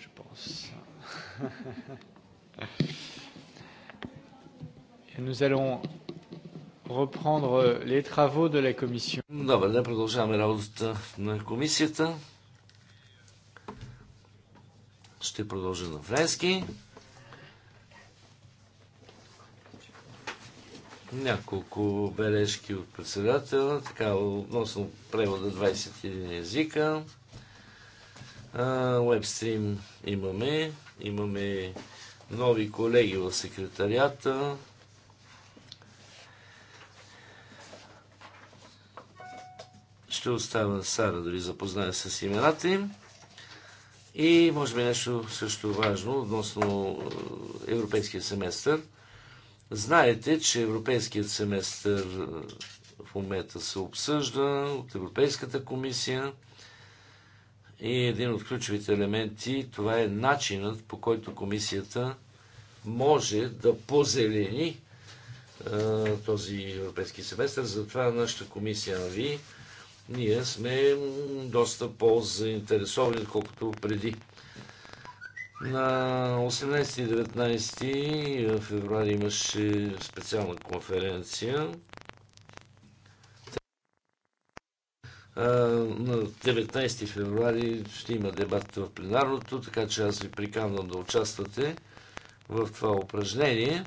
je pense. Nous allons reprendre euh, les travaux de la commission. продължаваме работата на комисията. Ще продължа на френски. Няколко бележки от председателя, така относно превода 21 езика. Уебстрим имаме. Имаме нови колеги в секретарията. Ще оставя Сара да ви запознае с имената им. И може би нещо също важно относно е, европейския семестър. Знаете, че европейският семестър в момента се обсъжда от Европейската комисия. И един от ключовите елементи, това е начинът по който комисията може да позелени а, е, този европейски семестър. Затова нашата комисия на ВИ, ние сме доста по-заинтересовани, отколкото преди. На 18 и 19 е, февруари имаше специална конференция На 19 февруари ще има дебат в пленарното, така че аз ви приканвам да участвате в това упражнение,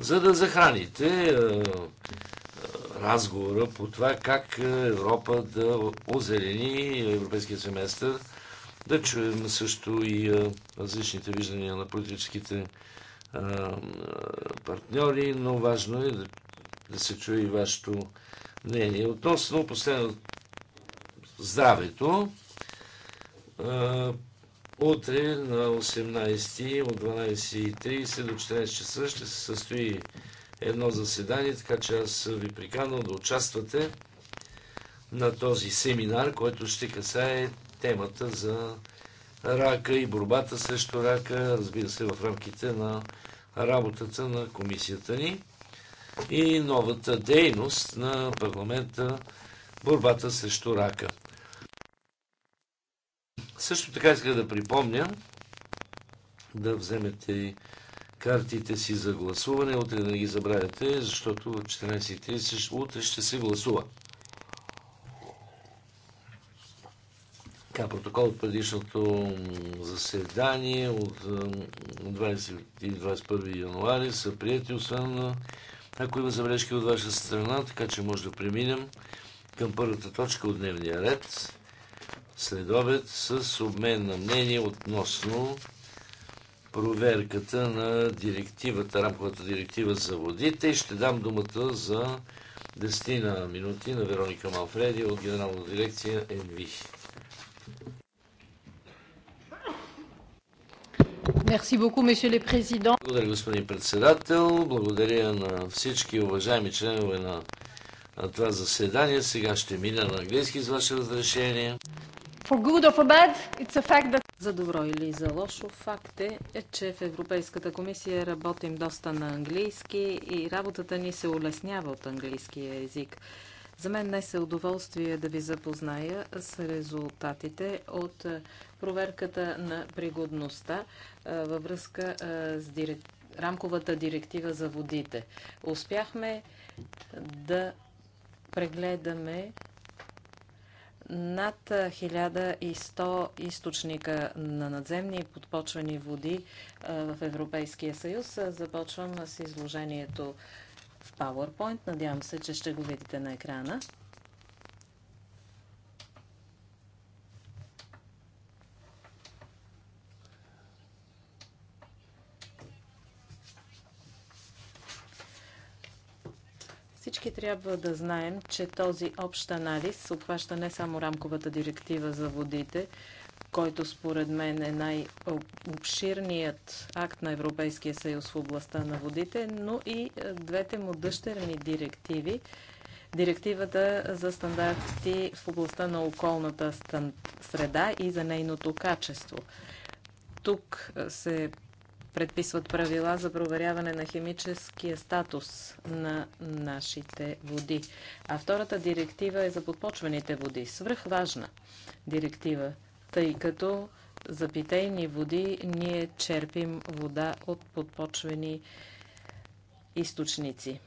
за да захраните разговора по това как Европа да озелени европейския семестър, да чуем също и различните виждания на политическите партньори, но важно е да, се чуе и вашето мнение. Относно последното здравето. Утре на 18 от 12.30 до 14 часа ще се състои едно заседание, така че аз ви приканвам да участвате на този семинар, който ще касае темата за рака и борбата срещу рака, разбира се, в рамките на работата на комисията ни и новата дейност на парламента борбата срещу рака. Също така исках да припомня да вземете и картите си за гласуване. Утре да не ги забравяте, защото в 14.30 утре ще се гласува. Така, протокол от предишното заседание от 20 и 21 януари са прияти, освен ако има забележки от ваша страна, така че може да преминем към първата точка от дневния ред следобед с обмен на мнение относно проверката на директивата, рамковата директива за водите. Ще дам думата за 10 на минути на Вероника Малфреди от Генерална дирекция ЕНВИ. Благодаря, господин председател. Благодаря на всички уважаеми членове на това заседание. Сега ще мина на английски с ваше разрешение. That... За добро или за лошо, факт е, е, че в Европейската комисия работим доста на английски и работата ни се улеснява от английския език. За мен днес е удоволствие да ви запозная с резултатите от е, проверката на пригодността е, във връзка е, с директ... рамковата директива за водите. Успяхме да прегледаме над 1100 източника на надземни и подпочвени води в Европейския съюз. Започвам с изложението в PowerPoint. Надявам се, че ще го видите на екрана. Всички трябва да знаем, че този общ анализ обхваща не само рамковата директива за водите, който според мен е най-обширният акт на Европейския съюз в областта на водите, но и е, двете му дъщерни директиви. Директивата за стандарти в областта на околната среда и за нейното качество. Тук е, се предписват правила за проверяване на химическия статус на нашите води. А втората директива е за подпочвените води. Свръхважна директива, тъй като за питейни води ние черпим вода от подпочвени източници.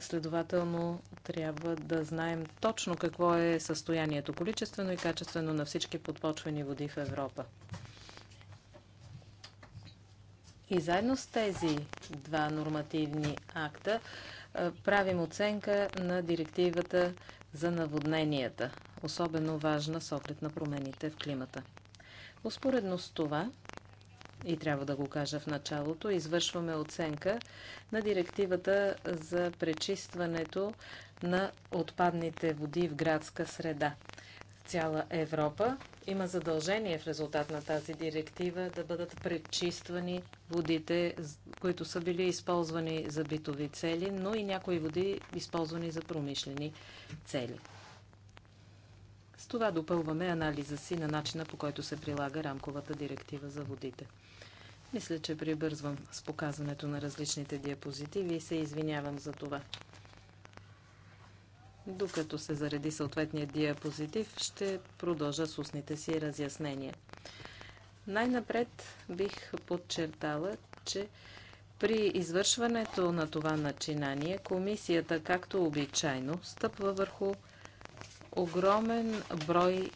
Следователно, трябва да знаем точно какво е състоянието количествено и качествено на всички подпочвени води в Европа. И заедно с тези два нормативни акта правим оценка на директивата за наводненията, особено важна с оглед на промените в климата. Успоредно с това, и трябва да го кажа в началото, извършваме оценка на директивата за пречистването на отпадните води в градска среда цяла Европа. Има задължение в резултат на тази директива да бъдат пречиствани водите, които са били използвани за битови цели, но и някои води, използвани за промишлени цели. С това допълваме анализа си на начина по който се прилага рамковата директива за водите. Мисля, че прибързвам с показването на различните диапозитиви и се извинявам за това. Докато се зареди съответния диапозитив, ще продължа с устните си разяснения. Най-напред бих подчертала, че при извършването на това начинание, комисията, както обичайно, стъпва върху огромен брой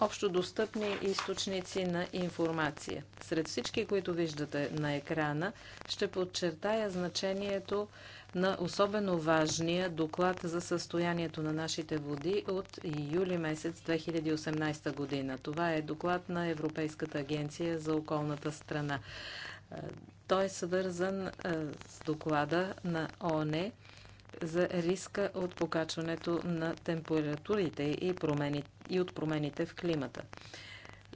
общо достъпни източници на информация. Сред всички, които виждате на екрана, ще подчертая значението на особено важния доклад за състоянието на нашите води от юли месец 2018 година. Това е доклад на Европейската агенция за околната страна. Е, той е свързан е, с доклада на ОНЕ за риска от покачването на температурите и, промени, и от промените в климата.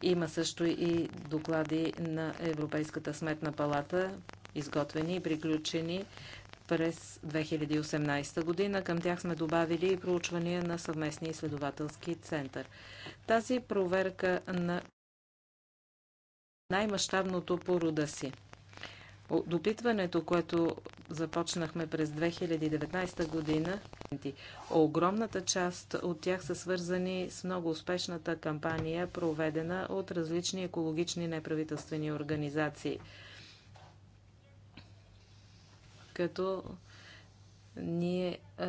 Има също и доклади на Европейската сметна палата, изготвени и приключени през 2018 година. Към тях сме добавили и проучвания на съвместния изследователски център. Тази проверка на най-мащабното по рода си. Допитването, което започнахме през 2019 година, огромната част от тях са свързани с много успешната кампания, проведена от различни екологични неправителствени организации – като ние е,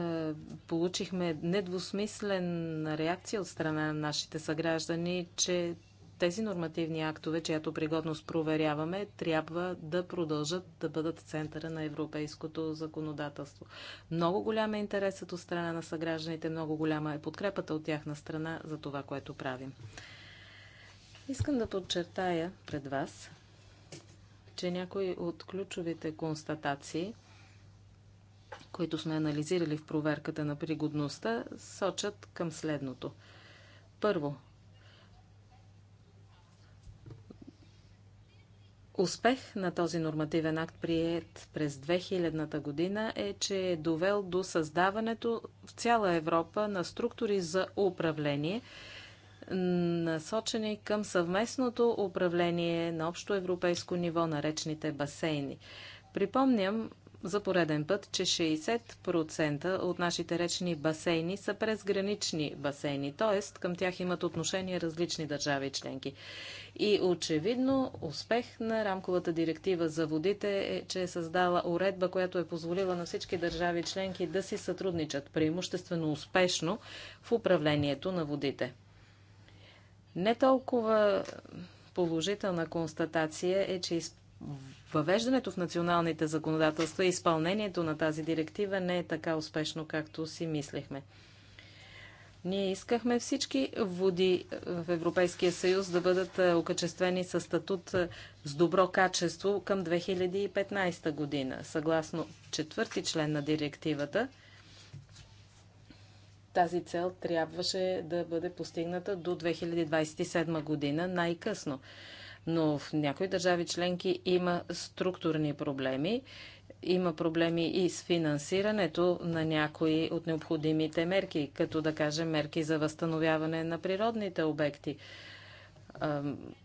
получихме недвусмислена реакция от страна на нашите съграждани, че тези нормативни актове, чиято пригодност проверяваме, трябва да продължат да бъдат в центъра на европейското законодателство. Много голям е интересът от страна на съгражданите, много голяма е подкрепата от тяхна страна за това, което правим. Искам да подчертая пред вас, че някои от ключовите констатации – които сме анализирали в проверката на пригодността, сочат към следното. Първо, Успех на този нормативен акт, прият през 2000 година, е, че е довел до създаването в цяла Европа на структури за управление, насочени към съвместното управление на общо европейско ниво наречените басейни. Припомням, за пореден път, че 60% от нашите речни басейни са презгранични басейни, т.е. към тях имат отношение различни държави и членки. И очевидно успех на рамковата директива за водите е, че е създала уредба, която е позволила на всички държави членки да си сътрудничат преимуществено успешно в управлението на водите. Не толкова положителна констатация е, че изпълнението въвеждането в националните законодателства и изпълнението на тази директива не е така успешно, както си мислехме. Ние искахме всички води в Европейския съюз да бъдат е, окачествени с статут е, с добро качество към 2015 година, съгласно четвърти член на директивата. Тази цел трябваше да бъде постигната до 2027 година най-късно но в някои държави членки има структурни проблеми. Има проблеми и с финансирането на някои от необходимите мерки, като да кажем мерки за възстановяване на природните обекти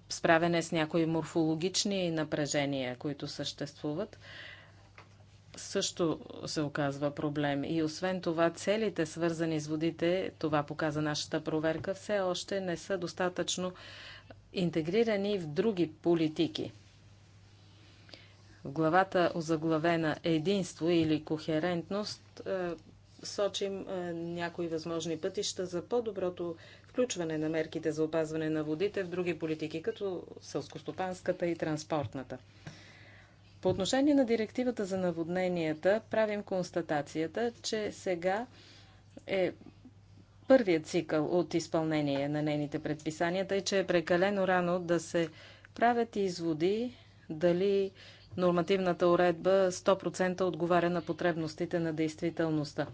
справяне с някои морфологични напрежения, които съществуват, също се оказва проблем. И освен това, целите, свързани с водите, това показа нашата проверка, все още не са достатъчно интегрирани в други политики. В главата озаглавена единство или кохерентност е, сочим е, някои възможни пътища за по-доброто включване на мерките за опазване на водите в други политики, като сълскостопанската и транспортната. По отношение на директивата за наводненията правим констатацията, че сега е първият цикъл от изпълнение на нейните предписания, тъй че е прекалено рано да се правят изводи дали нормативната уредба 100% отговаря на потребностите на действителността.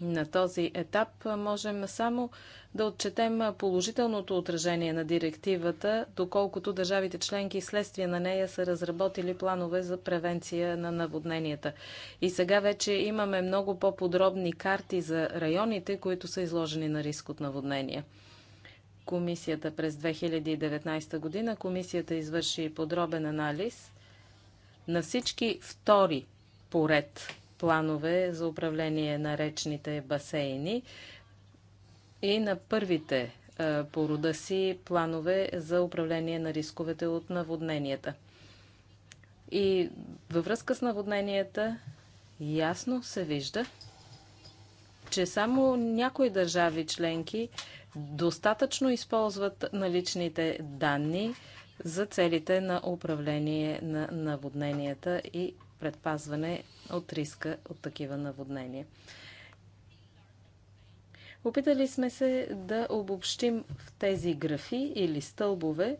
На този етап можем само да отчетем положителното отражение на директивата, доколкото държавите членки следствие на нея са разработили планове за превенция на наводненията. И сега вече имаме много по-подробни карти за районите, които са изложени на риск от наводнения. Комисията през 2019 година комисията извърши подробен анализ на всички втори поред планове за управление на речните басейни и на първите е, по рода си планове за управление на рисковете от наводненията. И във връзка с наводненията ясно се вижда, че само някои държави членки достатъчно използват наличните данни за целите на управление на наводненията и предпазване от риска от такива наводнения. Опитали сме се да обобщим в тези графи или стълбове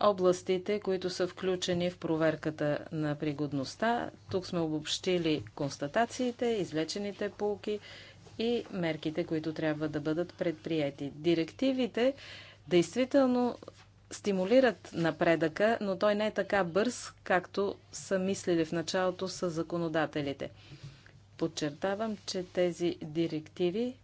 областите, които са включени в проверката на пригодността. Тук сме обобщили констатациите, излечените полки и мерките, които трябва да бъдат предприяти. Директивите действително стимулират напредъка, но той не е така бърз, както са мислили в началото с законодателите. Подчертавам, че тези директиви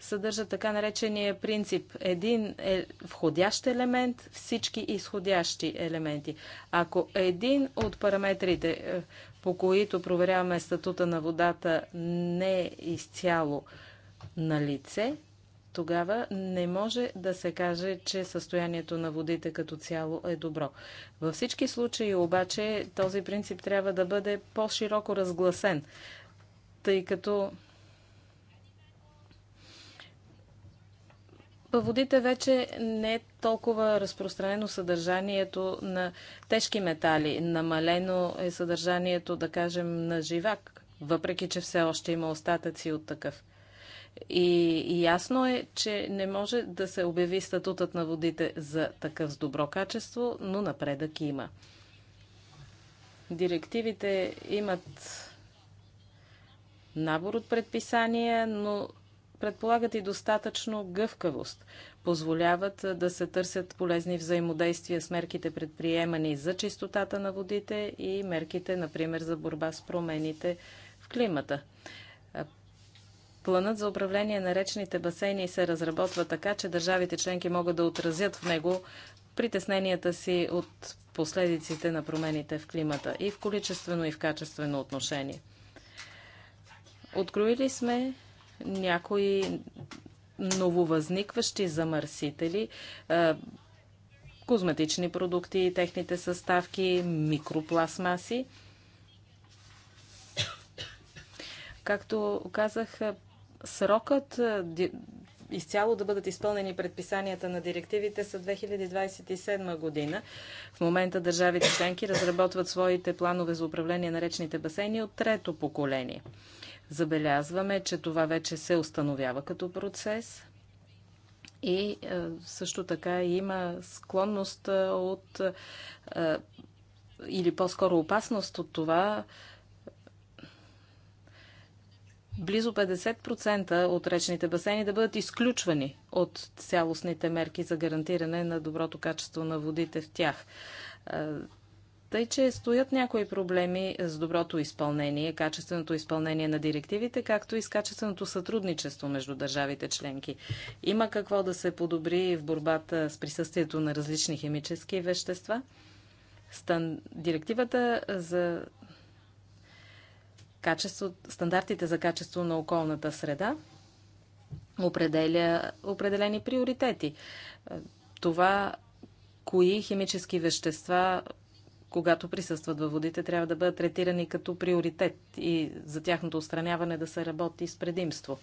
съдържат така наречения принцип. Един е входящ елемент, всички изходящи елементи. Ако един от параметрите, е, по които проверяваме статута на водата, не е изцяло на лице, тогава не може да се каже, че състоянието на водите като цяло е добро. Във всички случаи обаче този принцип трябва да бъде по-широко разгласен, тъй като Във водите вече не е толкова разпространено съдържанието на тежки метали. Намалено е съдържанието, да кажем, на живак, въпреки че все още има остатъци от такъв. И, и ясно е, че не може да се обяви статутът на водите за такъв с добро качество, но напредък има. Директивите имат набор от предписания, но предполагат и достатъчно гъвкавост. Позволяват да се търсят полезни взаимодействия с мерките предприемани за чистотата на водите и мерките, например, за борба с промените в климата. Планът за управление на речните басейни се разработва така, че държавите членки могат да отразят в него притесненията си от последиците на промените в климата и в количествено и в качествено отношение. Откроили сме някои нововъзникващи замърсители, козметични продукти и техните съставки, микропластмаси. Както казах, Срокът е, изцяло да бъдат изпълнени предписанията на директивите са 2027 година. В момента държавите членки разработват своите планове за управление на речните басейни от трето поколение. Забелязваме, че това вече се установява като процес и е, също така има склонност е, от или по-скоро опасност от това близо 50% от речните басейни да бъдат изключвани от цялостните мерки за гарантиране на доброто качество на водите в тях. Тъй, че стоят някои проблеми с доброто изпълнение, качественото изпълнение на директивите, както и с качественото сътрудничество между държавите членки. Има какво да се подобри в борбата с присъствието на различни химически вещества. Стан... Директивата за качество, стандартите за качество на околната среда определя определени приоритети. Е, това, кои химически вещества, когато присъстват във водите, трябва да бъдат третирани като приоритет и за тяхното устраняване да се работи с предимство.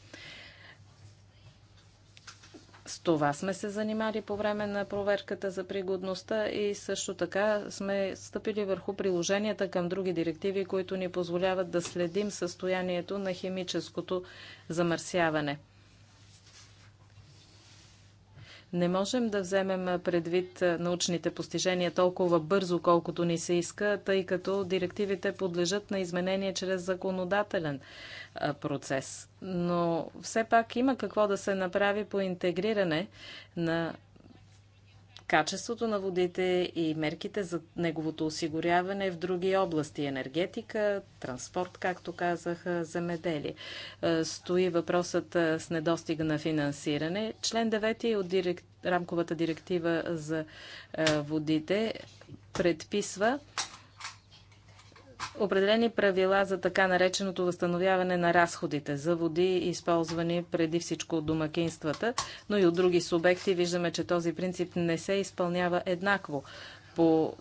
С това сме се занимали по време на проверката за пригодността и също така сме стъпили върху приложенията към други директиви, които ни позволяват да следим състоянието на химическото замърсяване. Не можем да вземем предвид научните постижения толкова бързо, колкото ни се иска, тъй като директивите подлежат на изменение чрез законодателен процес. Но все пак има какво да се направи по интегриране на качеството на водите и мерките за неговото осигуряване в други области енергетика, транспорт, както казах, земеделие. Е, стои въпросът е, с недостига на финансиране. Член 9 от директ... рамковата директива за е, водите предписва определени правила за така нареченото възстановяване на разходите за води, използвани преди всичко от домакинствата, но и от други субекти. Виждаме, че този принцип не се изпълнява еднакво по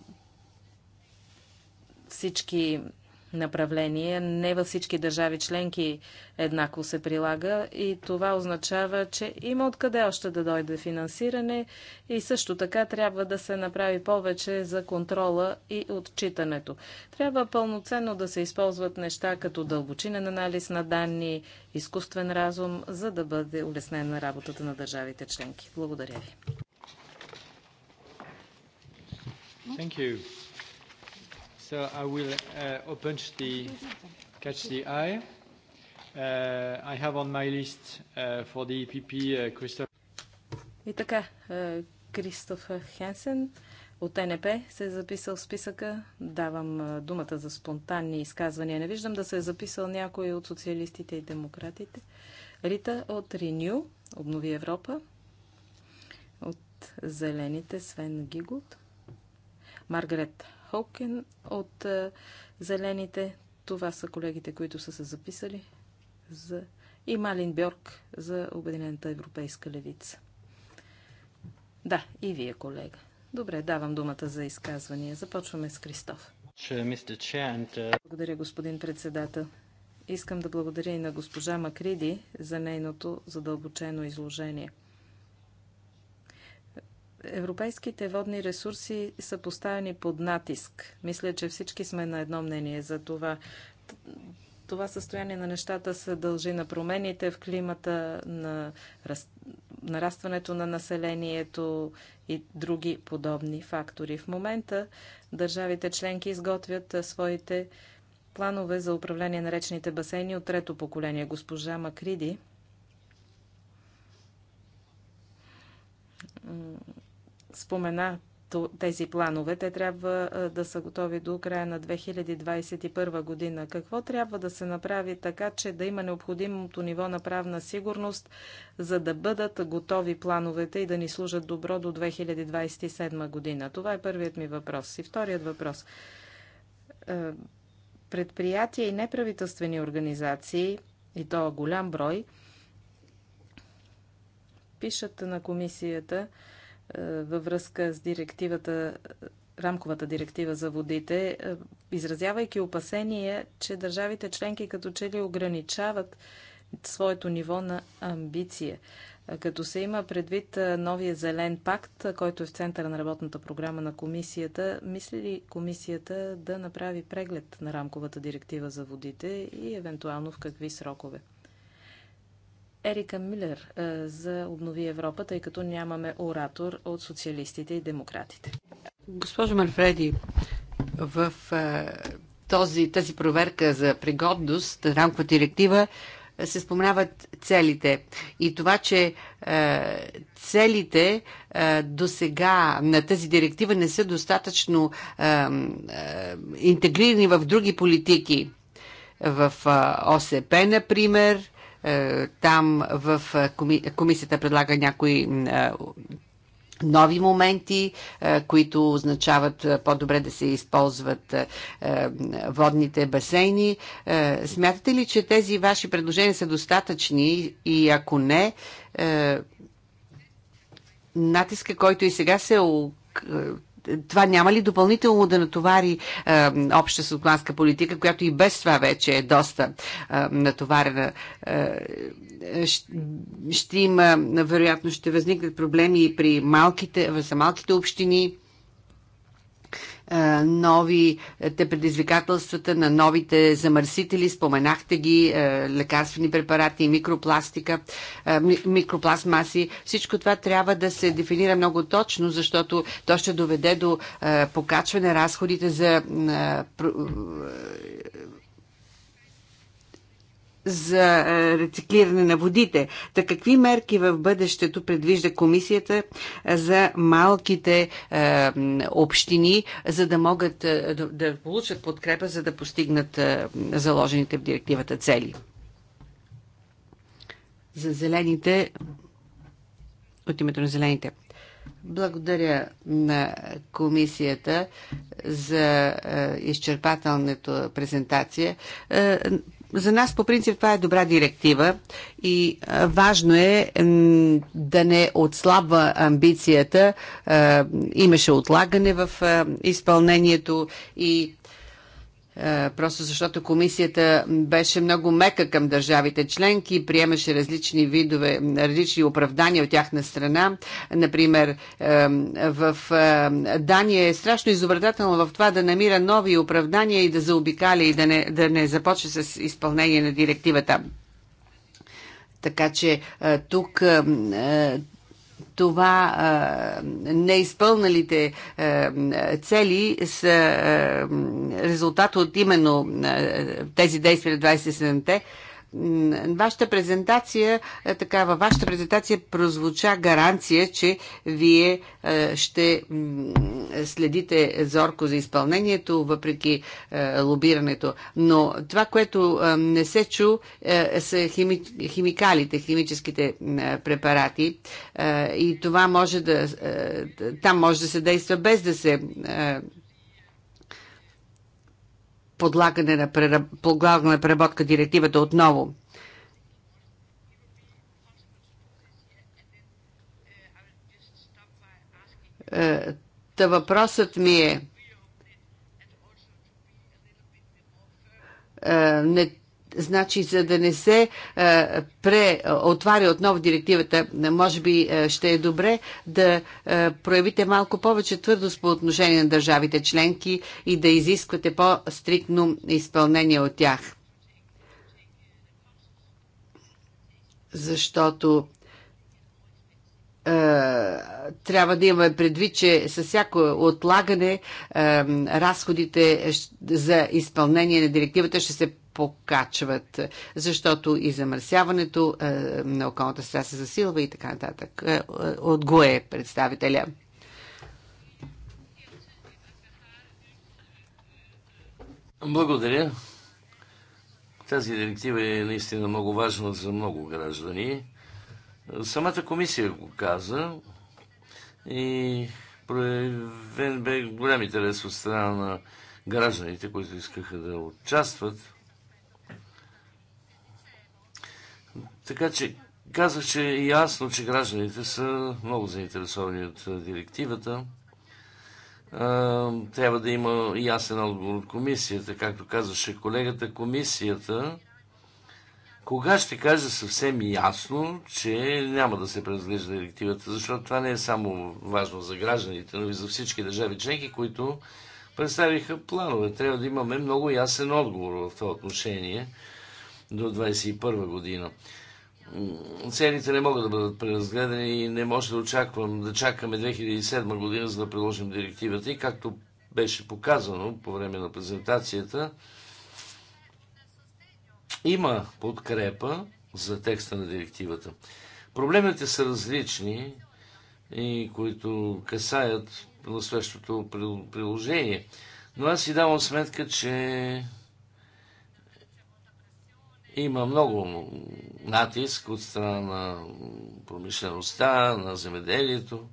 всички направление. Не във всички държави членки еднакво се прилага и това означава, че има откъде още да дойде финансиране и също така трябва да се направи повече за контрола и отчитането. Трябва пълноценно да се използват неща като дълбочинен анализ на данни, изкуствен разум, за да бъде улеснена работата на държавите членки. Благодаря ви. Thank you. So I will uh, open the catch the eye. Uh, I have on my list uh, for the EPP uh, Christopher. И така, uh, Кристоф Хенсен от НП се е записал в списъка. Давам uh, думата за спонтанни изказвания. Не виждам да се е записал някой от социалистите и демократите. Рита от Реню, Обнови Европа. От Зелените, Свен гигут. Маргарет Хокен от Зелените. Това са колегите, които са се записали за... и Малин Бьорк за Обединената европейска левица. Да, и вие, колега. Добре, давам думата за изказвания. Започваме с Кристоф. Uh, благодаря, господин председател. Искам да благодаря и на госпожа Макриди за нейното задълбочено изложение – Европейските водни ресурси са поставени под натиск. Мисля, че всички сме на едно мнение за това. Това състояние на нещата се дължи на промените в климата, на раз... нарастването на населението и други подобни фактори. В момента държавите членки изготвят своите планове за управление на речните басейни от трето поколение. Госпожа Макриди спомена тези планове. Те трябва да са готови до края на 2021 година. Какво трябва да се направи така, че да има необходимото ниво на правна сигурност, за да бъдат готови плановете и да ни служат добро до 2027 година? Това е първият ми въпрос. И вторият въпрос. Предприятия и неправителствени организации, и то голям брой, пишат на комисията, е, във връзка с директивата, е, рамковата директива за водите, е, изразявайки опасения, че държавите членки като че ли ограничават своето ниво на амбиция. Като се има предвид новия зелен пакт, който е в центъра на работната програма на комисията, мисли ли комисията да направи преглед на рамковата директива за водите и евентуално в какви срокове? Ерика Милер за Обнови Европа, тъй като нямаме оратор от социалистите и демократите. Госпожо Марфреди, в този, тази проверка за пригодност, рамкова директива, се споменават целите. И това, че целите до сега на тази директива не са достатъчно интегрирани в други политики. В ОСП, например, е, там в е, комисията предлага някои е, нови моменти, които означават по-добре да се използват водните басейни. Смятате ли, че тези ваши предложения са достатъчни и ако не, натиска, който и сега се това няма ли допълнително да натовари е, обща селтманска политика, която и без това вече е доста е, натоварена? Е, ще, ще има, вероятно, ще възникнат проблеми и при малките, за малките общини е, новите е, предизвикателствата на новите замърсители, споменахте ги, е, лекарствени препарати, микропластика, микропластмаси. Всичко това трябва да се дефинира много точно, защото то ще доведе до покачване разходите за за е, рециклиране на водите. Та какви мерки в бъдещето предвижда комисията е, за малките е, общини, за да могат е, да получат подкрепа, за да постигнат е, заложените в директивата цели? За зелените, от името на зелените. Благодаря на комисията за изчерпателната презентация за нас по принцип това е добра директива и важно е да не отслабва амбицията. Имаше отлагане в изпълнението и е, просто защото комисията беше много мека към държавите членки, приемаше различни видове, различни оправдания от тяхна страна. Например, е, в е, Дания е страшно изобретателно в това да намира нови оправдания и да заобикали и да не, да не започне с изпълнение на директивата. Така че тук това неизпълналите цели са резултат от именно тези действия на 27-те вашата презентация, е, така, във вашата презентация прозвуча гаранция, че вие е, ще следите зорко за изпълнението, въпреки е, лобирането. Но това, което не се чу, са хими, химикалите, химическите препарати. И това може да. Там може да се действа без да се подлагане на, преработка, преработка директивата отново. Е, та въпросът ми е, е не Значи, за да не се е, пре, отваря отново директивата, може би е, ще е добре да е, проявите малко повече твърдост по отношение на държавите членки и да изисквате по-стриктно изпълнение от тях. Защото трябва да имаме предвид, че с всяко отлагане разходите за изпълнение на директивата ще се покачват, защото и замърсяването е, на околната среда се засилва и така нататък. е, е от ГОЕ е представителя. Благодаря. Тази директива е наистина много важна за много граждани. Самата комисия го каза и проявен бе голям интерес от страна на гражданите, които искаха да участват Така че казах, че е ясно, че гражданите са много заинтересовани от директивата. Трябва да има ясен отговор от комисията, както казваше колегата. Комисията кога ще каже съвсем ясно, че няма да се преразглежда директивата, защото това не е само важно за гражданите, но и за всички държави членки, които представиха планове. Трябва да имаме много ясен отговор в това отношение до 2021 година. Цените не могат да бъдат преразгледани и не може да очаквам да чакаме 2007 година, за да приложим директивата. И както беше показано по време на презентацията, има подкрепа за текста на директивата. Проблемите са различни и които касаят настоящото приложение. Но аз си давам сметка, че има много натиск от страна на промишлеността, на земеделието,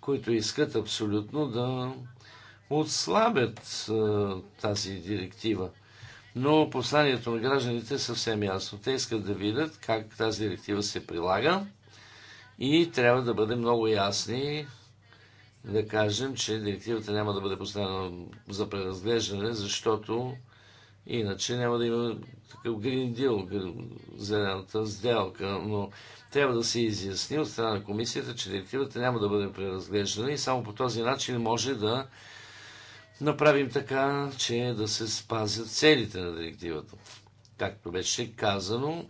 които искат абсолютно да отслабят тази директива. Но посланието на гражданите е съвсем ясно. Те искат да видят как тази директива се прилага и трябва да бъдем много ясни да кажем, че директивата няма да бъде поставена за преразглеждане, защото иначе няма да има Green е Deal, зелената сделка, но трябва да се изясни от страна на комисията, че директивата няма да бъде преразглеждана и само по този начин може да направим така, че да се спазят целите на директивата. Както беше казано,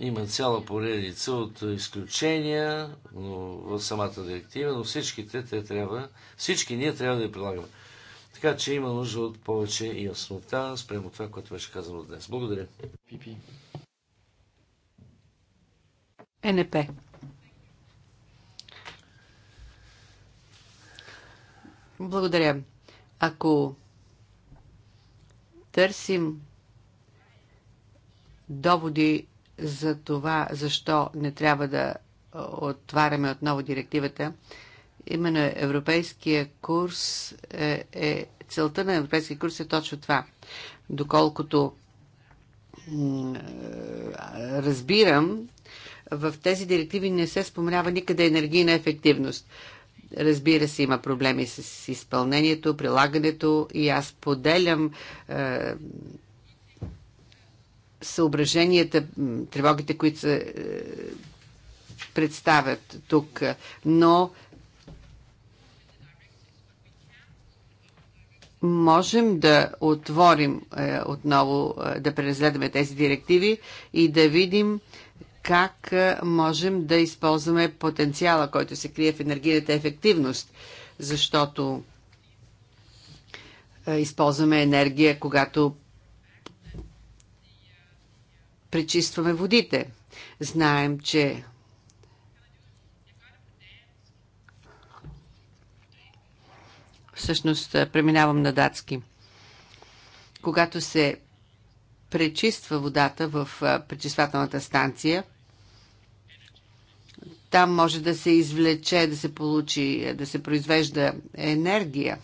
има цяла поредица от изключения но в самата директива, но всичките те трябва, всички ние трябва да я прилагаме. Така че има нужда от повече яснота спрямо това, което беше казано днес. Благодаря. Пипи. НП. Благодаря. Ако търсим доводи за това, защо не трябва да отваряме отново директивата, Именно европейския курс е, е целта на европейския курс е точно това. Доколкото е, разбирам, в тези директиви не се споменава никъде енергийна ефективност. Разбира се, има проблеми с изпълнението, прилагането и аз поделям е, съображенията, тревогите, които се е, представят тук, но можем да отворим е, отново, е, да преразгледаме тези директиви и да видим как е, можем да използваме потенциала, който се крие в енергийната ефективност, защото е, използваме енергия, когато пречистваме водите. Знаем, че Всъщност преминавам на датски. Когато се пречиства водата в пречиствателната станция, там може да се извлече, да се получи, е, да се произвежда енергия.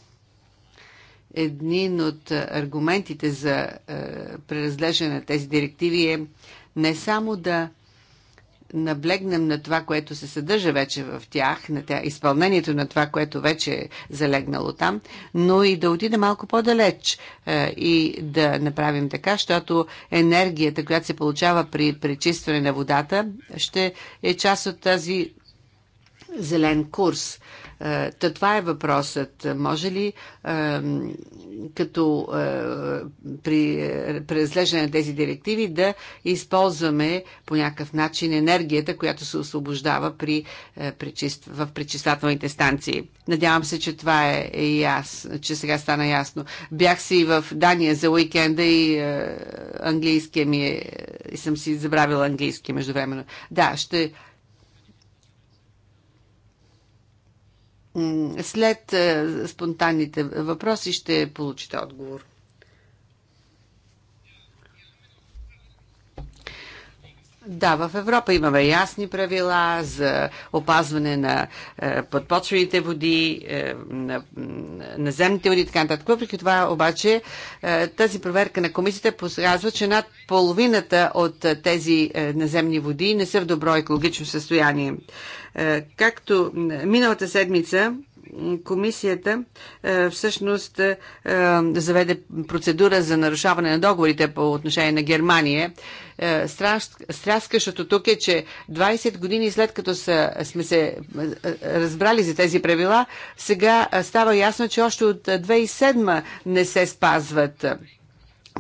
Един от аргументите за преразглеждане на тези директиви е не само да наблегнем на това, което се съдържа вече в тях, на тя, изпълнението на това, което вече е залегнало там, но и да отиде малко по-далеч е, и да направим така, защото енергията, която се получава при пречистване на водата, ще е част от тази зелен курс. Е, та това е въпросът. Може ли е, като е, при преразглеждане на тези директиви да използваме по някакъв начин енергията, която се освобождава при, в пречиствателните станции? Надявам се, че това е и аз, че сега стана ясно. Бях си в Дания за уикенда и английския ми е, и съм си забравила английски междувременно. Да, ще След е, спонтанните въпроси ще получите отговор. Да, в Европа имаме ясни правила за опазване на е, подпочвените води, е, на, на земните води и така нататък. Въпреки това обаче е, тази проверка на комисията показва, че над половината от тези е, наземни води не са в добро екологично състояние. Е, както миналата седмица комисията е, всъщност е, заведе процедура за нарушаване на договорите по отношение на Германия. Е, стряскащото тук е, че 20 години след като са, сме се разбрали за тези правила, сега става ясно, че още от 2007 не се спазват.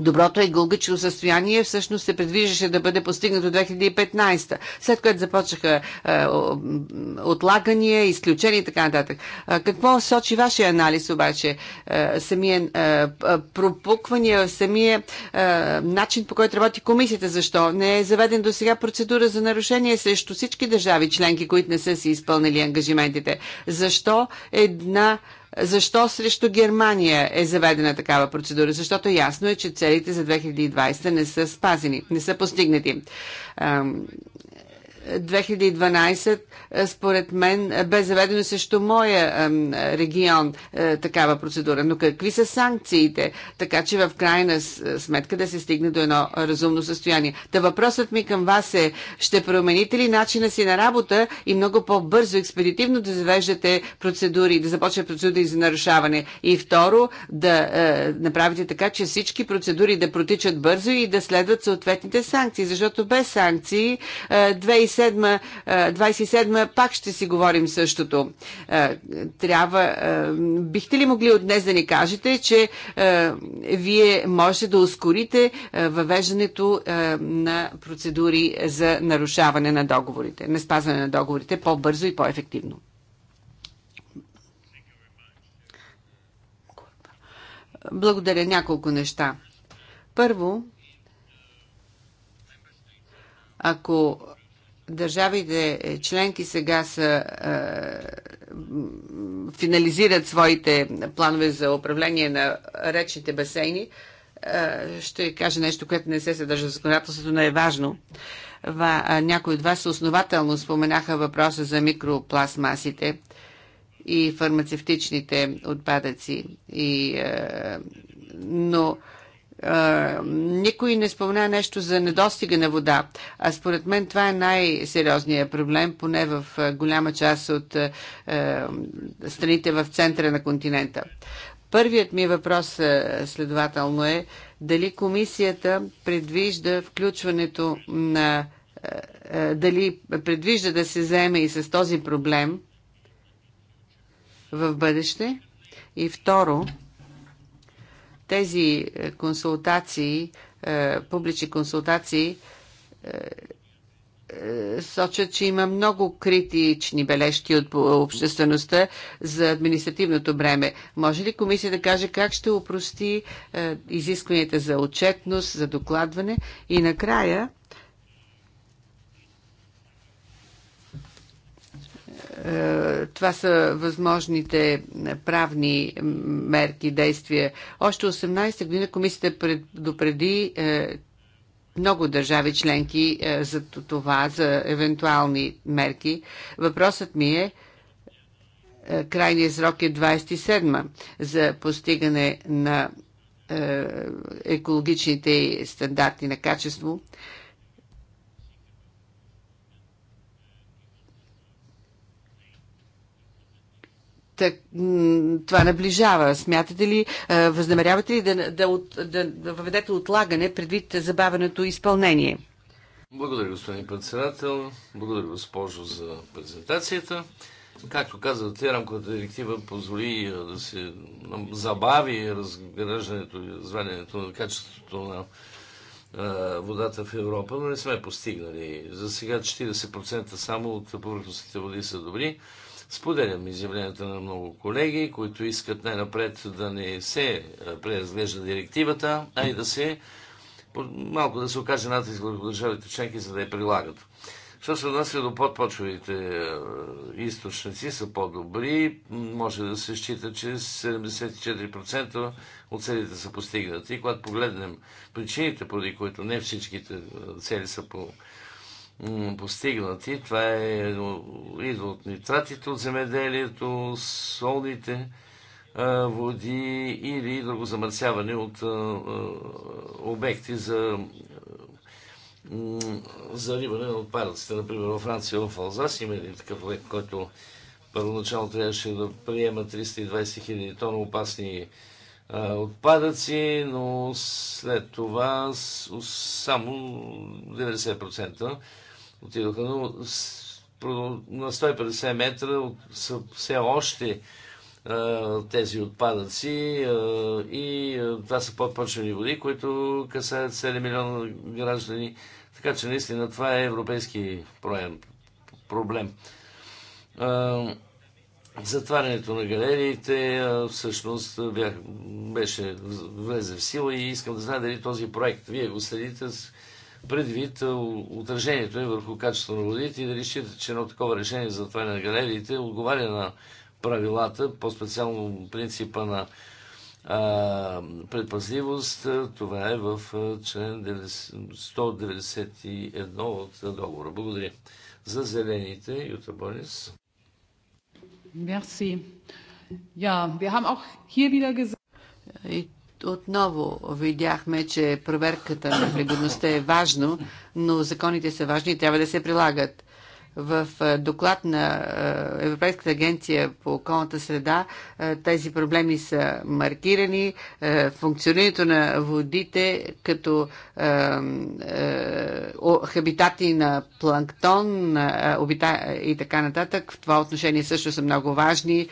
Доброто екологично състояние всъщност се предвиждаше да бъде постигнато 2015, след което започнаха е, отлагания, изключения и така нататък. какво сочи вашия анализ обаче? Е, самия е, пропуквания, самия е, начин по който работи комисията, защо не е заведен до сега процедура за нарушение срещу всички държави членки, които не са си изпълнили ангажиментите? Защо една защо срещу Германия е заведена такава процедура? Защото ясно е, че целите за 2020 не са спазени, не са постигнати. 2012, е, според мен, е, бе заведено също моя регион е, такава процедура. Но какви са санкциите? Така че в крайна сметка да се стигне до едно разумно състояние. Та въпросът ми към вас е, ще промените ли начина си на работа и много по-бързо, експедитивно да завеждате процедури, да започне процедури за нарушаване? И второ, да е, направите така, че всички процедури да протичат бързо и да следват съответните санкции, защото без санкции е, 27, пак ще си говорим същото. Трябва, бихте ли могли от днес да ни кажете, че вие можете да ускорите въвеждането на процедури за нарушаване на договорите, на спазване на договорите по-бързо и по-ефективно? Благодаря няколко неща. Първо, ако държавите е, членки сега са, е, финализират своите планове за управление на речните басейни, е, ще кажа нещо, което не се съдържа в законодателството, но е важно. Ва, някои от вас основателно споменаха въпроса за микропластмасите и фармацевтичните отпадъци. И, но никой не спомня нещо за недостига на вода. А според мен това е най-сериозният проблем, поне в голяма част от страните в центъра на континента. Първият ми въпрос следователно е дали комисията предвижда включването на дали предвижда да се заеме и с този проблем в бъдеще? И второ, тези е, консултации, е, публични консултации, е, сочат, че има много критични бележки от обществеността за административното бреме. Може ли комисия да каже как ще упрости изискванията за отчетност, за докладване? И накрая, Това са възможните правни мерки, действия. Още 18 година комисията предупреди е, много държави членки е, за това, за евентуални мерки. Въпросът ми е, е крайният срок е 27 за постигане на екологичните стандарти на качество. так, това наближава. Смятате ли, възнамерявате ли да, да, от, да, да въведете отлагане предвид забавеното изпълнение? Благодаря, господин председател. Благодаря, госпожо, за презентацията. Както казвате, рамковата директива позволи да се забави разграждането и развалянето на качеството на водата в Европа, но не сме постигнали. За сега 40% само от повърхностните води са добри. Споделям изявленията на много колеги, които искат най-напред да не се е, преразглежда директивата, а и да се малко да се окаже натиск върху държавите членки, за да я прилагат. Що се отнася до подпочвените е, източници са по-добри. Може да се счита, че 74% от целите са постигнати. И когато погледнем причините, поради които не всичките е, цели са по постигнати. Това е, идва от нитратите от земеделието, солните води или друго замърсяване от обекти за зариване на отпадъците. Например, във Франция, в Алзас има един такъв обект, който първоначално трябваше да приема 320 000 тона опасни а, отпадъци, но след това само 90% отидоха, но на 150 метра са все още тези отпадъци и това са подпочвени води, които касаят 7 милиона граждани. Така че наистина това е европейски проблем. Затварянето на галериите всъщност беше влезе в сила и искам да знам дали този проект, вие го следите, предвид отражението им върху качеството на водите и дали считате, че едно такова решение за затваряне на галериите отговаря на правилата, по-специално принципа на а, предпазливост. Това е в член 191 от договора. Благодаря. За зелените, Юта Борис. Мерси. Ja, wir haben auch hier wieder gesagt... И отново видяхме, че проверката на пригодността е важно, но законите са важни и трябва да се прилагат. В доклад на Европейската агенция по околната среда тези проблеми са маркирани. Функционирането на водите като хабитати на планктон и така нататък в това отношение също са много важни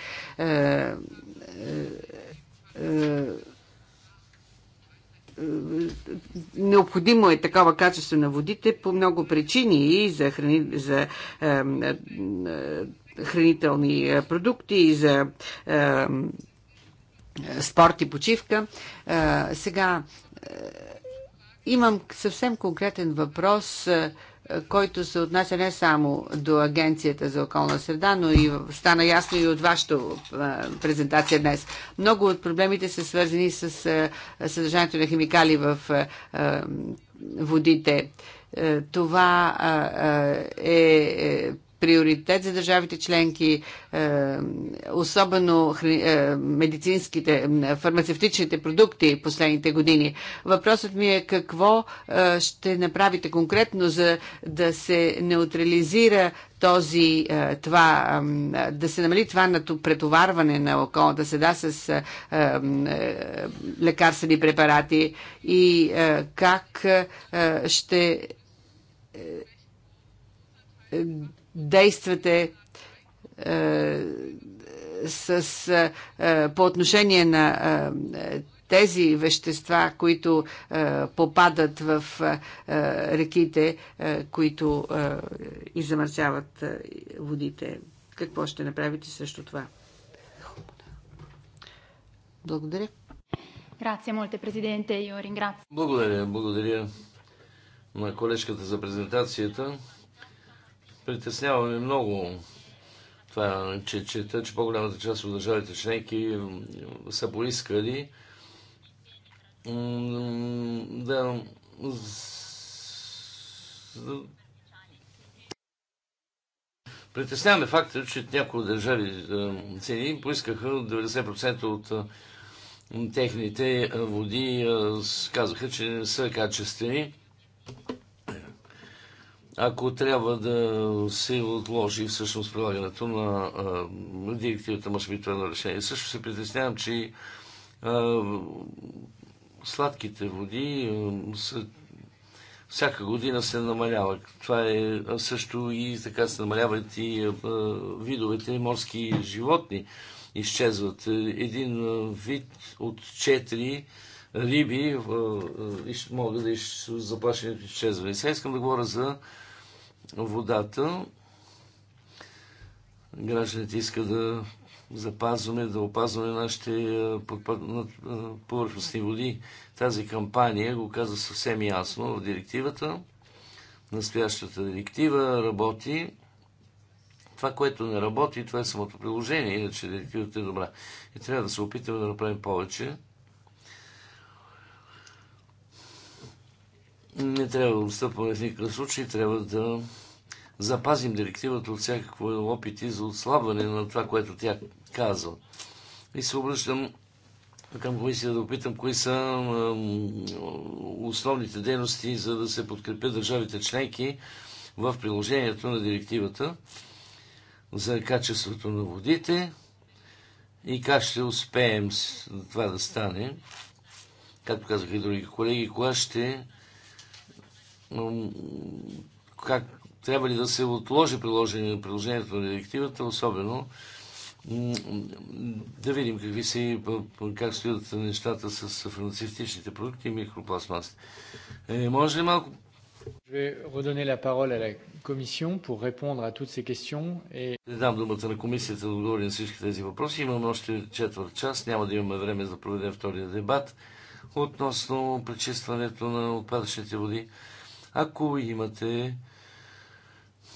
необходимо е такова качество на водите по много причини и за, храни, за е, е, хранителни е, продукти, и за е, е спорт и почивка. Е, сега имам съвсем конкретен въпрос който се отнася не само до Агенцията за околна среда, но и стана ясно и от вашата презентация днес. Много от проблемите са свързани с съдържанието на химикали в водите. Е, това е, е приоритет за държавите членки, е, особено е, медицинските, фармацевтичните продукти последните години. Въпросът ми е какво е, ще направите конкретно за да се неутрализира този, това, да се намали това на претоварване на околната седа с лекарствени препарати и как ще действате е, с, е, е, по отношение на е, тези вещества, които е, попадат в е, е реките, е, които е, и замърсяват е, водите. Какво ще направите също това? Благодаря. Грация, моите президенте Йорин. Благодаря, благодаря на колежката за презентацията. Притесняваме много това, че чета, че по-голямата част от държавите членки са поискали да Притесняваме факта, че някои държави цени поискаха 90% от техните води, казаха, че не са качествени ако трябва да се отложи всъщност прилагането на а, директивата, може би това е на решение. Също се притеснявам, че а, сладките води а, са, всяка година се намалява. Това е също и така се намаляват и а, видовете морски животни изчезват. Един вид от четири риби а, а, могат да изчезват. Сега искам да говоря за водата. Гражданите искат да запазваме, да опазваме нашите е, е, повърхностни води. Тази кампания го каза съвсем ясно в директивата. Настоящата директива работи. Това, което не работи, това е самото приложение, иначе директивата е добра. И трябва да се опитаме да направим повече. Не трябва да отстъпваме в никакъв случай, трябва да запазим директивата от всякакво опити за отслабване на това, което тя казва. И се обръщам към комисията да опитам кои са основните дейности, за да се подкрепят държавите членки в приложението на директивата за качеството на водите и как ще успеем това да стане. Както казаха и други колеги, кога ще как трябва ли да се отложи приложението на директивата, особено да видим какви са и как стоят нещата с фармацевтичните продукти и микропластмасите. Е, може ли малко Je vais redonner la parole à la Commission pour répondre à toutes ces questions. Et... Дам думата на комисията да отговори на всички тези въпроси. Имаме още четвърт час. Няма да имаме време да проведем втория дебат относно пречистването на отпадъчните води. Ако имате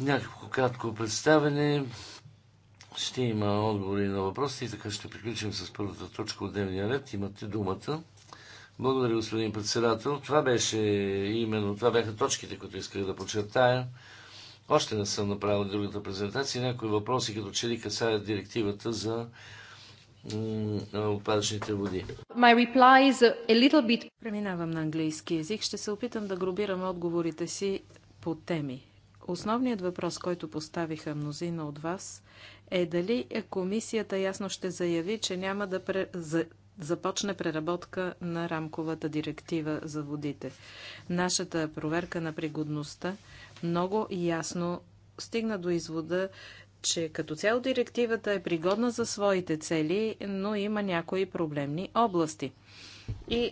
Някакво кратко представене. Ще има отговори на въпроси и така ще приключим с първата точка от дневния ред. Имате думата. Благодаря, господин председател. Това беше именно, това бяха точките, които исках да подчертая. Още не съм направил другата презентация. Някои въпроси, като че ли касаят директивата за отпадъчните води. Bit... Преминавам на английски язик. Ще се опитам да грубирам отговорите си по теми. Основният въпрос, който поставиха мнозина от вас, е дали комисията ясно ще заяви, че няма да пре... за... започне преработка на рамковата директива за водите. Нашата проверка на пригодността много ясно стигна до извода, че като цяло директивата е пригодна за своите цели, но има някои проблемни области. И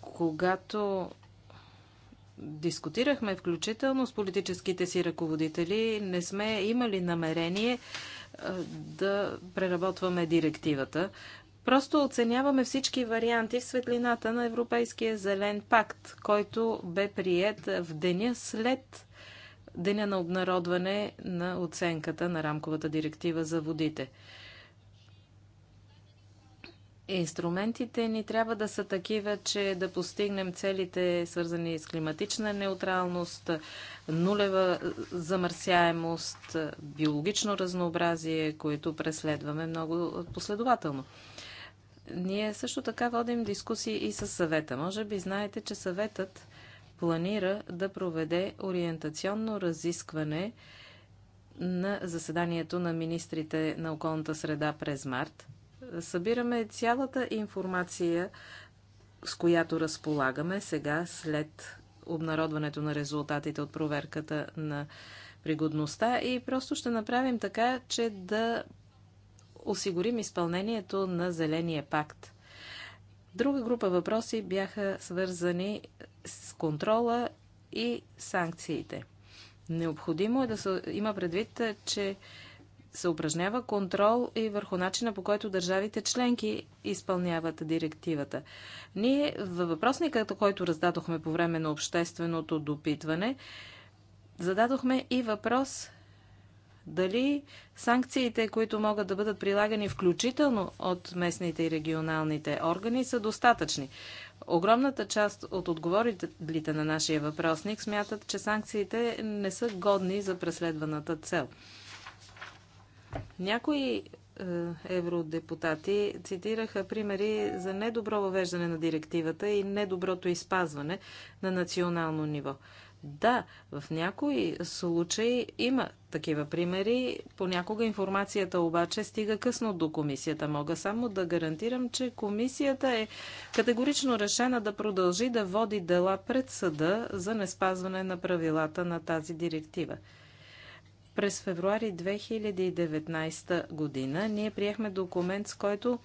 когато дискутирахме включително с политическите си ръководители, не сме имали намерение да преработваме директивата. Просто оценяваме всички варианти в светлината на Европейския зелен пакт, който бе прият в деня след деня на обнародване на оценката на рамковата директива за водите. Инструментите ни трябва да са такива, че да постигнем целите, свързани с климатична неутралност, нулева замърсяемост, биологично разнообразие, което преследваме много последователно. Ние също така водим дискусии и с съвета. Може би знаете, че съветът планира да проведе ориентационно разискване на заседанието на министрите на околната среда през март – Събираме цялата информация, с която разполагаме сега след обнародването на резултатите от проверката на пригодността и просто ще направим така, че да осигурим изпълнението на Зеления пакт. Друга група въпроси бяха свързани с контрола и санкциите. Необходимо е да се има предвид, че се упражнява контрол и върху начина по който държавите членки изпълняват директивата. Ние във въпросника, който раздадохме по време на общественото допитване, зададохме и въпрос дали санкциите, които могат да бъдат прилагани включително от местните и регионалните органи, са достатъчни. Огромната част от отговорителите на нашия въпросник смятат, че санкциите не са годни за преследваната цел. Някои е, евродепутати цитираха примери за недобро въвеждане на директивата и недоброто изпазване на национално ниво. Да, в някои случаи има такива примери. Понякога информацията обаче стига късно до комисията. Мога само да гарантирам, че комисията е категорично решена да продължи да води дела пред съда за неспазване на правилата на тази директива. През февруари 2019 година ние приехме документ, с който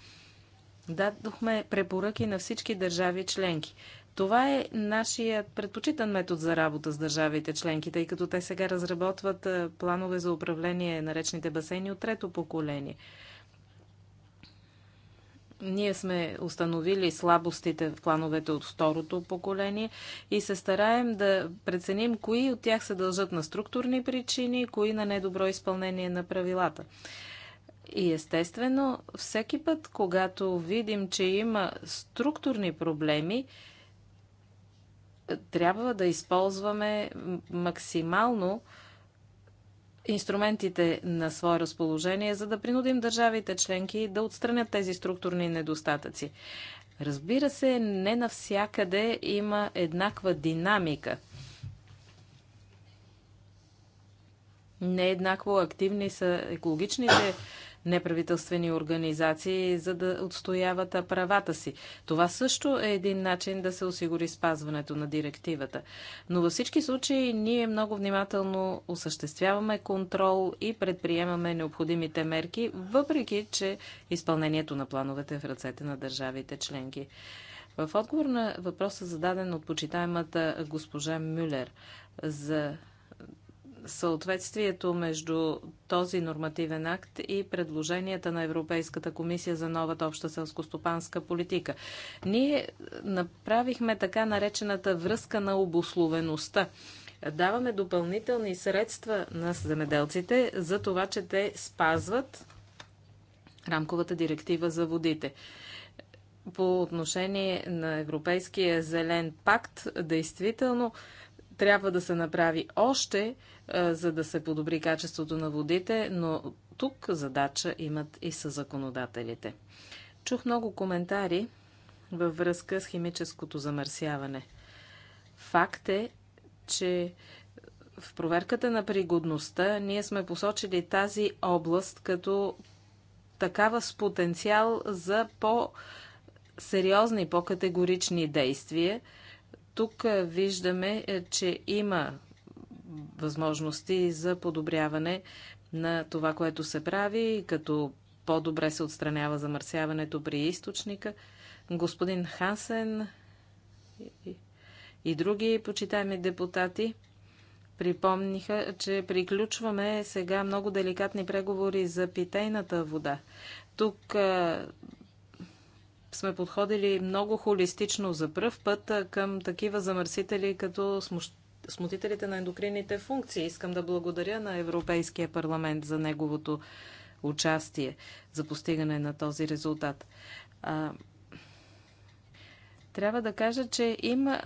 дадохме препоръки на всички държави членки. Това е нашият предпочитан метод за работа с държавите членки, тъй като те сега разработват планове за управление на речните басейни от трето поколение. Ние сме установили слабостите в плановете от второто поколение и се стараем да преценим кои от тях се дължат на структурни причини, кои на недобро изпълнение на правилата. И естествено, всеки път, когато видим, че има структурни проблеми, трябва да използваме максимално инструментите на свое разположение, за да принудим държавите членки да отстранят тези структурни недостатъци. Разбира се, не навсякъде има еднаква динамика. Не еднакво активни са екологичните неправителствени организации, за да отстояват правата си. Това също е един начин да се осигури спазването на директивата. Но във всички случаи ние много внимателно осъществяваме контрол и предприемаме необходимите мерки, въпреки че изпълнението на плановете е в ръцете на държавите членки. В отговор на въпроса зададен от почитаемата госпожа Мюлер за съответствието между този нормативен акт и предложенията на Европейската комисия за новата обща селскостопанска политика. Ние направихме така наречената връзка на обословеността даваме допълнителни средства на земеделците за това, че те спазват рамковата директива за водите. По отношение на Европейския зелен пакт, действително трябва да се направи още, е, за да се подобри качеството на водите, но тук задача имат и законодателите. Чух много коментари във връзка с химическото замърсяване. Факт е, че в проверката на пригодността ние сме посочили тази област като такава с потенциал за по-сериозни, по-категорични действия тук е, виждаме, е, че има възможности за подобряване на това, което се прави, като по-добре се отстранява замърсяването при източника. Господин Хансен и други почитаеми депутати припомниха, че приключваме сега много деликатни преговори за питейната вода. Тук е, сме подходили много холистично за пръв път към такива замърсители като смутителите на ендокринните функции. Искам да благодаря на Европейския парламент за неговото участие за постигане на този резултат. А... Трябва да кажа, че има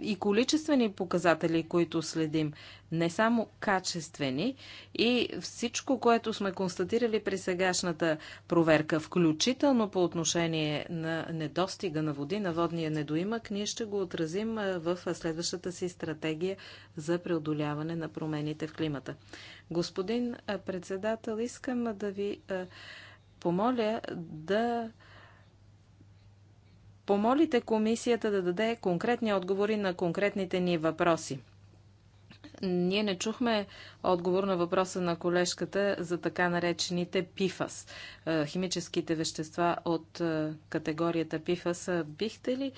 и количествени показатели, които следим, не само качествени и всичко, което сме констатирали при сегашната проверка, включително по отношение на недостига на води, на водния недоимък, ние ще го отразим в следващата си стратегия за преодоляване на промените в климата. Господин председател, искам да ви помоля да помолите комисията да даде конкретни отговори на конкретните ни въпроси. Ние не чухме отговор на въпроса на колежката за така наречените ПИФАС, е, химическите вещества от е, категорията ПИФАС. Е, бихте ли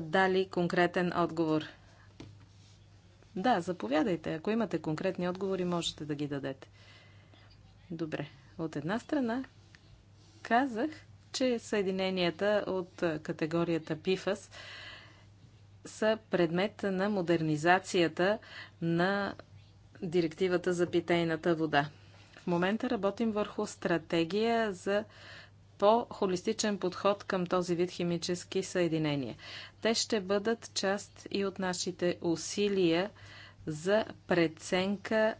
дали конкретен отговор? Да, заповядайте. Ако имате конкретни отговори, можете да ги дадете. Добре. От една страна казах, че съединенията от категорията ПИФАС са предмет на модернизацията на директивата за питейната вода. В момента работим върху стратегия за по-холистичен подход към този вид химически съединения. Те ще бъдат част и от нашите усилия за преценка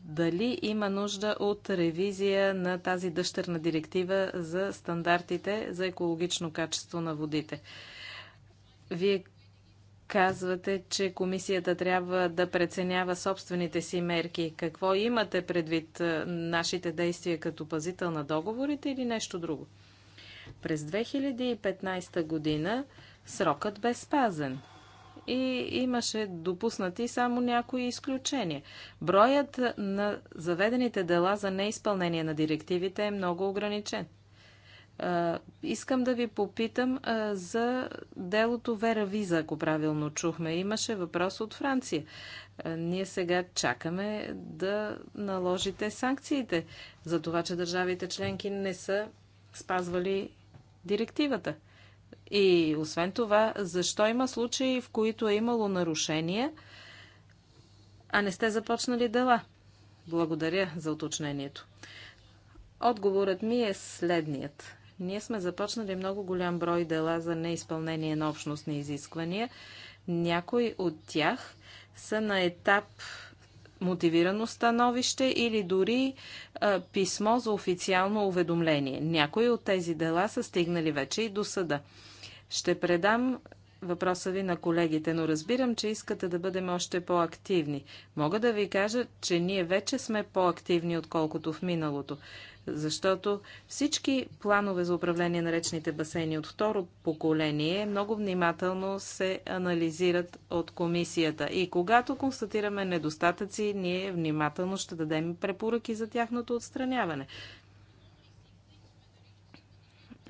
дали има нужда от ревизия на тази дъщерна директива за стандартите за екологично качество на водите. Вие казвате, че комисията трябва да преценява собствените си мерки. Какво имате предвид е, нашите действия като пазител на договорите или нещо друго? През 2015 година срокът бе спазен – и имаше допуснати само някои изключения. Броят на заведените дела за неизпълнение на директивите е много ограничен. Искам да ви попитам за делото Вера Виза, ако правилно чухме. Имаше въпрос от Франция. Ние сега чакаме да наложите санкциите за това, че държавите членки не са спазвали директивата. И освен това, защо има случаи, в които е имало нарушения, а не сте започнали дела? Благодаря за уточнението. Отговорът ми е следният. Ние сме започнали много голям брой дела за неизпълнение на общностни изисквания. Някои от тях са на етап мотивирано становище или дори а, писмо за официално уведомление. Някои от тези дела са стигнали вече и до съда. Ще предам въпроса ви на колегите, но разбирам, че искате да бъдем още по-активни. Мога да ви кажа, че ние вече сме по-активни, отколкото в миналото, защото всички планове за управление на речните басейни от второ поколение много внимателно се анализират от комисията. И когато констатираме недостатъци, ние внимателно ще дадем препоръки за тяхното отстраняване.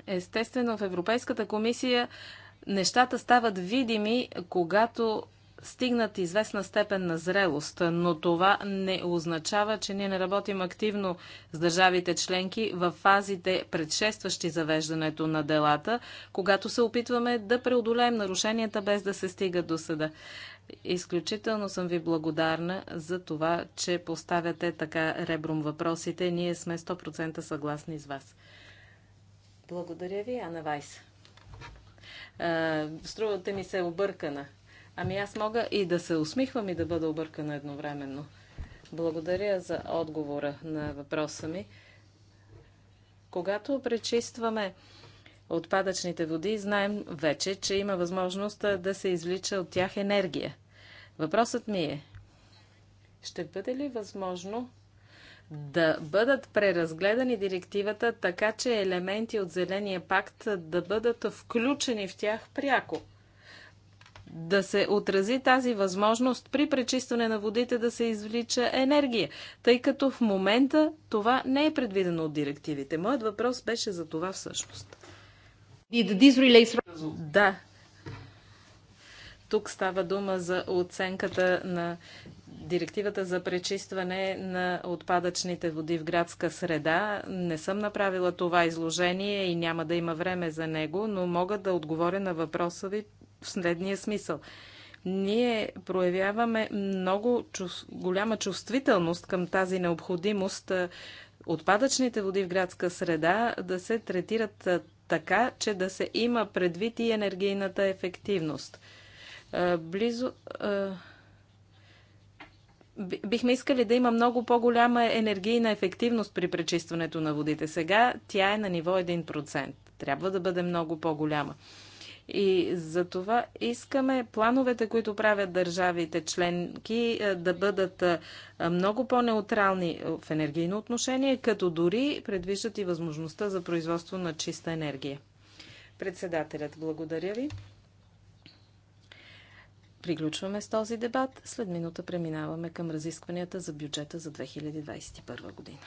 Естествено, в Европейската комисия нещата стават видими, когато стигнат известна степен на зрелост, но това не означава, че ние не работим активно с държавите членки в фазите предшестващи завеждането на делата, когато се опитваме да преодолеем нарушенията без да се стига до съда. Изключително съм ви благодарна за това, че поставяте така ребром въпросите. Ние сме 100% съгласни с вас. Благодаря ви, Ана Вайс. А, струвате ми се объркана. Ами аз мога и да се усмихвам и да бъда объркана едновременно. Благодаря за отговора на въпроса ми. Когато пречистваме отпадъчните води, знаем вече, че има възможност да се извлича от тях енергия. Въпросът ми е, ще бъде ли възможно да бъдат преразгледани директивата така, че елементи от Зеления пакт да бъдат включени в тях пряко. Да се отрази тази възможност при пречистване на водите да се извлича енергия, тъй като в момента това не е предвидено от директивите. Моят въпрос беше за това всъщност. Да, тук става дума за оценката на директивата за пречистване на отпадъчните води в градска среда. Не съм направила това изложение и няма да има време за него, но мога да отговоря на въпроса ви в следния смисъл. Ние проявяваме много чув... голяма чувствителност към тази необходимост отпадъчните води в градска среда да се третират така, че да се има предвид и енергийната ефективност. Близо бихме искали да има много по-голяма енергийна ефективност при пречистването на водите. Сега тя е на ниво 1%. Трябва да бъде много по-голяма. И за това искаме плановете, които правят държавите членки, е, да бъдат е, много по-неутрални е, в енергийно отношение, като дори предвиждат и възможността за производство на чиста енергия. Председателят, благодаря ви. Приключваме с този дебат. След минута преминаваме към разискванията за бюджета за 2021 година.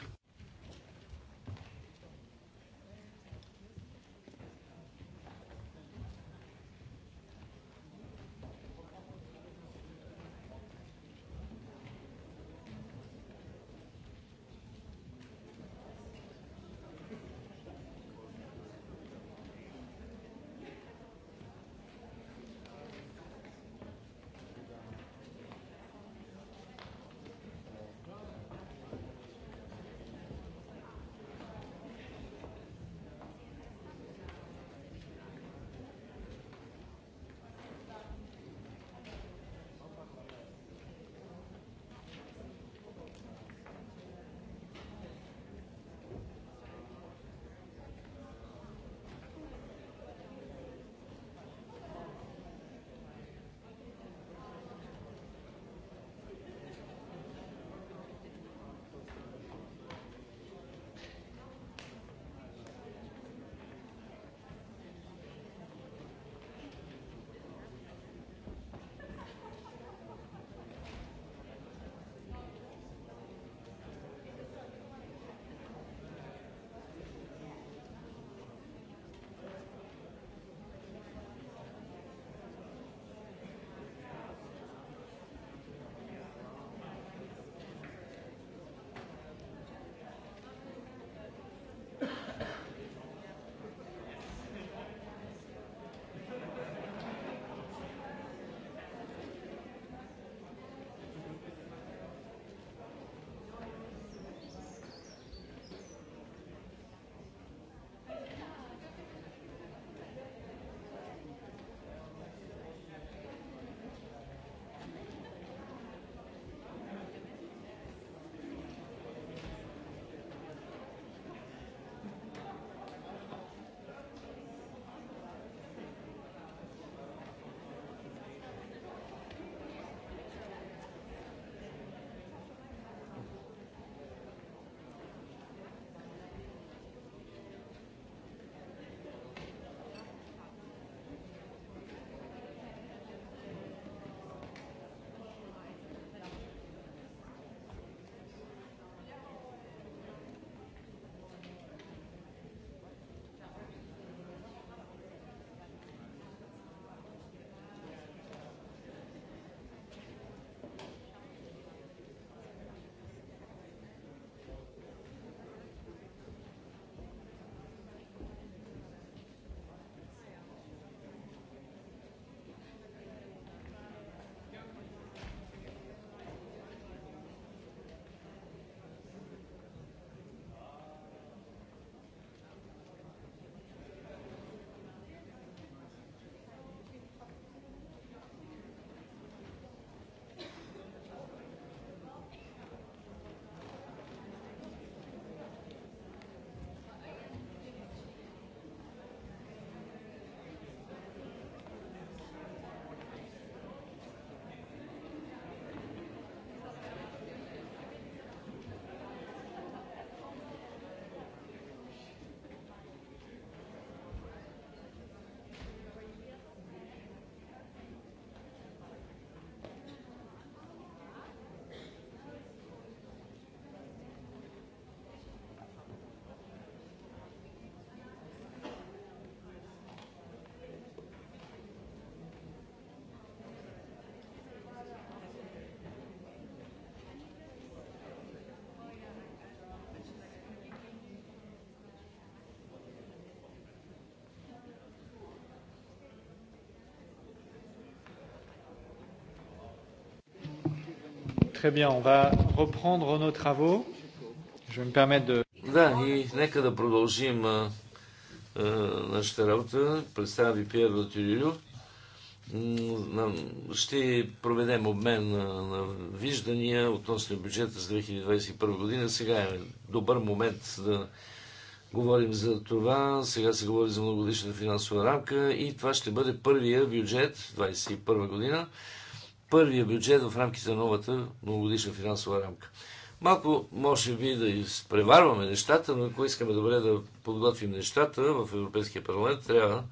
Très bien, on va reprendre nos travaux. Je me permettre de... Да, и нека да продължим а, а, нашата работа. Представи Пьер Латюрилю. Ще проведем обмен на, на виждания относно бюджета за 2021 година. Сега е добър момент да говорим за това. Сега се говори за многогодишна финансова рамка и това ще бъде първия бюджет 2021 година първия бюджет в рамките на новата многогодишна финансова рамка. Малко може би да изпреварваме нещата, но ако искаме добре да подготвим нещата в Европейския парламент, трябва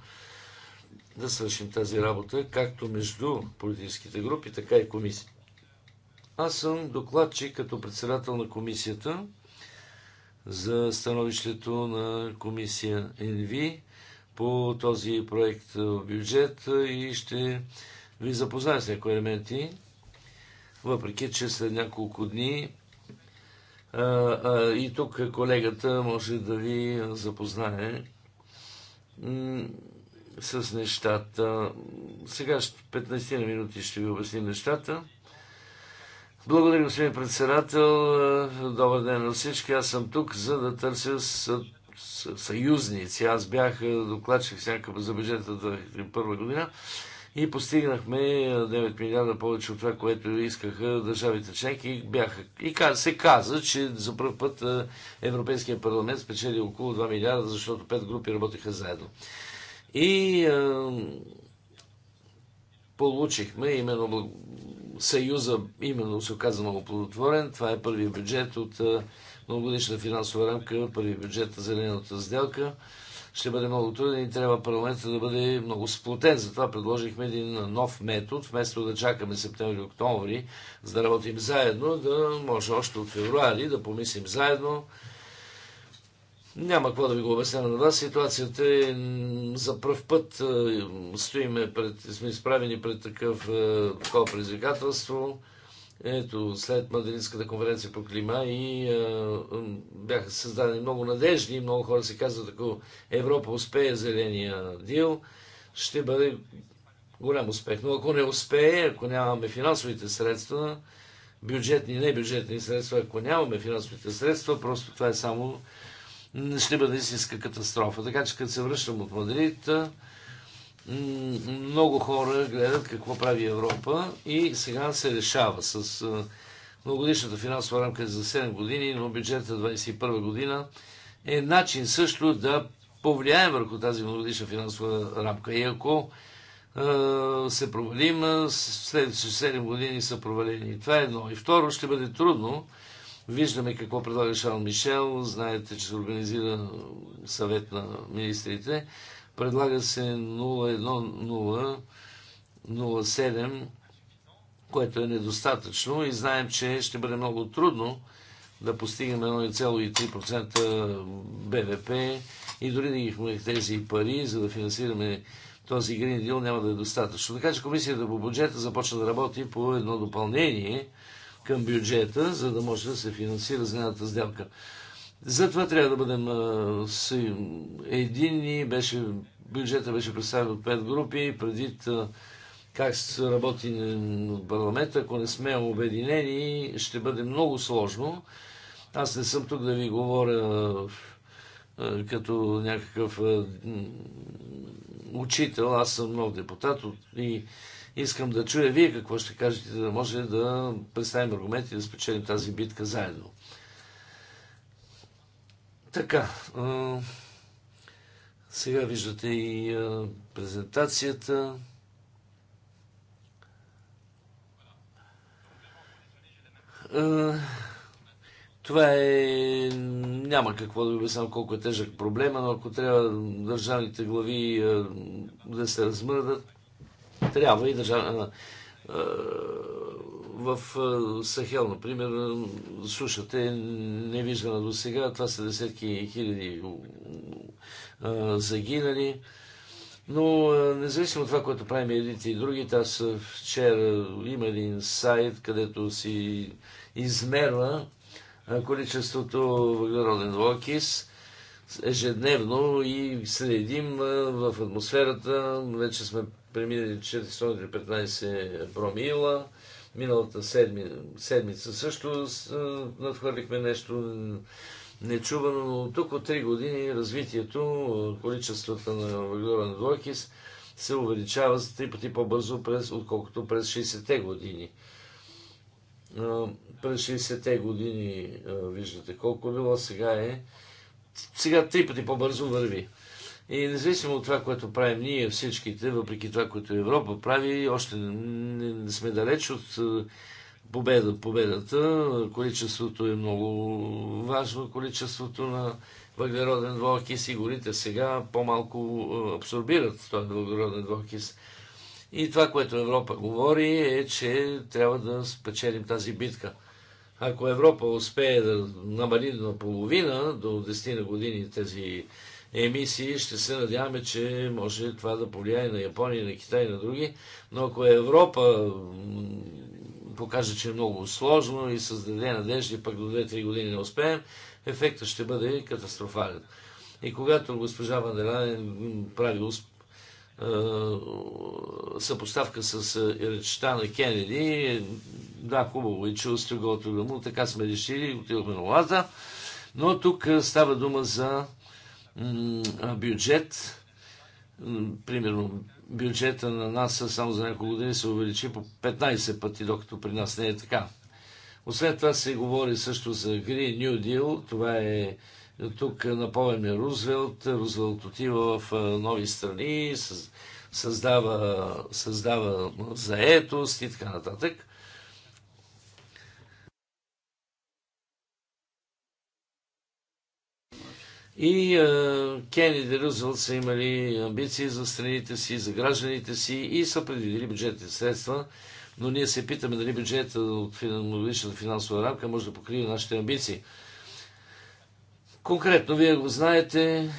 да свършим тази работа, както между политическите групи, така и комисии. Аз съм докладчик като председател на комисията за становището на комисия НВ по този проект бюджет и ще ви запозная с някои елементи, въпреки че след няколко дни а, а, и тук колегата може да ви запознае с нещата. Сега 15 на минути ще ви обясним нещата. Благодаря, господин председател. Добър ден на всички. Аз съм тук, за да търся съюзници. Аз бях докладчик всяка за бюджета 2001 година и постигнахме 9 е, милиарда повече от това, което искаха държавите членки. И, бяха, и се каза, че за първ път е, Европейския парламент спечели около 2 милиарда, защото 5 групи работеха заедно. И а, е, получихме именно Съюза, именно се оказа много плодотворен. Това е първият бюджет от многогодишна финансова рамка, първият бюджет за зелената сделка ще бъде много труден и трябва парламентът да бъде много сплотен. Затова предложихме един нов метод, вместо да чакаме септември-октомври, за да работим заедно, да може още от февруари да помислим заедно. Няма какво да ви го обяснявам на вас. Ситуацията е за пръв път е, стоиме пред, сме изправени пред такъв, е, такова предизвикателство. Ето, след Мадридската конференция по клима и а, бяха създадени много надежди. Много хора се казват, ако Европа успее зеления дил, ще бъде голям успех. Но ако не успее, ако нямаме финансовите средства, бюджетни и небюджетни средства, ако нямаме финансовите средства, просто това е само ще бъде истинска катастрофа. Така че като се връщам от Мадрид, много хора гледат какво прави Европа и сега се решава с многогодишната финансова рамка е за 7 години, но бюджета 21 година е начин също да повлияем върху тази многогодишна финансова рамка. И ако се провалим, след 7 години са провалени. Това е едно. И второ, ще бъде трудно. Виждаме какво предлага Шал Мишел. Знаете, че се организира съвет на министрите. Предлага се 0107, което е недостатъчно и знаем, че ще бъде много трудно да постигнем 1,3% БВП и дори да ги тези пари, за да финансираме този Green Deal, няма да е достатъчно. Така че комисията по бюджета започна да работи по едно допълнение към бюджета, за да може да се финансира зелената сделка. Затова трябва да бъдем единни. Беше, бюджета беше представен от пет групи. Преди как се работи от парламента, ако не сме обединени, ще бъде много сложно. Аз не съм тук да ви говоря като някакъв учител. Аз съм нов депутат и искам да чуя вие какво ще кажете, да може да представим аргументи и да спечелим тази битка заедно. Така, сега виждате и презентацията. Това е... Няма какво да ви обяснявам колко е тежък проблема, но ако трябва държавните глави да се размърдат, трябва и държавните в Сахел, например, сушата е невиждана до сега. Това са десетки хиляди загинали. Но независимо от това, което правим едните и другите, аз вчера има един сайт, където си измерва количеството въглероден двуокис ежедневно и следим в атмосферата. Вече сме преминали 415 промила. Миналата седми, седмица също надхвърлихме нещо нечувано, но тук от 3 години развитието, количеството на въглероден двойкис се увеличава за 3 пъти по-бързо, през, отколкото през 60-те години. През 60-те години виждате колко било, сега е сега три пъти по-бързо върви. И независимо от това, което правим ние всичките, въпреки това, което Европа прави, още не сме далеч от е, победа, победата. Количеството е много важно, количеството на въглероден двуокис и горите сега по-малко е, абсорбират този въглероден двуокис. И това, което Европа говори, е, че трябва да спечелим тази битка. Ако Европа успее да намали наполовина до 10 на години тези емисии, ще се надяваме, че може това да повлияе на Япония, на Китай и на други. Но ако Европа покаже, че е много сложно и създаде надежди, пък до 2-3 години не успеем, ефектът ще бъде катастрофален. И когато госпожа Вандерлайн прави усп... съпоставка с речта на Кенеди, да, хубаво и е, чул стригото му, така сме решили, отидохме на Лаза, но тук става дума за бюджет. Примерно, бюджета на НАСА само за няколко години се увеличи по 15 пъти, докато при нас не е така. Освен това се говори също за Green New Deal. Това е тук напомняме Рузвелт. Рузвелт отива в нови страни, създава, създава заетост и така нататък. И е, Кеннеди и Рузвелт са имали амбиции за страните си, за гражданите си и са предвидили бюджетни средства, но ние се питаме дали бюджета от многогодишната финансова рамка може да покрие нашите амбиции. Конкретно, вие го знаете,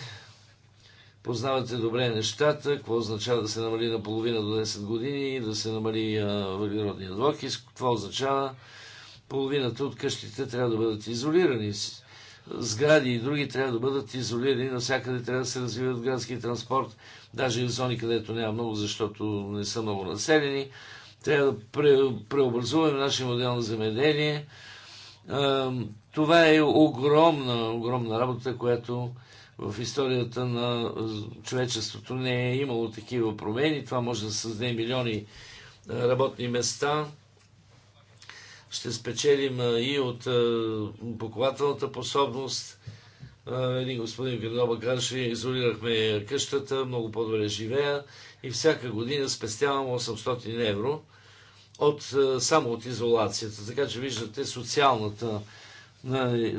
познавате добре нещата, какво означава да се намали на половина до 10 години, и да се намали е, въглеродния двокис, какво означава половината от къщите трябва да бъдат изолирани сгради и други трябва да бъдат изолирани, навсякъде трябва да се развиват градски транспорт, даже и в зони, където няма много, защото не са много населени. Трябва да преобразуваме нашия модел на земеделие. Това е огромна, огромна работа, която в историята на човечеството не е имало такива промени. Това може да създаде милиони работни места ще спечелим и от покупателната способност. Един господин Гърноба каже, изолирахме къщата, много по-добре живея и всяка година спестявам 800 евро от, само от изолацията. Така че виждате социалната,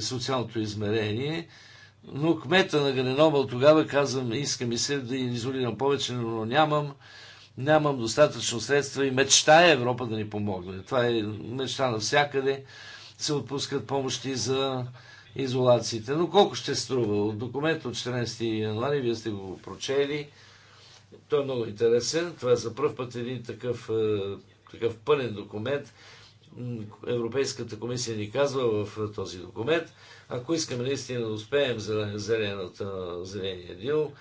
социалното измерение. Но кмета на Гренобъл тогава казвам, искам и се да изолирам повече, но нямам. Нямам достатъчно средства и мечтая Европа да ни помогне. Това е мечта навсякъде. Се отпускат помощи за изолациите. Но колко ще струва? От документ от 14 януари, вие сте го прочели. Той е много интересен. Това е за първ път един такъв, е, такъв пълен документ. Европейската комисия ни казва в този документ, ако искаме наистина да успеем зелената, зеления дил,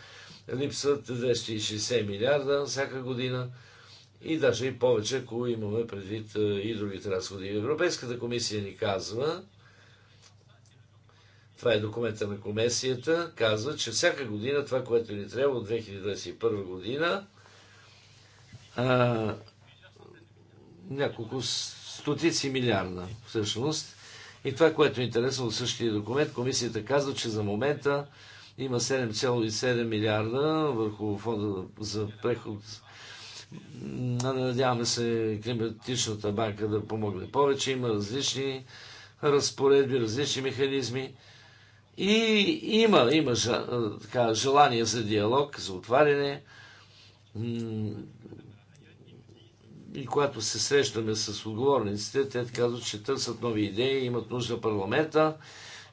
липсват 260 милиарда всяка година и даже и повече, ако имаме предвид е, и другите разходи. Европейската комисия ни казва, това е документа на комисията, казва, че всяка година това, което ни трябва от 2021 година, а, няколко стотици милиарда всъщност. И това, което е интересно от същия документ, комисията казва, че за момента има 7,7 милиарда върху фонда за преход. Надяваме се климатичната банка да помогне повече. Има различни разпоредби, различни механизми. И има, има така, желание за диалог, за отваряне. И когато се срещаме с отговорниците, те казват, че търсят нови идеи, имат нужда парламента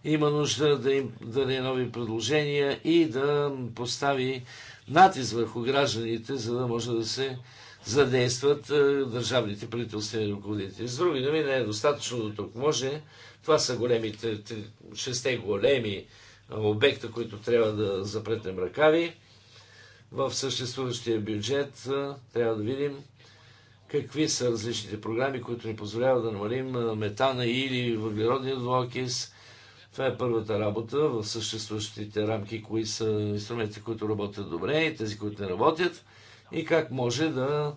има нужда да им даде нови предложения и да постави натиск върху гражданите, за да може да се задействат е, държавните правителствени ръководители. С други думи, не е достатъчно до тук. Може, това са големите, шесте големи е, обекта, които трябва да запретнем ръкави. В съществуващия бюджет е, трябва да видим какви са различните програми, които ни позволяват да намалим метана или въглеродния двуокис, това е първата работа в съществуващите рамки, кои са инструментите, които работят добре и тези, които не работят и как може да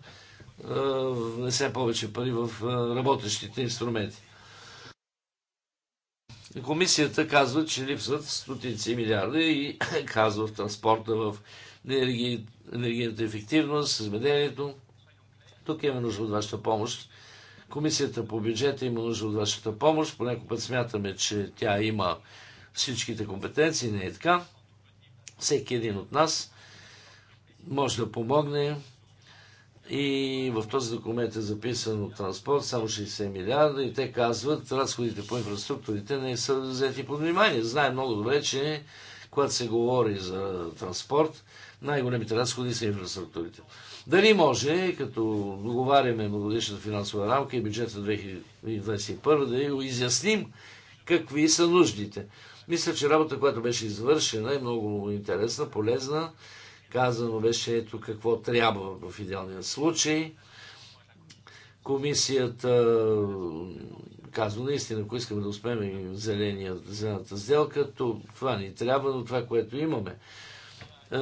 внесе повече пари в работещите инструменти. Комисията казва, че липсват стотици милиарда и казва в транспорта, в енергийната ефективност, земеделието. Тук имаме нужда от вашата помощ Комисията по бюджета има нужда от вашата помощ. Понеко път смятаме, че тя има всичките компетенции. Не е така. Всеки един от нас може да помогне и в този документ е записано транспорт, само 60 милиарда и те казват, разходите по инфраструктурите не са взети под внимание. Знаем много добре, че когато се говори за транспорт, най-големите разходи са инфраструктурите. Дали може, като договаряме многодишната финансова рамка и бюджета 2021, да изясним какви са нуждите. Мисля, че работа, която беше извършена е много интересна, полезна. Казано беше ето какво трябва в идеалния случай. Комисията казва наистина, ако искаме да успеем зеления, зелената сделка, то това ни трябва, но това, което имаме е,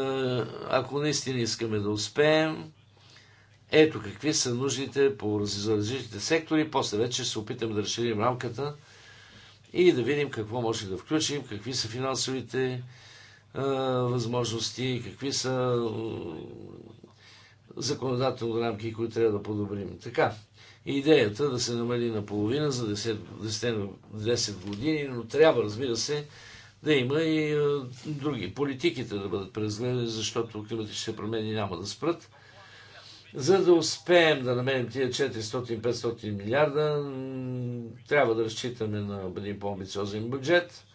ако наистина искаме да успеем, ето какви са нуждите по различните сектори. После вече се опитам да разширим рамката и да видим какво може да включим, какви са финансовите а, е, възможности, какви са а, е, законодателни рамки, които трябва да подобрим. Така, идеята да се намали наполовина за 10, 10, 10 години, но трябва, разбира се, да има и а, е, други политиките да бъдат преразгледани, защото климатичните промени няма да спрат. За да успеем да намерим тия 400-500 милиарда, трябва да разчитаме на един по-амбициозен бюджет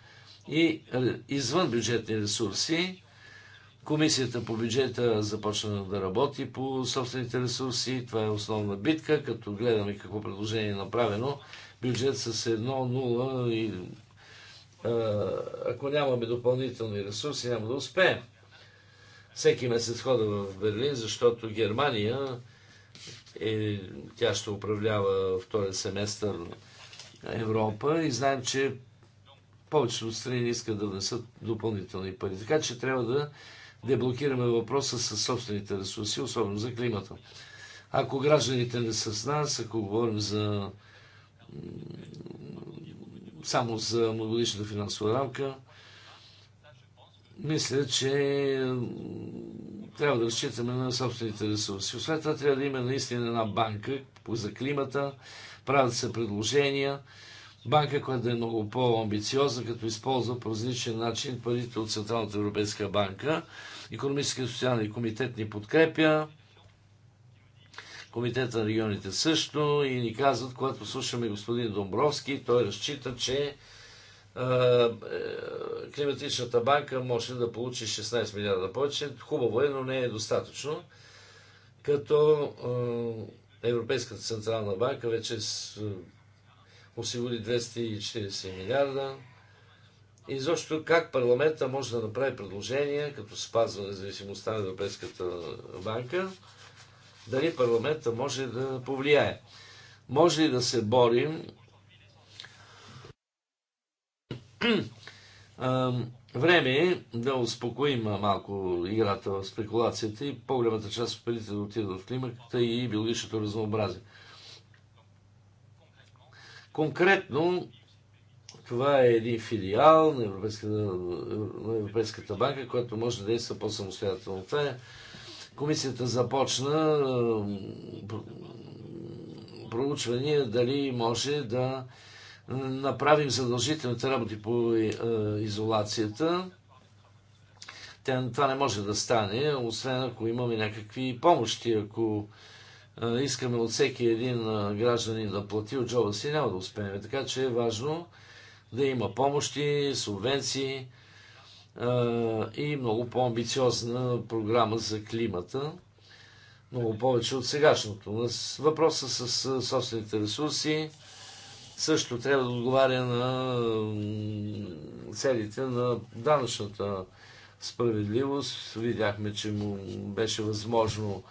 и е, извън бюджетни ресурси. Комисията по бюджета започна да работи по собствените ресурси. Това е основна битка, като гледаме какво предложение е направено. Бюджет с 1,0 и ако нямаме допълнителни ресурси, няма да успеем. Всеки месец хода в Берлин, защото Германия е, тя ще управлява втория семестър Европа и знаем, че повечето страни искат да внесат допълнителни пари. Така че трябва да деблокираме въпроса с собствените ресурси, особено за климата. Ако гражданите не са с нас, ако говорим за само за многодишната финансова рамка, мисля, че трябва да разчитаме на собствените ресурси. Освен това трябва да има наистина една банка за климата, правят се предложения, банка, която да е много по-амбициозна, като използва по различен начин парите от Централната европейска банка. Економическия и социален комитет ни подкрепя. Комитета на регионите също и ни казват, когато слушаме господин Домбровски, той разчита, че е, е, климатичната банка може да получи 16 милиарда повече. Хубаво е, но не е достатъчно. Като е, Европейската централна банка вече осигури 240 милиарда. И защо как парламента може да направи предложения, като спазва независимостта на Европейската банка, дали парламента може да повлияе. Може ли да се борим Време е да успокоим малко играта в спекулацията и по-голямата част от парите да отидат в климата и биологичното разнообразие. Конкретно, това е един филиал на Европейската, на Европейската банка, която може да действа по-самостоятелно. Това е Комисията започна проучвания дали може да направим задължителните работи по е, изолацията. Това не може да стане, освен ако имаме някакви помощи. Ако е, искаме от всеки един е, гражданин да плати от джоба си, няма да успеем. Така че е важно да има помощи, субвенции, и много по-амбициозна програма за климата, много повече от сегашното. Въпроса с собствените ресурси също трябва да отговаря на целите на данъчната справедливост. Видяхме, че му беше възможно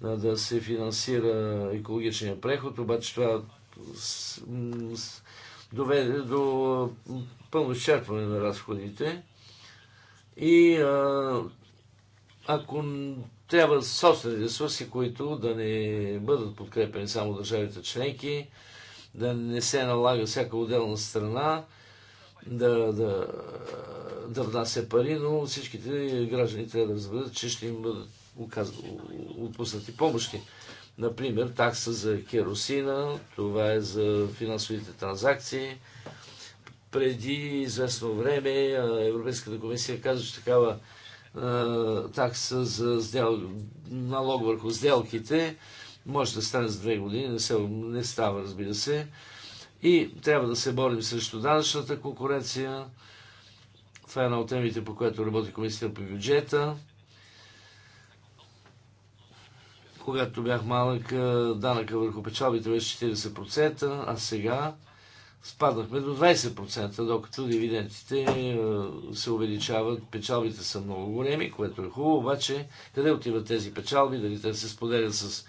да се финансира екологичния преход, обаче това доведе до пълно изчерпване на разходите. И а, ако трябва собствени ресурси, които да не бъдат подкрепени само държавите членки, да не се налага всяка отделна страна да, да, да внася пари, но всичките граждани трябва да разберат, че ще им бъдат отпуснати помощи. Например, такса за керосина, това е за финансовите транзакции, преди известно време Европейската комисия каза, че такава такса за сдел... налог върху сделките може да стане за две години, не, се... не става, разбира се. И трябва да се борим срещу данъчната конкуренция. Това е една от темите, по която работи комисията по бюджета. Когато бях малък, данъка върху печалбите беше 40%, а сега спаднахме до 20%, докато дивидендите е, се увеличават, печалбите са много големи, което е хубаво, обаче къде отиват тези печалби, дали те се споделят с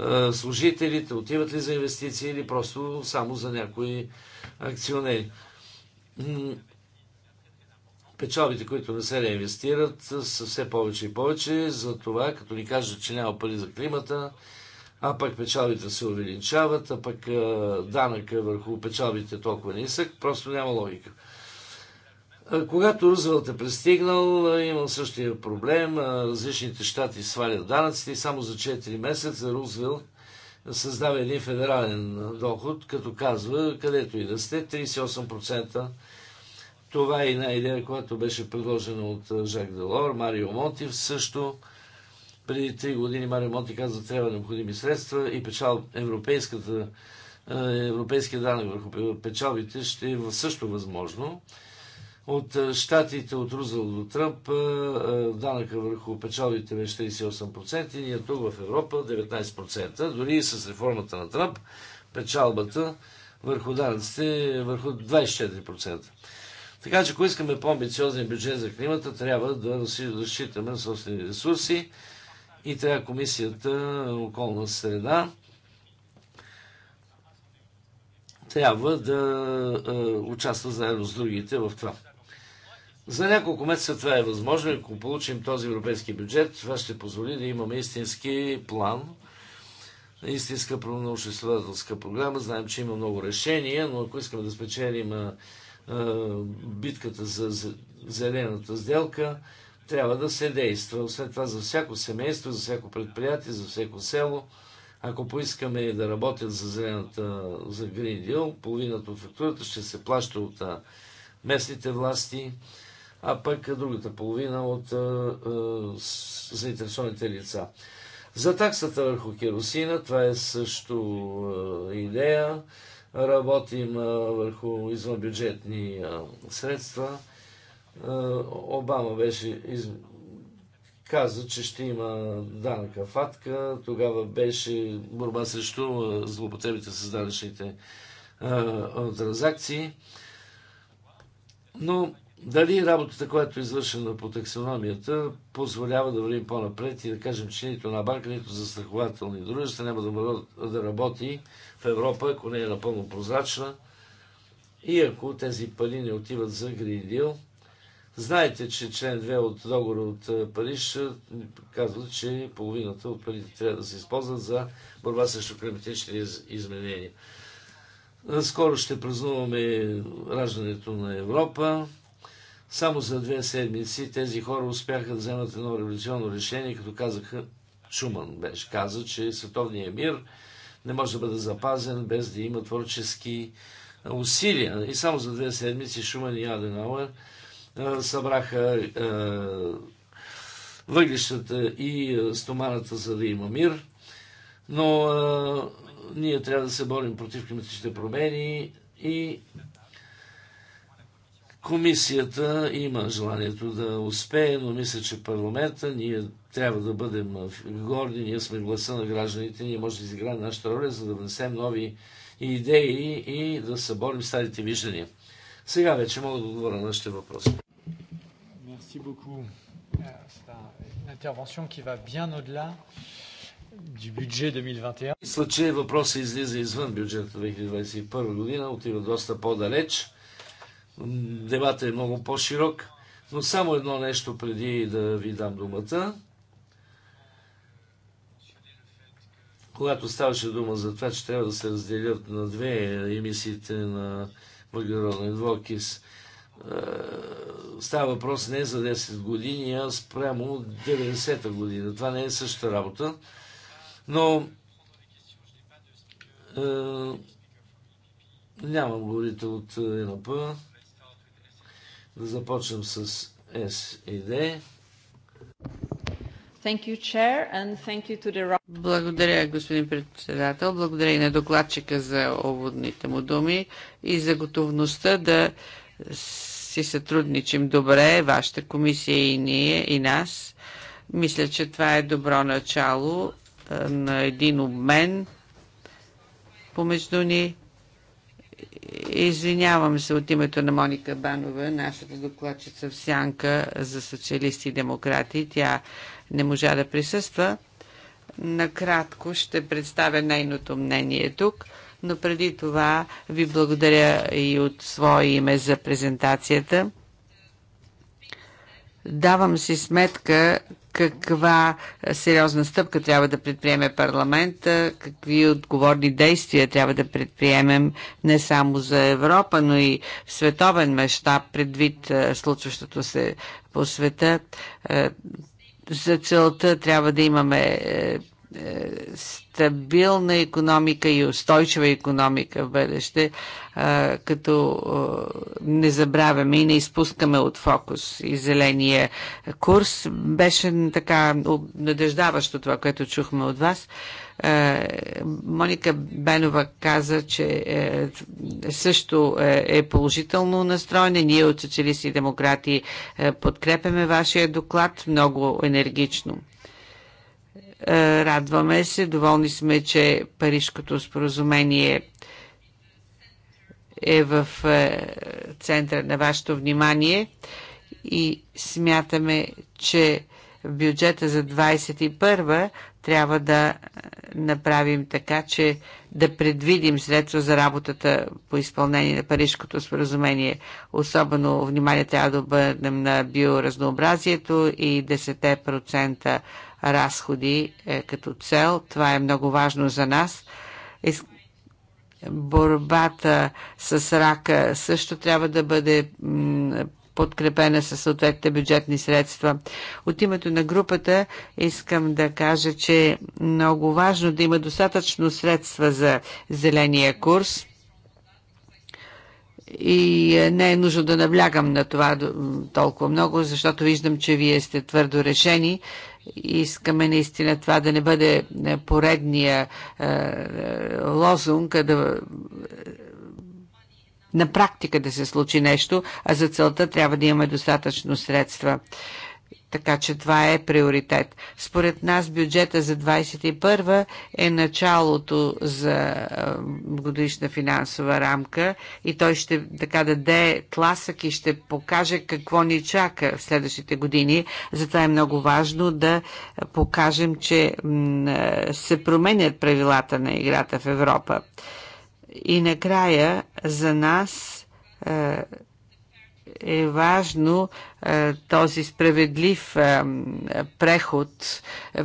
е, служителите, отиват ли за инвестиции или просто само за някои акционери. Печалбите, които не се реинвестират, е, са все повече и повече. за това, като ни кажат, че няма пари за климата, а пък печалбите се увеличават, а пък данъка върху печалбите толкова нисък, просто няма логика. Когато Рузвелт е пристигнал, имал същия проблем. Различните щати свалят данъците и само за 4 месеца Рузвелт създава един федерален доход, като казва, където и да сте, 38%. Това е една идея, която беше предложена от Жак Делор, Марио Мотив също преди три години Марио Монти каза, трябва необходими средства и печал, европейската, е, европейския данък върху печалбите ще е също възможно. От е, щатите от Рузвел до Тръмп е, данъка върху печалбите беше 38% и ние тук в Европа 19%. Дори и с реформата на Тръмп печалбата върху данъците е върху 24%. Така че ако искаме по-амбициозен бюджет за климата, трябва да разчитаме на собствени ресурси и така комисията околна среда трябва да е, участва заедно с другите в това. За няколко месеца това е възможно. Ако получим този европейски бюджет, това ще позволи да имаме истински план, истинска научно-изследователска програма. Знаем, че има много решения, но ако искаме да спечелим е, е, битката за зелената сделка, трябва да се действа. Освен това, за всяко семейство, за всяко предприятие, за всяко село, ако поискаме да работят за зелената, за Green Deal, половината от фактурата ще се плаща от местните власти, а пък другата половина от заинтересованите лица. За таксата върху керосина, това е също идея. Работим върху извънбюджетни средства Обама беше из... каза, че ще има данъка фатка. Тогава беше борба срещу злопотребите с данъчните транзакции. Но дали работата, която е извършена по таксономията, позволява да вървим по-напред и да кажем, че нито на банка, нито за страхователни дружества няма да работи в Европа, ако не е напълно прозрачна и ако тези пари не отиват за Green Знаете, че член 2 от договора от е, Париж е, казва, че половината от парите трябва да се използват за борба срещу климатични изменения. Е, скоро ще празнуваме раждането на Европа. Само за две седмици тези хора успяха да вземат едно революционно решение, като казаха, Шуман беше, каза, че световният мир не може да бъде запазен без да има творчески усилия. И само за две седмици Шуман и Аденауер е, събраха е, въглищата и е, стоманата, за да има мир. Но ние трябва да се борим против климатичните промени и комисията има желанието да успее, но мисля, че парламента ние трябва да бъдем горди, ние сме гласа на гражданите, ние може да изиграем нашата роля, за да внесем нови идеи и да съборим старите виждания. Сега вече мога да отговоря на нашите въпроси. Merci beaucoup. Euh, c'est une intervention qui va bien au-delà du budget 2021. излиза извън бюджета 2021 година, отива доста по-далеч. Дебатът е много по-широк, но само едно нещо преди да ви дам думата. Когато ставаше дума за това, че трябва да се разделят на две емисиите на въглероден двокис, е, става въпрос не за 10 години, а спрямо 90-та година. Това не е същата работа. Но е, нямам говорите от е НОП. Да започнем с S и D. Благодаря, господин председател. Благодаря и на докладчика за оводните му думи и за готовността да си сътрудничим добре, вашата комисия и ние, и нас. Мисля, че това е добро начало на един обмен помежду ни. Извинявам се от името на Моника Банова, нашата докладчица в Сянка за социалисти и демократи. Тя не можа да присъства. Накратко ще представя нейното мнение тук но преди това ви благодаря и от свое име за презентацията. Давам си сметка каква сериозна стъпка трябва да предприеме парламента, какви отговорни действия трябва да предприемем не само за Европа, но и в световен мащаб, предвид е, случващото се по света. Е, за целта трябва да имаме е, е, стабилна економика и устойчива економика в бъдеще, като не забравяме и не изпускаме от фокус и зеления курс. Беше така надеждаващо това, което чухме от вас. Моника Бенова каза, че е, също е, е положително настроена. Ние от социалисти и демократи подкрепяме вашия доклад много енергично. Е, радваме се, доволни сме, че Парижкото споразумение е в е, центъра на вашето внимание и смятаме, че в бюджета за 21 трябва да направим така, че да предвидим средства за работата по изпълнение на Парижското споразумение. Особено внимание трябва да обърнем на биоразнообразието и 10% разходи е, като цел. Това е много важно за нас. Е, борбата с рака също трябва да бъде подкрепена със съответните бюджетни средства. От името на групата искам да кажа, че е много важно да има достатъчно средства за зеления курс и е, не е нужно да наблягам на това толкова много, защото виждам, че вие сте твърдо решени Искаме наистина това да не бъде е, поредния е, е, лозунг, а да на практика да се случи нещо, а за целта трябва да имаме достатъчно средства. Така че това е приоритет. Според нас бюджета за 2021 е началото за годишна финансова рамка и той ще така даде тласък и ще покаже какво ни чака в следващите години. Затова е много важно да покажем, че се променят правилата на играта в Европа. И накрая за нас е важно е, този справедлив е, преход.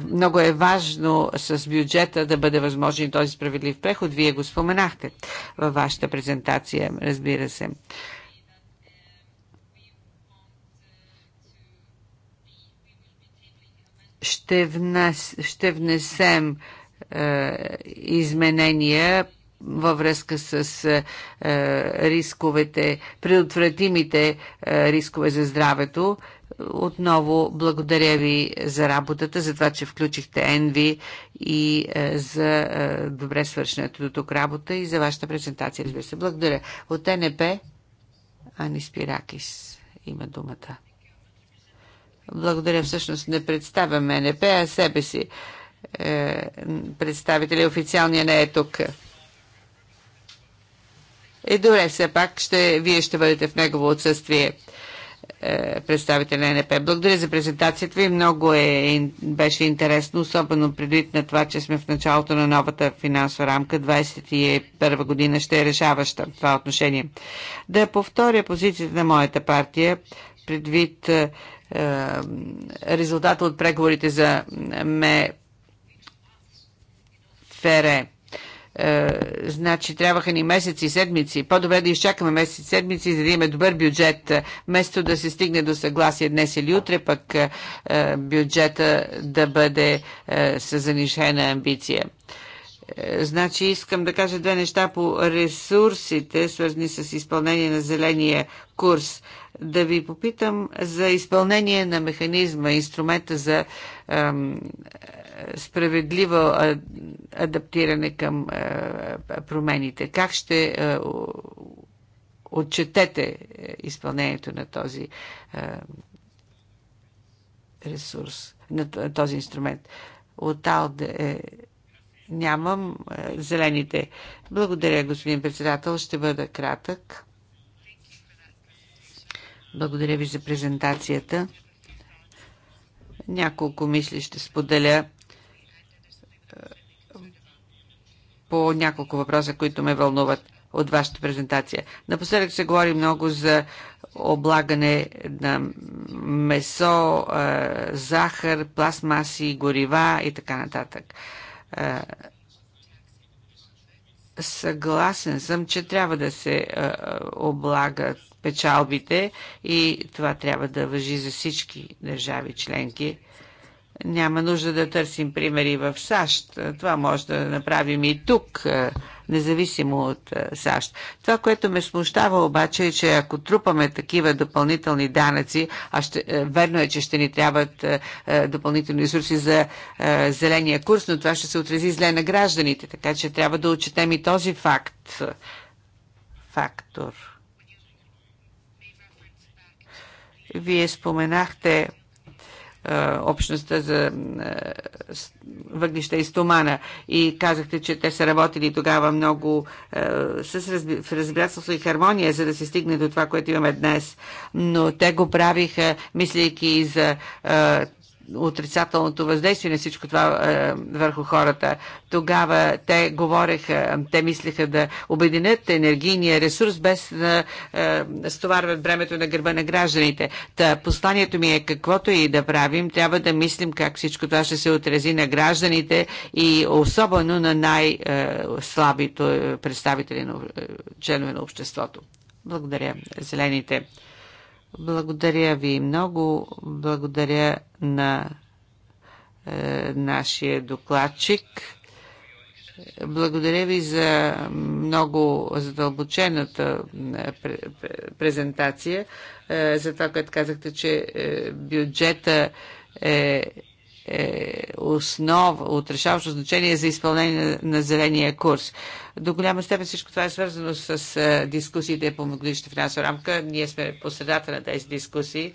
Много е важно с бюджета да бъде възможен този справедлив преход. Вие го споменахте във вашата презентация, разбира се. Ще, внесем е, изменения във връзка с е, е, рисковете, предотвратимите е, рискове за здравето. Отново благодаря ви за работата, за това, че включихте Енви и е, за е, добре свършената до тук работа и за вашата презентация, разбира се. Благодаря. От НП Ани Спиракис има думата. Благодаря. Всъщност не представяме НП, а себе си. Е, официалния не е тук. Е, добре, все пак ще, вие ще бъдете в негово отсъствие е, представител на НП. Благодаря за презентацията ви. Много е, беше интересно, особено предвид на това, че сме в началото на новата финансова рамка. 21 година ще е решаваща това отношение. Да повторя позицията на моята партия предвид е, е резултата от преговорите за ме ФЕРЕ. Е, значи трябваха ни месеци и седмици. По-добре да изчакаме месеци и седмици, за да имаме добър бюджет, вместо да се стигне до съгласие днес или утре, пък е, бюджета да бъде е, с занишена амбиция. Значи искам да кажа две неща по ресурсите, свързани с изпълнение на зеления курс. Да ви попитам за изпълнение на механизма, инструмента за справедливо адаптиране към промените? Как ще отчетете изпълнението на този ресурс, на този инструмент? От Алде е, нямам зелените. Благодаря, господин председател. Ще бъда кратък. Благодаря ви за презентацията. Няколко мисли ще споделя по няколко въпроса, които ме вълнуват от вашата презентация. Напоследък се говори много за облагане на месо, захар, пластмаси, горива и така нататък. Съгласен съм, че трябва да се облагат печалбите и това трябва да въжи за всички държави членки. Няма нужда да търсим примери в САЩ. Това може да направим и тук, е, независимо от е, САЩ. Това, което ме смущава обаче е, че ако трупаме такива допълнителни данъци, а ще, е, верно е, че ще ни трябват допълнителни ресурси за зеления курс, но това ще се отрази зле на гражданите, така че трябва да отчетем и този факт. Фактор. Вие споменахте общността за въглища и стомана. И казахте, че те са работили тогава много с разбирателство и хармония, за да се стигне до това, което имаме днес. Но те го правиха, мислейки и за отрицателното въздействие на всичко това е, върху хората. Тогава те говореха, те мислеха да обединят енергийния ресурс без да е, стоварват бремето на гърба на гражданите. Та посланието ми е каквото и да правим, трябва да мислим как всичко това ще се отрази на гражданите и особено на най-слабите представители на е, членове на обществото. Благодаря, зелените. Благодаря ви много. Благодаря на е, нашия докладчик. Благодаря ви за много задълбочената е, презентация, е, за това, което казахте, че е, бюджета е е основ от решаващо значение за изпълнение на зеления курс. До голяма степен всичко това е свързано с дискусиите по многогодишната финансова рамка. Ние сме посредата на тези дискусии.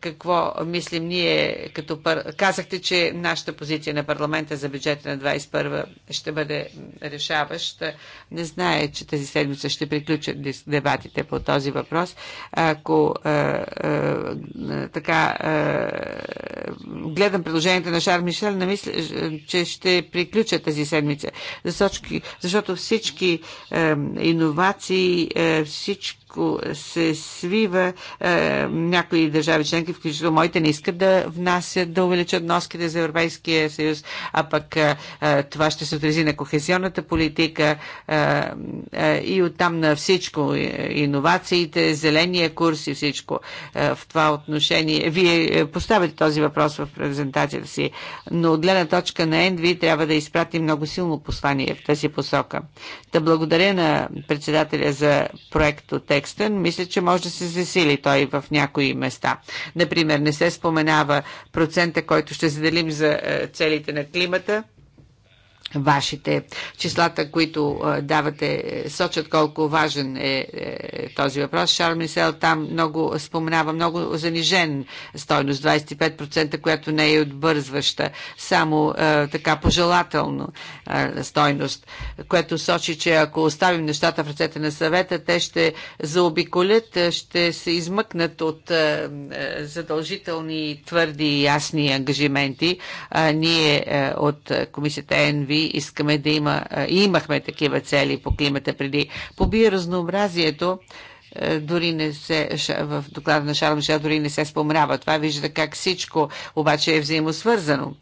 Какво мислим ние, като пар... казахте, че нашата позиция на парламента за бюджета на 21 ще бъде решаваща. Не знае, че тази седмица ще приключат дебатите по този въпрос. Ако а, а, така а, гледам предложението на Шар Мишел, намисля, че ще приключат тази седмица. Защото защото всички е, иновации, е, всички всичко се свива. Е, някои държави членки, включително моите, не искат да внасят, да увеличат носките за Европейския съюз, а пък е, е, това ще се отрази на кохезионната политика и оттам на всичко. Иновациите, зеления курс и всичко в това отношение. Вие поставяте този въпрос в презентацията си, но от гледна точка на Енви трябва да изпрати много силно послание в тази посока. Да благодаря на председателя за проекто текст Екстън, мисля, че може да се засили той в някои места. Например, не се споменава процента, който ще заделим за е, целите на климата вашите числата, които давате, е, сочат колко важен е, е този въпрос. Шар Мисел там много споменава много занижен стойност, 25%, която не е отбързваща, само така пожелателно е, стойност, което сочи, че ако оставим нещата в ръцете на съвета, те ще заобиколят, ще се измъкнат от е, задължителни, твърди и ясни ангажименти. А, ние от комисията ЕНВИ искаме да има, и имахме такива цели по климата преди. По биоразнообразието, дори не се, в доклада на Шарл Мишел дори не се споменава. Това вижда как всичко обаче е взаимосвързано.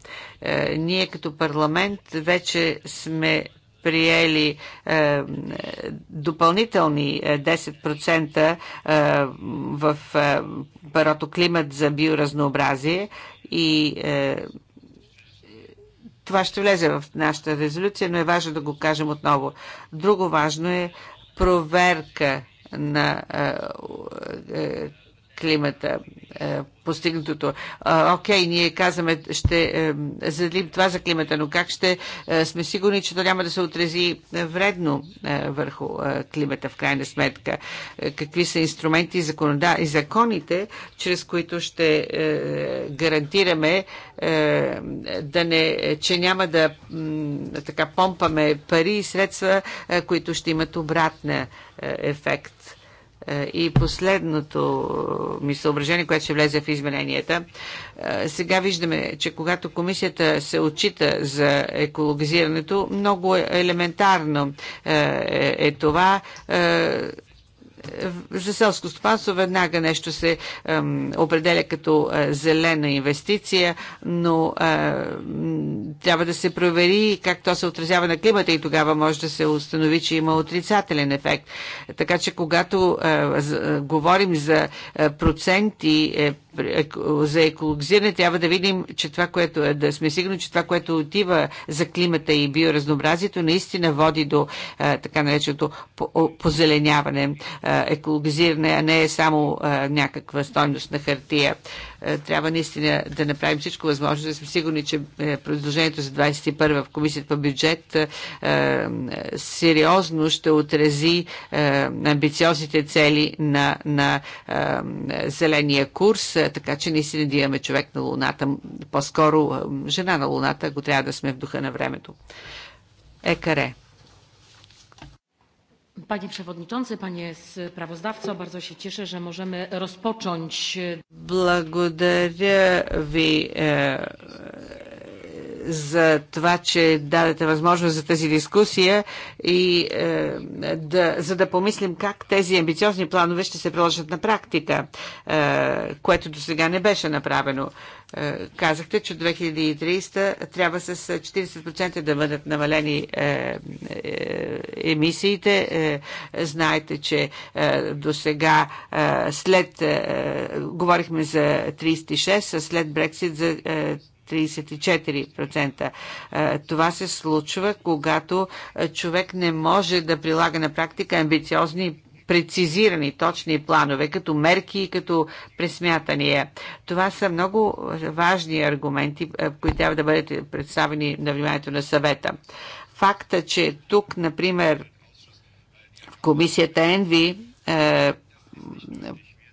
Ние като парламент вече сме приели е, допълнителни 10% е, в е, парото климат за биоразнообразие и е, това ще влезе в нашата резолюция, но е важно да го кажем отново. Друго важно е проверка на е, е, климата, е, постигнатото. Окей, ние казваме, ще е, заделим това за климата, но как ще е, сме сигурни, че то няма да се отрези вредно върху климата в крайна сметка? Какви са инструменти и законите, чрез които ще гарантираме да не, че няма да така помпаме пари и средства, които ще имат обратна ефект? Е, и последното е, ми съображение, което ще влезе в измененията. Е, сега виждаме, че когато комисията се отчита за екологизирането, много елементарно е това за селско стопанство веднага нещо се определя като е, зелена инвестиция, но е, трябва да се провери как то се отразява на климата и тогава може да се установи, че има отрицателен ефект. Така че когато е, е говорим за е, проценти, е, за екологизиране, трябва да видим, че това, което, е. да сме сигурни, че това, което отива за климата и биоразнообразието, наистина води до а, е, така нареченото позеленяване, е, екологизиране, а не е само а, е, някаква стойност на хартия. Е, трябва наистина да направим всичко възможно, да сме сигурни, че е, предложението за 21 в Комисията по бюджет е, сериозно ще отрази амбициозните цели на, на зеления курс, така че наистина да имаме човек на Луната, по-скоро жена на Луната, ако трябва да сме в духа на времето. Екаре. Panie przewodniczący, panie sprawozdawco, bardzo się cieszę, że możemy rozpocząć. Благодаря ви, за това, че дадете възможност за тази дискусия и е, да, за да помислим как тези амбициозни планове ще се приложат на практика, е, което до сега не беше направено. Е, казахте, че 2030 трябва с 40% да бъдат намалени е, е, емисиите. Е, знаете, че до сега след говорихме за 36, а след Брексит за 34%. Е, това се случва, когато е, човек не може да прилага на практика амбициозни прецизирани, точни планове, като мерки и като пресмятания. Това са много важни аргументи, е, които трябва да бъдат представени на вниманието на съвета. Факта, че тук, например, в комисията ЕНВИ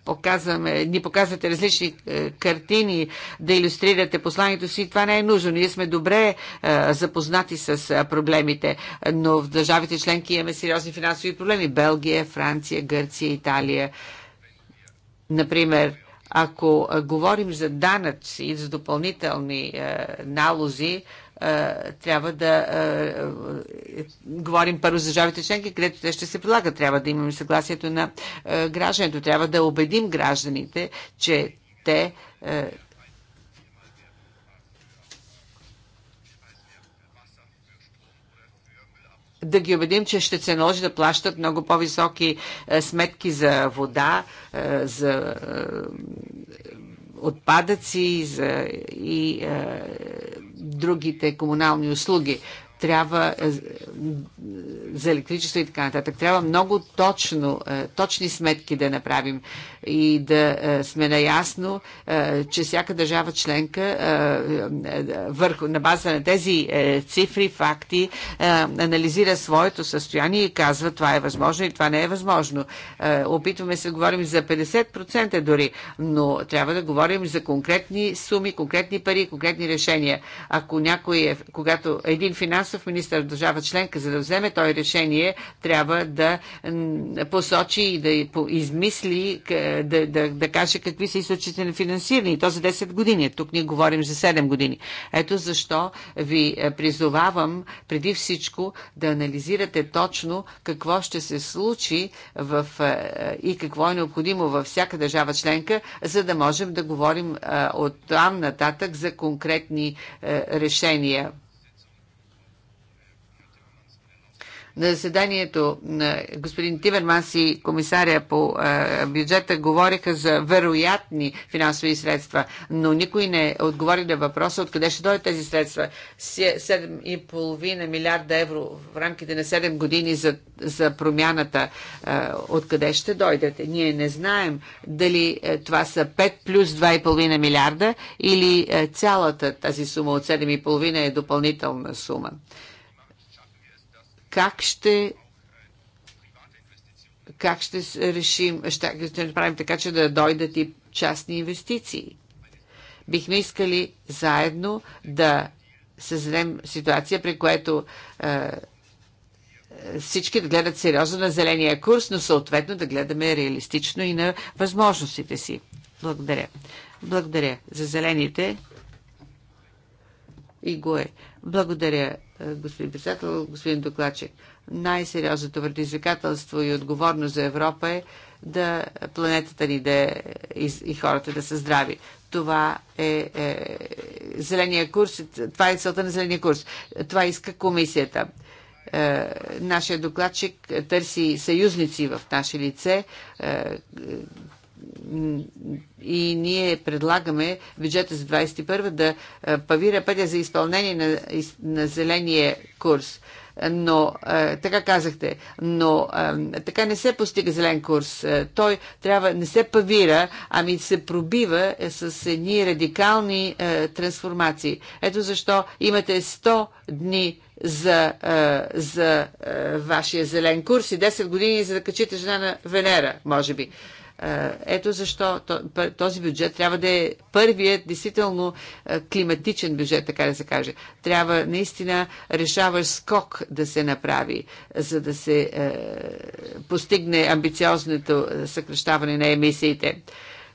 показваме, ни показвате различни е, картини да иллюстрирате посланието си, това не е нужно. Ние сме добре е, запознати с е, проблемите, но в държавите членки имаме сериозни финансови проблеми. Белгия, Франция, Гърция, Италия. Например, ако говорим за данъци и за допълнителни налози, трябва да е, говорим първо за държавите членки, където те ще се прилагат. Трябва да имаме съгласието на гражданите. Трябва да убедим гражданите, че те да ги убедим, че ще се наложи да плащат много по-високи сметки за вода, за отпадъци за, и другите комунални услуги трябва е, за електричество и така нататък. Трябва много точно, е, точни сметки да направим и да е, сме наясно, че всяка държава членка върху, на база на тези цифри, факти, анализира своето състояние и казва това е възможно и това не е възможно. Опитваме се да говорим за 50% дори, но трябва да говорим за конкретни суми, конкретни пари, конкретни решения. Ако някой е, когато един финансов финансов министр в държава членка, за да вземе той решение, трябва да посочи и да измисли, е, да, да, да каже какви са източите на финансиране. И то за 10 години. Тук ние говорим за 7 години. Ето защо ви е, призовавам преди всичко да анализирате точно какво ще се случи в, е, и какво е необходимо във всяка държава членка, за да можем да говорим от там нататък за конкретни решения. На заседанието на господин Тиверманс и комисаря по бюджета говориха за вероятни финансови средства, но никой не отговори на въпроса откъде ще дойдат тези средства. 7,5 милиарда евро в рамките на 7 години за, за промяната. Откъде ще дойдат? Ние не знаем дали това са 5 плюс 2,5 милиарда или цялата тази сума от 7,5 е допълнителна сума как ще как ще решим, ще, ще направим така, че да дойдат и частни инвестиции. Бихме искали заедно да създадем ситуация, при което е, всички да гледат сериозно на зеления курс, но съответно да гледаме реалистично и на възможностите си. Благодаря. Благодаря за зелените и е. Благодаря, е, господин председател, господин докладчик. Най-сериозното предизвикателство и отговорност за Европа е да планетата ни да е и, и хората да са здрави. Това е, е зеления курс, това е целта на зеления курс. Това иска комисията. Е, нашия докладчик търси съюзници в наше лице, е, и ние предлагаме бюджета за 2021 да е, павира пътя за изпълнение на, на зеления курс. Но, е, така казахте, но е, така не се постига зелен курс. Той трябва не се павира, ами се пробива с едни радикални трансформации. Ето защо имате 100 дни за, за вашия зелен курс и 10 години за да качите жена на Венера, може би. Е, ето защо този бюджет трябва да е първият действително е, климатичен бюджет, така да се каже. Трябва наистина решаваш скок да се направи, за да се е, постигне амбициозното съкрещаване на емисиите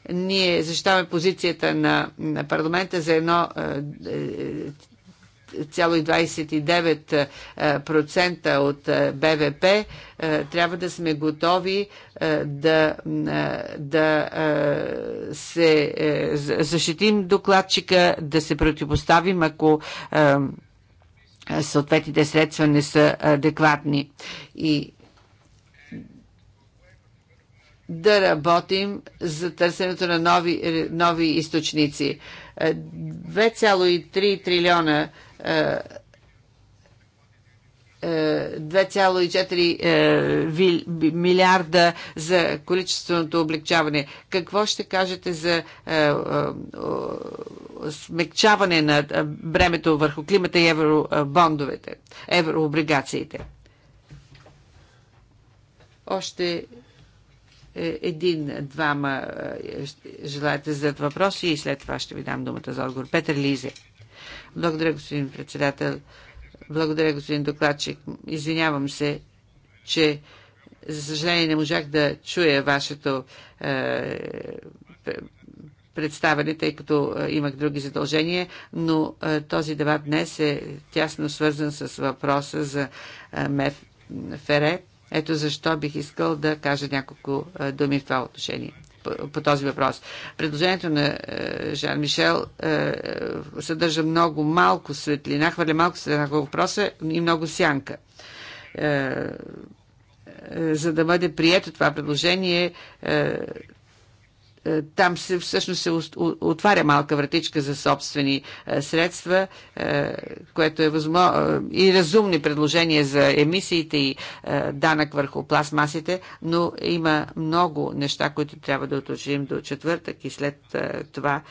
ние защитаваме позицията на, парламента за едно 1,29% от е, БВП, е, трябва да сме готови е, да, да се защитим докладчика, да се противоставим, ако съответните средства не са адекватни. И да работим за търсенето на нови, нови източници. 2,3 трилиона 2,4 е, е, е, милиарда за количественото облегчаване. Какво ще кажете за смекчаване на бремето върху климата и евробондовете, еврооблигациите? Още един-двама е, желаете да зададат въпроси и след това ще ви дам думата за отговор. Петър Лизе. Благодаря, господин председател. Благодаря, господин докладчик. Извинявам се, че за съжаление не можах да чуя вашето е, представяне, тъй като е, имах други задължения, но е, този дебат днес е тясно свързан с въпроса за е, МФРЕ ето защо бих искал да кажа няколко е, думи в това отношение по този въпрос. Предложението на е, Жан Мишел е, съдържа много малко светлина, хвърля малко светлина на въпроса и много сянка. За да бъде прието това предложение, е, там се, всъщност се отваря малка вратичка за собствени е, средства, е, което е възможно и разумни предложения за емисиите и данък върху пластмасите, но има много неща, които трябва да уточним до четвъртък и след това,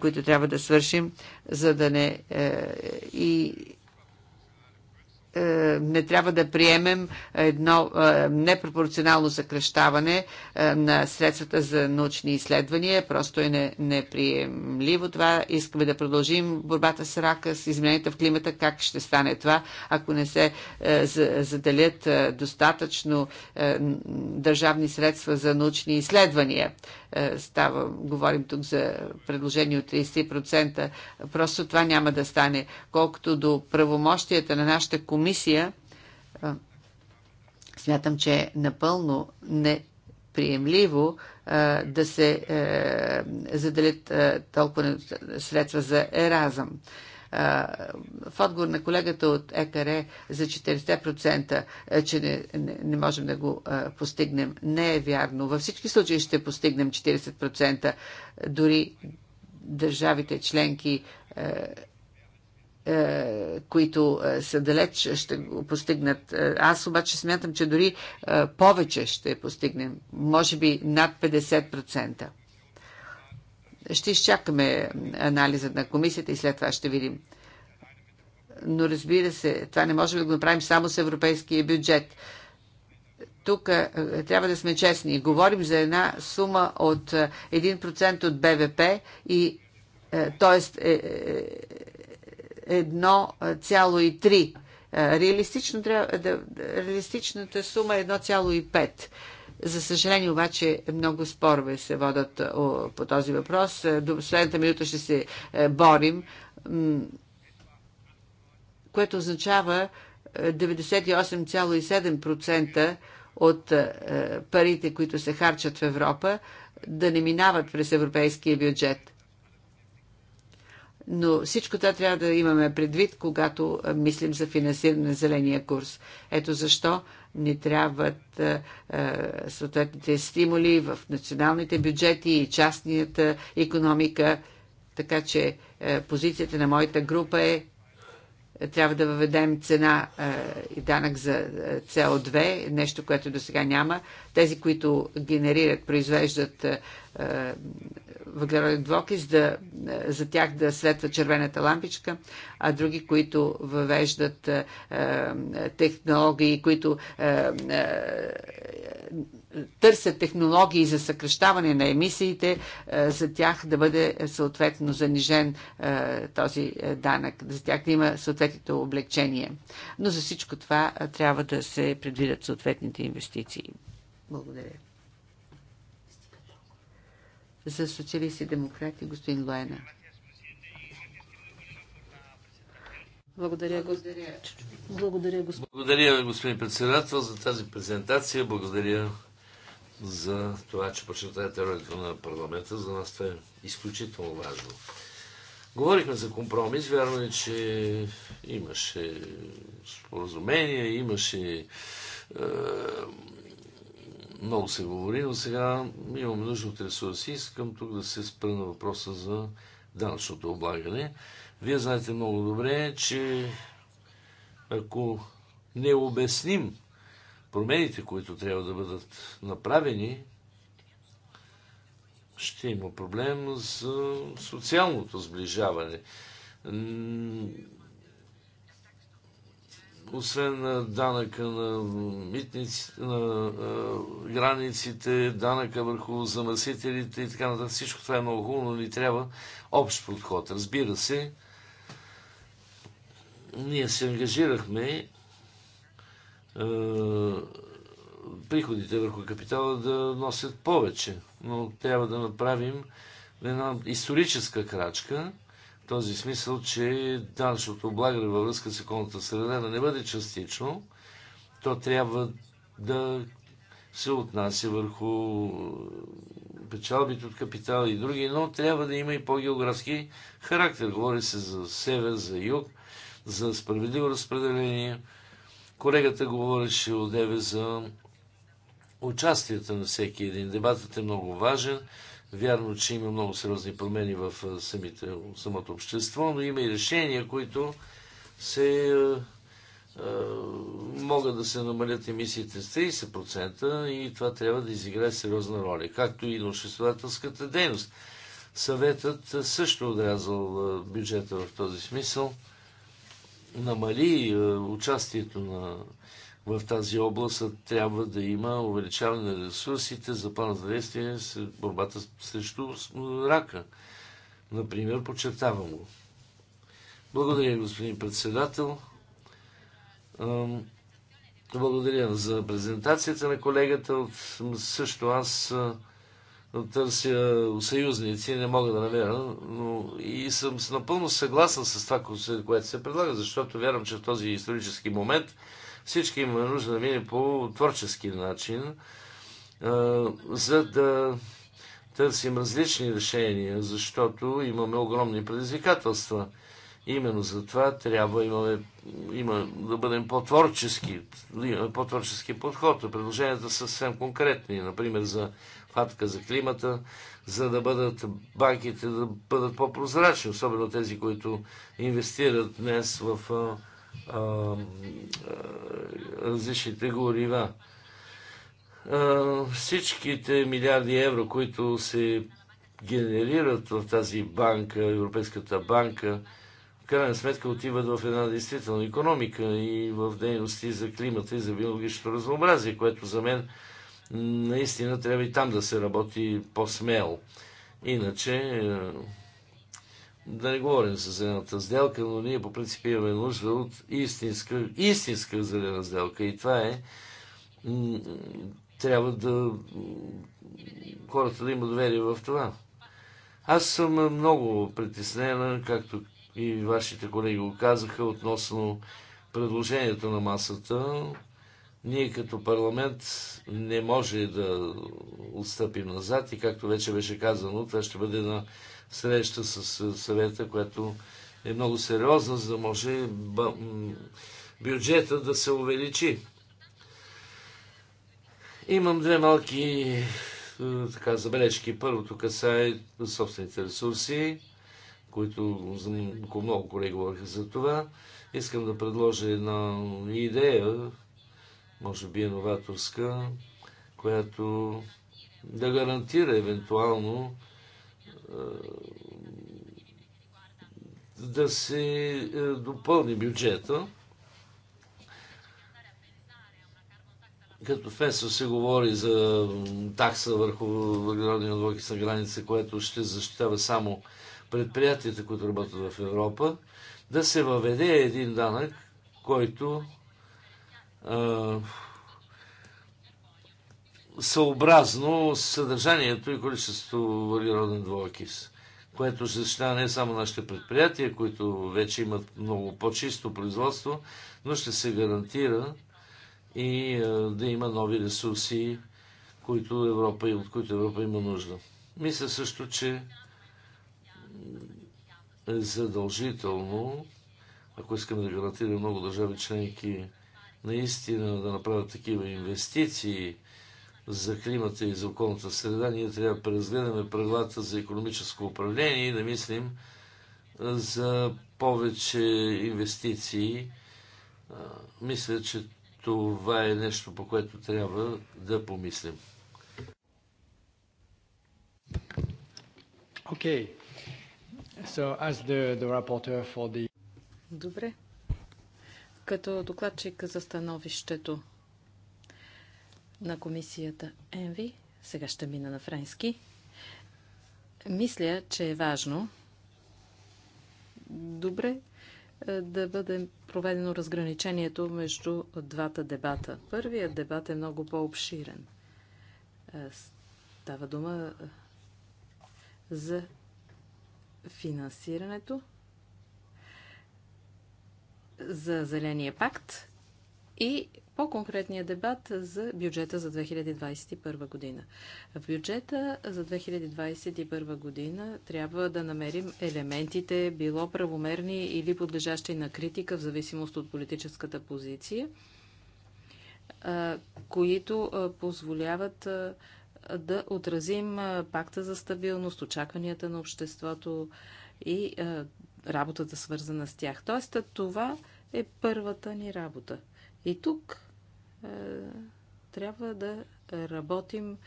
които трябва да свършим, за да не и е, не трябва да приемем едно е, непропорционално съкръщаване е, на средствата за научни изследвания. Просто е неприемливо това. Искаме да продължим борбата с рака, с измененията в климата. Как ще стане това, ако не се заделят достатъчно държавни средства за научни изследвания? Е, става, говорим тук за предложение от 30%, просто това няма да стане. Колкото до правомощията на нашата комисия, е, смятам, че е напълно неприемливо е, да се заделят толкова средства за еразъм. В отговор на колегата от ЕКР за 40%, че не, не, не можем да го постигнем, не е вярно. Във всички случаи ще постигнем 40%. Дори държавите членки които са далеч, ще го постигнат. Аз обаче смятам, че дори повече ще постигнем. Може би над 50%. Ще изчакаме анализът на комисията и след това ще видим. Но разбира се, това не можем да го направим само с европейския бюджет. Тук е, трябва да сме честни. Говорим за една сума от 1% е, от БВП и т.е. 1,3. Е, реалистично реалистичната сума е 1,5. За съжаление обаче много спорове се водат по този въпрос. Е, до следната минута ще се е, борим, което означава 98,7% е, от парите, които се харчат в Европа, да не минават през европейския бюджет. Но всичко това трябва да имаме предвид, когато мислим за финансиране на зеления курс. Ето защо ни трябват е, съответните стимули в националните бюджети и частната економика. Така че е, позицията на моята група е трябва да въведем цена и данък за CO2, нещо, което до сега няма. Тези, които генерират, произвеждат въглероден двокис, да, е, за тях да светва червената лампичка, а други, които въвеждат е, е технологии, които е, е, търсят технологии за съкръщаване на емисиите, е, за тях да бъде съответно занижен този данък, за тях да има съответното облегчение. Но за всичко това трябва да се предвидят съответните инвестиции. Благодаря за социалисти и демократи, господин Лайна. Благодаря, Благодаря, господин. Благодаря, господин председател, за тази презентация. Благодаря за това, че подчертаете ролята на парламента. За нас това е изключително важно. Говорихме за компромис. Вярно е, че имаше споразумение, имаше е, много се говори, но сега имаме нужда от ресурси. Искам тук да се спра на въпроса за данъчното облагане. Вие знаете много добре, че ако не обясним промените, които трябва да бъдат направени, ще има проблем с социалното сближаване освен данъка на, митници, на е, границите, данъка върху замърсителите и така нататък, всичко това е много хубаво, но ни трябва общ подход. Разбира се, ние се ангажирахме е, приходите върху капитала да носят повече, но трябва да направим една историческа крачка, този смисъл, че данъчното облагане във връзка с околната среда да не бъде частично, то трябва да се отнася върху е, печалбите от капитал и други, но трябва да има и по-географски характер. Говори се за север, за юг, за справедливо разпределение. Колегата говореше от деве за участията на всеки един. Дебатът е много важен. Вярно, че има много сериозни промени в самите, самото общество, но има и решения, които се могат да се намалят емисиите с 30% и това трябва да изиграе сериозна роля, както и на обществователската дейност. Съветът също отрязал бюджета в този смисъл, намали участието на в тази област трябва да има увеличаване на ресурсите за план за действие с борбата срещу рака. Например, подчертавам го. Благодаря, господин председател. Благодаря за презентацията на колегата. Също аз търся съюзници, не мога да намеря, но и съм напълно съгласен с това, което се предлага, защото вярвам, че в този исторически момент всички има нужда да мине по творчески начин, за да търсим различни решения, защото имаме огромни предизвикателства. Именно за това трябва имаме, има, да бъдем по-творчески, да имаме по-творчески подход. Предложенията са съвсем конкретни, например за фатка за климата, за да бъдат банките да бъдат по-прозрачни, особено тези, които инвестират днес в а, различните горива. Всичките милиарди евро, които се генерират в тази банка, Европейската банка, в крайна сметка отиват в една действителна економика и в дейности за климата и за биологичното разнообразие, което за мен наистина трябва и там да се работи по-смело. Иначе да не говорим за зелената сделка, но ние по принцип имаме нужда от истинска, истинска зелена сделка. И това е трябва да хората да има доверие в това. Аз съм много притеснена, както и вашите колеги го казаха, относно предложението на масата. Ние като парламент не може да отстъпим назад и както вече беше казано, това ще бъде на среща с съвета, която е много сериозна, за да може бюджета да се увеличи. Имам две малки е, така, забележки. Първото касае собствените ресурси, които много колеги говориха за това. Искам да предложа една идея, може би е новаторска, която да гарантира евентуално е, да се е, допълни бюджета. Като ФЕСО се говори за такса върху въглеродния двокис на граница, което ще защитава само предприятията, които работят в Европа, да се въведе един данък, който а, е, съобразно съдържанието и количество въглероден двоокис, което защитава не само нашите предприятия, които вече имат много по-чисто производство, но ще се гарантира и да има нови ресурси, които Европа, от които Европа има нужда. Мисля също, че е задължително, ако искаме да гарантираме много държави членки наистина да направят такива инвестиции за климата и за околната среда, ние трябва да преразгледаме правилата за економическо управление и да мислим за повече инвестиции. Мисля, че това е нещо, по което трябва да помислим. Okay. So, as the, the rapporteur for the... Добре. Като докладчик за становището на комисията ЕНВИ. Сега ще мина на френски. Мисля, че е важно добре е, да бъде проведено разграничението между двата дебата. Първият дебат е много по-обширен. Е, става дума е, за финансирането, за Зеления пакт и по-конкретния дебат за бюджета за 2021 година. В бюджета за 2021 година трябва да намерим елементите, било правомерни или подлежащи на критика в зависимост от политическата позиция, които позволяват да отразим пакта за стабилност, очакванията на обществото и работата свързана с тях. Тоест, това е първата ни работа. И тук е, трябва да работим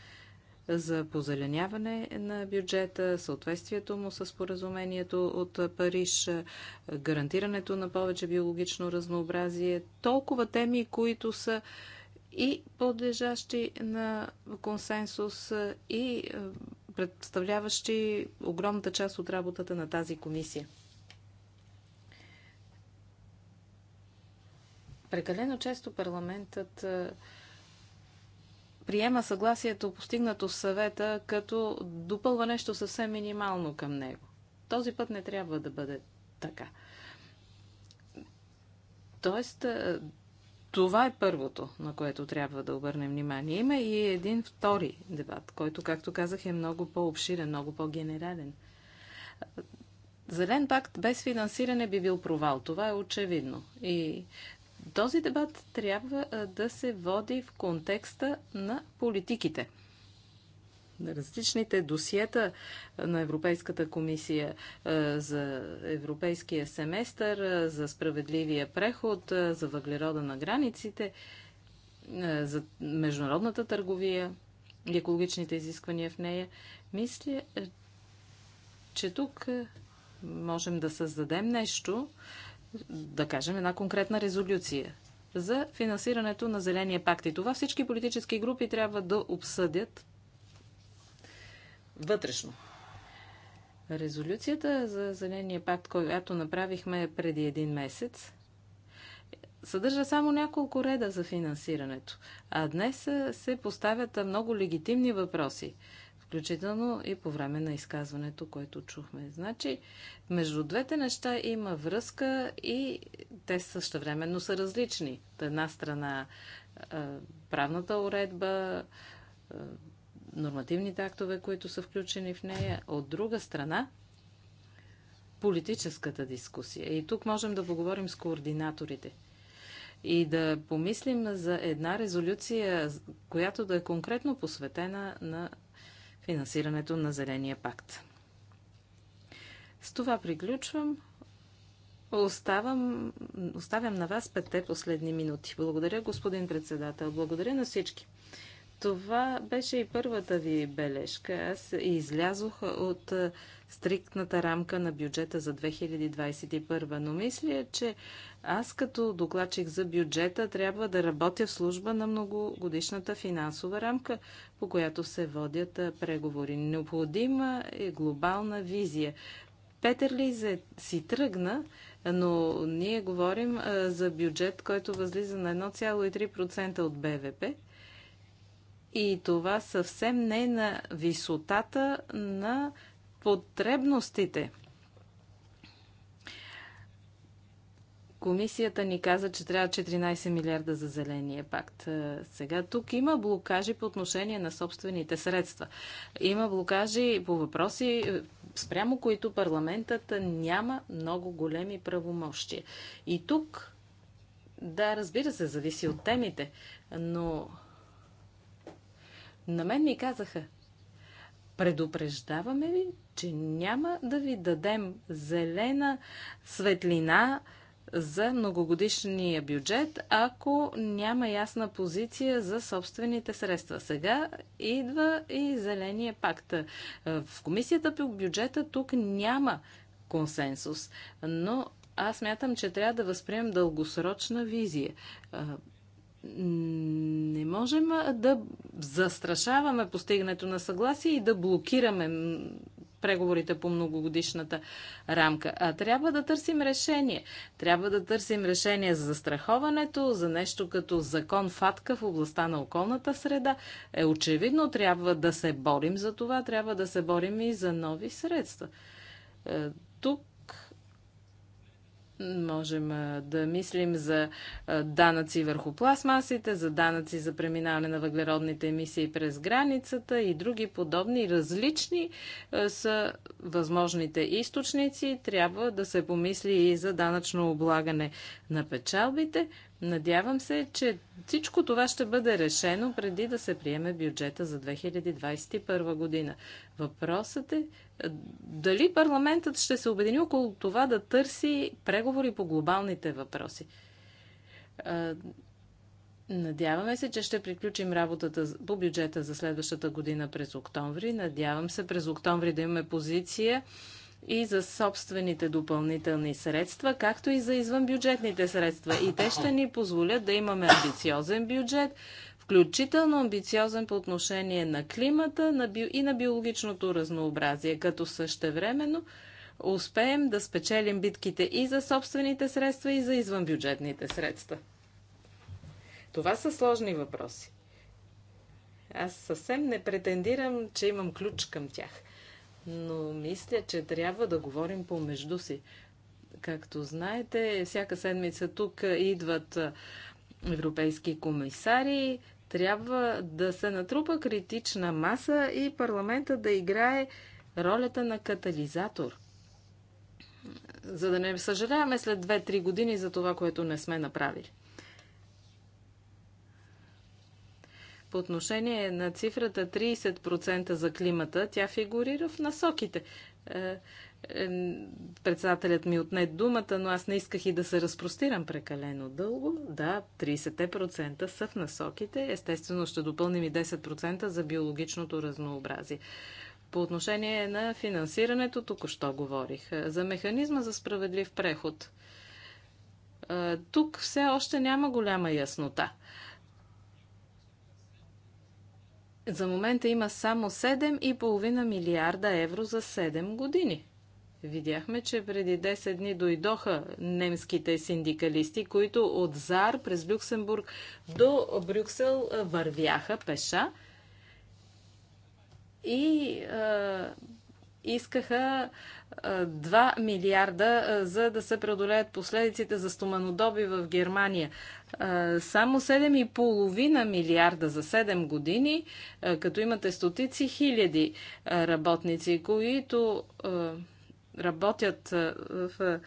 за позеленяване на бюджета, съответствието му с поразумението от Париж, гарантирането на повече биологично разнообразие. Толкова теми, които са и подлежащи на консенсус е, и е, представляващи огромната част от работата на тази комисия. Прекалено често парламентът е, приема съгласието, постигнато в съвета, като допълва нещо съвсем минимално към него. Този път не трябва да бъде така. Тоест, е, това е първото, на което трябва да обърнем внимание. Има и един втори дебат, който, както казах, е много по-обширен, много по-генерален. Зелен пакт без финансиране би бил провал. Това е очевидно. И този дебат трябва да се води в контекста на политиките на различните досиета на Европейската комисия за европейския семестър, за справедливия преход, за въглерода на границите, за международната търговия и екологичните изисквания в нея. Мисля, че тук можем да създадем нещо, да кажем, една конкретна резолюция за финансирането на Зеления пакт. И това всички политически групи трябва да обсъдят вътрешно. Резолюцията за Зеления пакт, която направихме преди един месец, съдържа само няколко реда за финансирането. А днес се поставят много легитимни въпроси включително и по време на изказването, което чухме. Значи, между двете неща има връзка и те също времено са различни. От една страна правната уредба, нормативните актове, които са включени в нея, от друга страна политическата дискусия. И тук можем да поговорим с координаторите и да помислим за една резолюция, която да е конкретно посветена на финансирането на Зеления пакт. С това приключвам. Оставам, оставям на вас петте последни минути. Благодаря, господин председател. Благодаря на всички. Това беше и първата ви бележка. Аз излязох от стриктната рамка на бюджета за 2021, но мисля, че аз като докладчик за бюджета трябва да работя в служба на многогодишната финансова рамка, по която се водят преговори. Необходима е глобална визия. Петър Лизе си тръгна, но ние говорим за бюджет, който възлиза на 1,3% от БВП и това съвсем не е на висотата на потребностите. Комисията ни каза, че трябва 14 милиарда за зеления пакт. Е, сега тук има блокажи по отношение на собствените средства. Има блокажи по въпроси, е, спрямо които парламентът няма много големи правомощия. И тук, да, разбира се, зависи от темите, но на мен ми казаха, предупреждаваме ви, че няма да ви дадем зелена светлина за многогодишния бюджет, ако няма ясна позиция за собствените средства. Сега идва и зеления пакт. В комисията по бюджета тук няма консенсус, но аз мятам, че трябва да възприем дългосрочна визия не можем да застрашаваме постигането на съгласие и да блокираме преговорите по многогодишната рамка, а трябва да търсим решение. Трябва да търсим решение за застраховането, за нещо като закон ФАТКА в областта на околната среда. Е, очевидно трябва да се борим за това, трябва да се борим и за нови средства. Е, тук Можем да мислим за данъци върху пластмасите, за данъци за преминаване на въглеродните емисии през границата и други подобни. Различни са възможните източници. Трябва да се помисли и за данъчно облагане на печалбите. Надявам се, че всичко това ще бъде решено преди да се приеме бюджета за 2021 година. Въпросът е, е дали парламентът ще се обедини около това да търси преговори по глобалните въпроси. Е, надяваме се, че ще приключим работата по бюджета за следващата година през октомври. Надявам се през октомври да имаме позиция и за собствените допълнителни средства, както и за извънбюджетните средства. И те ще ни позволят да имаме амбициозен бюджет, включително амбициозен по отношение на климата и на биологичното разнообразие, като същевременно успеем да спечелим битките и за собствените средства, и за извънбюджетните средства. Това са сложни въпроси. Аз съвсем не претендирам, че имам ключ към тях но мисля, че трябва да говорим помежду си. Както знаете, всяка седмица тук идват европейски комисари, трябва да се натрупа критична маса и парламента да играе ролята на катализатор. За да не съжаляваме след 2-3 години за това, което не сме направили. по отношение на цифрата 30% за климата. Тя фигурира в насоките. Е, е, председателят ми отне думата, но аз не исках и да се разпростирам прекалено дълго. Да, 30% са в насоките. Естествено, ще допълним и 10% за биологичното разнообразие. По отношение на финансирането, току-що говорих. Е, за механизма за справедлив преход. Тук все още няма голяма яснота. За момента има само 7,5 милиарда евро за 7 години. Видяхме, че преди 10 дни дойдоха немските синдикалисти, които от Зар през Люксембург до Брюксел вървяха пеша и а, искаха 2 милиарда, за да се преодолеят последиците за стоманодоби в Германия. Само 7,5 милиарда за 7 години, като имате стотици хиляди работници, които работят в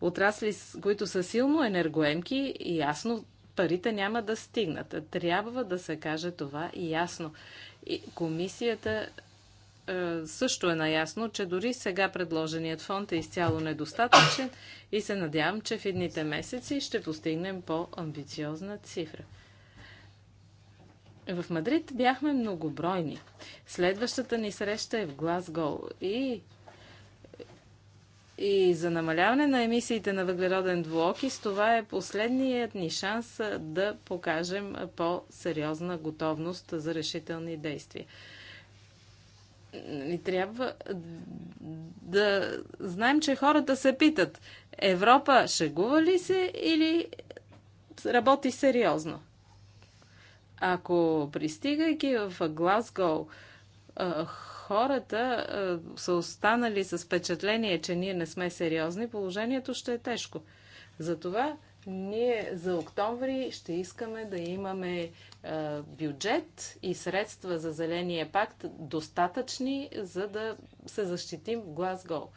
отрасли, които са силно енергоемки и ясно парите няма да стигнат. Трябва да се каже това ясно. И комисията е, също е наясно, че дори сега предложеният фонд е изцяло недостатъчен и се надявам, че в едните месеци ще постигнем по-амбициозна цифра. В Мадрид бяхме многобройни. Следващата ни среща е в Глазгол и и за намаляване на емисиите на въглероден двуокис, това е последният ни шанс да покажем по-сериозна готовност за решителни действия ни нали, трябва да знаем, че хората се питат Европа шегува ли се или работи сериозно? Ако пристигайки в Глазго, хората са останали с впечатление, че ние не сме сериозни, положението ще е тежко. Затова ние за октомври ще искаме да имаме е, бюджет и средства за Зеления пакт достатъчни, за да се защитим в Глазгол.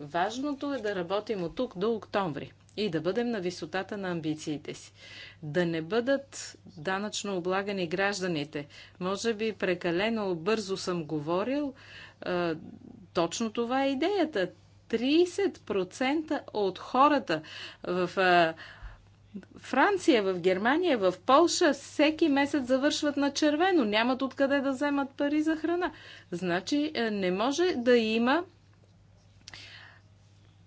Важното е да работим от тук до октомври и да бъдем на висотата на амбициите си. Да не бъдат данъчно облагани гражданите. Може би прекалено бързо съм говорил. Е, точно това е идеята. 30% от хората в е, Франция, в Германия, в Полша всеки месец завършват на червено. Нямат откъде да вземат пари за храна. Значи е, не може да има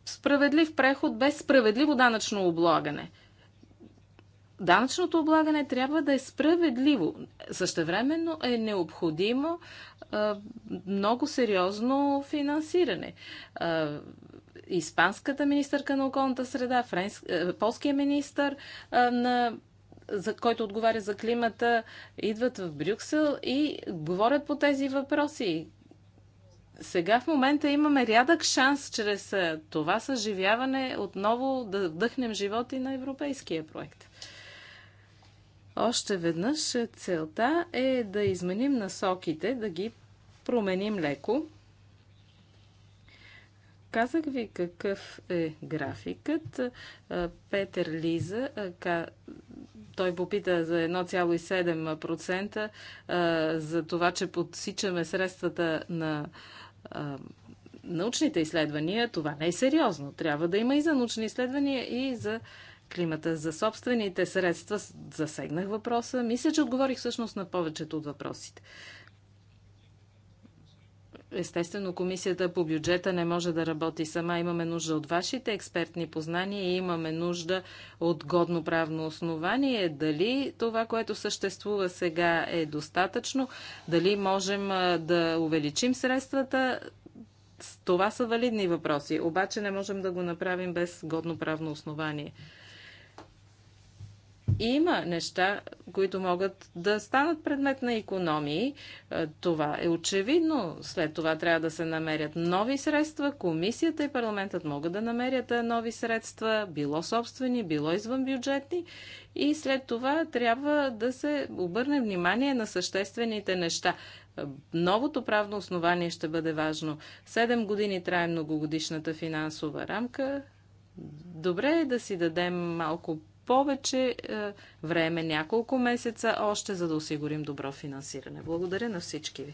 справедлив преход без справедливо данъчно облагане. Данъчното облагане трябва да е справедливо. Същевременно е необходимо е, много сериозно финансиране. Е, испанската министърка на околната среда, френс... Е, полския министър е, на за който отговаря за климата, идват в Брюксел и говорят по тези въпроси. Сега в момента имаме рядък шанс чрез е, това съживяване отново да вдъхнем живот и на европейския проект. Още веднъж целта е да изменим насоките, да ги променим леко Казах ви какъв е графикът. Петър Лиза, той попита за 1,7% за това, че подсичаме средствата на научните изследвания. Това не е сериозно. Трябва да има и за научни изследвания, и за климата. За собствените средства засегнах въпроса. Мисля, че отговорих всъщност на повечето от въпросите. Естествено, комисията по бюджета не може да работи сама. Имаме нужда от вашите експертни познания и имаме нужда от годно правно основание. Дали това, което съществува сега е достатъчно, дали можем да увеличим средствата, това са валидни въпроси. Обаче не можем да го направим без годно правно основание. Има неща, които могат да станат предмет на економии. Е, това е очевидно. След това трябва да се намерят нови средства. Комисията и парламентът могат да намерят е, нови средства, било собствени, било извън бюджетни. И след това трябва да се обърне внимание на съществените неща. Е, новото правно основание ще бъде важно. Седем години трае многогодишната финансова рамка. Добре е да си дадем малко повече е, време, няколко месеца още, за да осигурим добро финансиране. Благодаря на всички ви.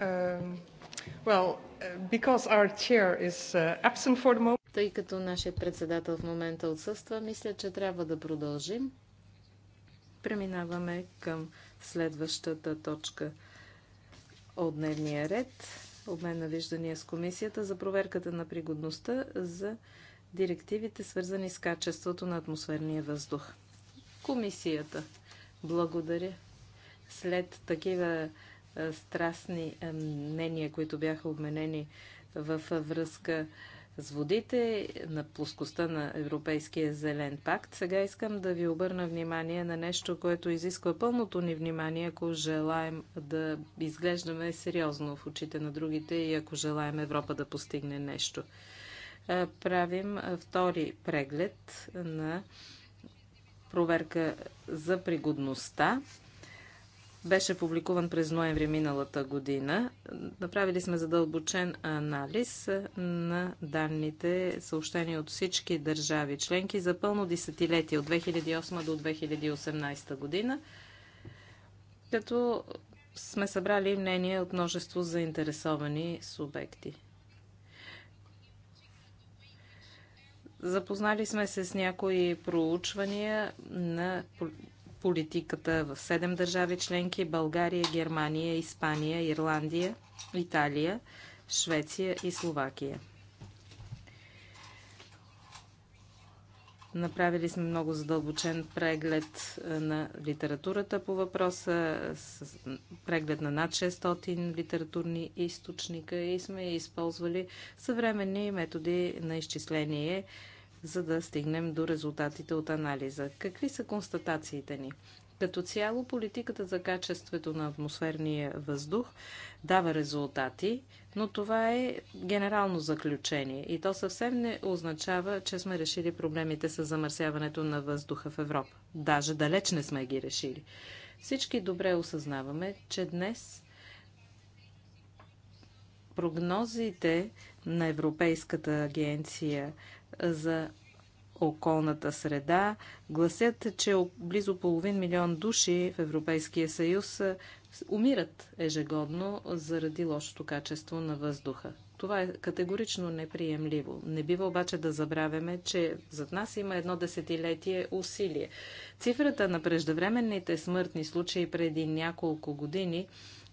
Um, well, uh, because our chair is uh, absent for the moment. Тъй като нашия председател в момента отсъства, мисля, че трябва да продължим. Преминаваме към следващата точка от дневния ред. Обмен на виждания с комисията за проверката на пригодността за директивите, свързани с качеството на атмосферния въздух. Комисията. Благодаря. След такива е, страстни е, мнения, които бяха обменени в връзка с водите на плоскостта на Европейския зелен пакт. Сега искам да ви обърна внимание на нещо, което изисква пълното ни внимание, ако желаем да изглеждаме сериозно в очите на другите и ако желаем Европа да постигне нещо. Е, правим втори преглед на проверка за пригодността беше публикуван през ноември миналата година. Направили сме задълбочен анализ на данните, съобщени от всички държави членки за пълно десетилетие от 2008 до 2018 година, като сме събрали мнение от множество заинтересовани субекти. Запознали сме се с някои проучвания на политиката в 7 държави членки България, Германия, Испания, Ирландия, Италия, Швеция и Словакия. Направили сме много задълбочен преглед е, на литературата по въпроса, с преглед на над 600 литературни източника и сме използвали съвременни методи на изчисление за да стигнем до резултатите от анализа. Какви са констатациите ни? Като цяло политиката за качеството на атмосферния въздух дава резултати, но това е генерално заключение и то съвсем не означава, че сме решили проблемите с замърсяването на въздуха в Европа. Даже далеч не сме ги решили. Всички добре осъзнаваме, че днес прогнозите на Европейската агенция за околната среда гласят, че близо половин милион души в Европейския съюз умират ежегодно заради лошото качество на въздуха. Това е категорично неприемливо. Не бива обаче да забравяме, че зад нас има едно десетилетие усилие. Цифрата на преждевременните смъртни случаи преди няколко години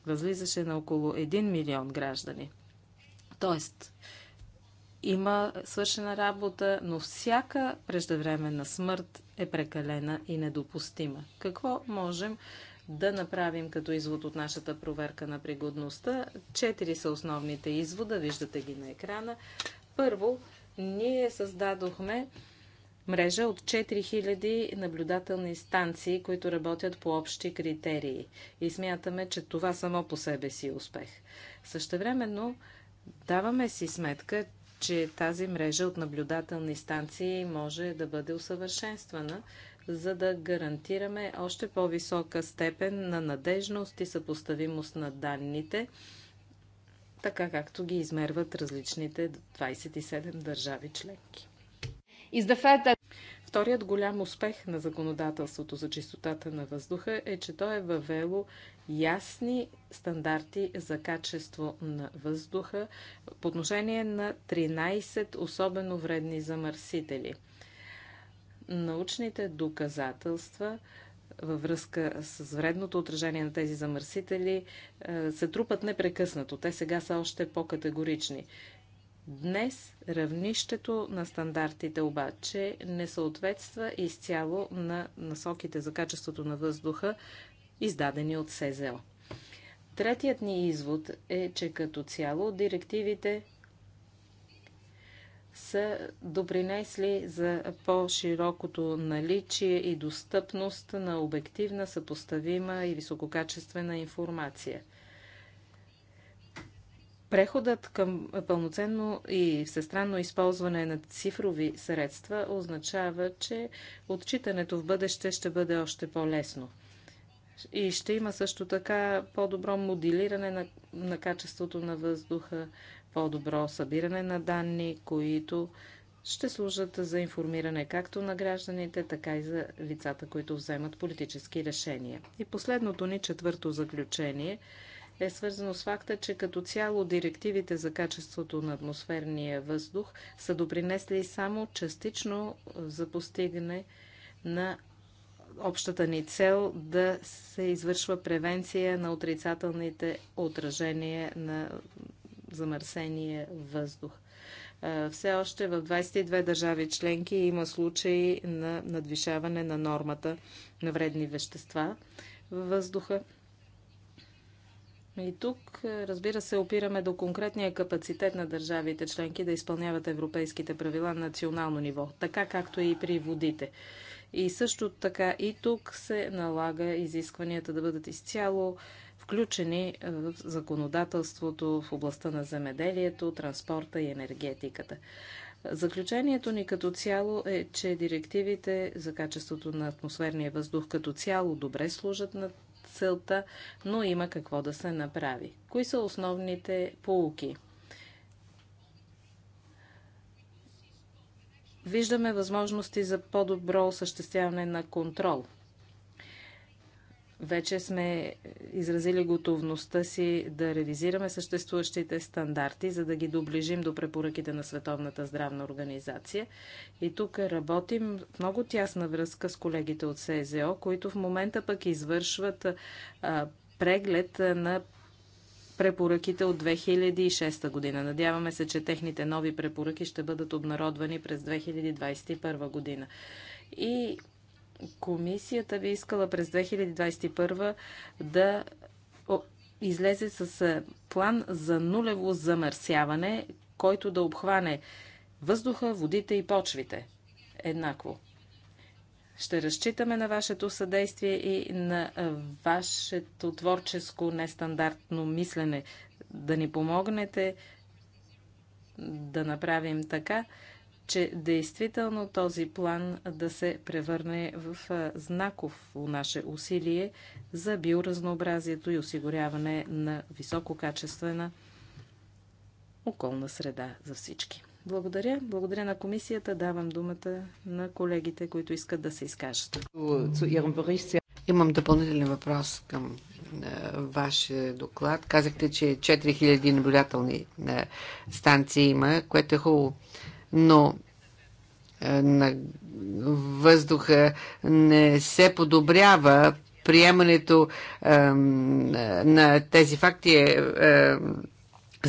възлизаше на около 1 милион граждани. Тоест, има свършена работа, но всяка преждевременна смърт е прекалена и недопустима. Какво можем да направим като извод от нашата проверка на пригодността? Четири са основните извода, виждате ги на екрана. Първо, ние създадохме мрежа от 4000 наблюдателни станции, които работят по общи критерии. И смятаме, че това само по себе си е успех. Същевременно даваме си сметка, че тази мрежа от наблюдателни станции може да бъде усъвършенствана, за да гарантираме още по-висока степен на надежност и съпоставимост на данните, така както ги измерват различните 27 държави членки. Вторият голям успех на законодателството за чистотата на въздуха е, че то е въвело ясни стандарти за качество на въздуха по отношение на 13 особено вредни замърсители. Научните доказателства във връзка с вредното отражение на тези замърсители е, се трупат непрекъснато. Те сега са още по-категорични. Днес равнището на стандартите обаче не съответства изцяло на насоките за качеството на въздуха, издадени от СЗО. Третият ни извод е, че като цяло директивите са допринесли за по-широкото наличие и достъпност на обективна, съпоставима и висококачествена информация – Преходът към пълноценно и всестранно използване на цифрови средства означава, че отчитането в бъдеще ще бъде още по-лесно. И ще има също така по-добро моделиране на, на качеството на въздуха, по-добро събиране на данни, които ще служат за информиране както на гражданите, така и за лицата, които вземат политически решения. И последното ни четвърто заключение – е свързано с факта, че като цяло директивите за качеството на атмосферния въздух са допринесли само частично за постигане на общата ни цел да се извършва превенция на отрицателните отражения на замърсения въздух. Все още в 22 държави членки има случаи на надвишаване на нормата на вредни вещества във въздуха. И тук, е, разбира се, опираме до конкретния капацитет на държавите членки да изпълняват европейските правила на национално ниво, така както е и при водите. И също така и тук се налага изискванията да бъдат изцяло включени е, в законодателството в областта на земеделието, транспорта и енергетиката. Заключението ни като цяло е, че директивите за качеството на атмосферния въздух като цяло добре служат на целта, но има какво да се направи. Кои са основните полуки? Виждаме възможности за по-добро осъществяване на контрол – вече сме изразили готовността си да ревизираме съществуващите стандарти, за да ги доближим до препоръките на Световната здравна организация. И тук работим в много тясна връзка с колегите от СЗО, които в момента пък извършват а, преглед на препоръките от 2006 година. Надяваме се, че техните нови препоръки ще бъдат обнародвани през 2021 година. И Комисията би искала през 2021 да излезе с е, план за нулево замърсяване, който да обхване въздуха, водите и почвите. Еднакво. Ще разчитаме на вашето съдействие и на е, вашето творческо нестандартно мислене. Да ни помогнете да направим така, че действително този план да се превърне в знаков наше усилие за биоразнообразието и осигуряване на висококачествена околна среда за всички. Благодаря. Благодаря на комисията. Давам думата на колегите, които искат да се изкажат. Имам допълнителен въпрос към вашия доклад. Казахте, че 4000 наблюдателни станции има, което е хубаво но е, на въздуха не се подобрява приемането е, на тези факти е, е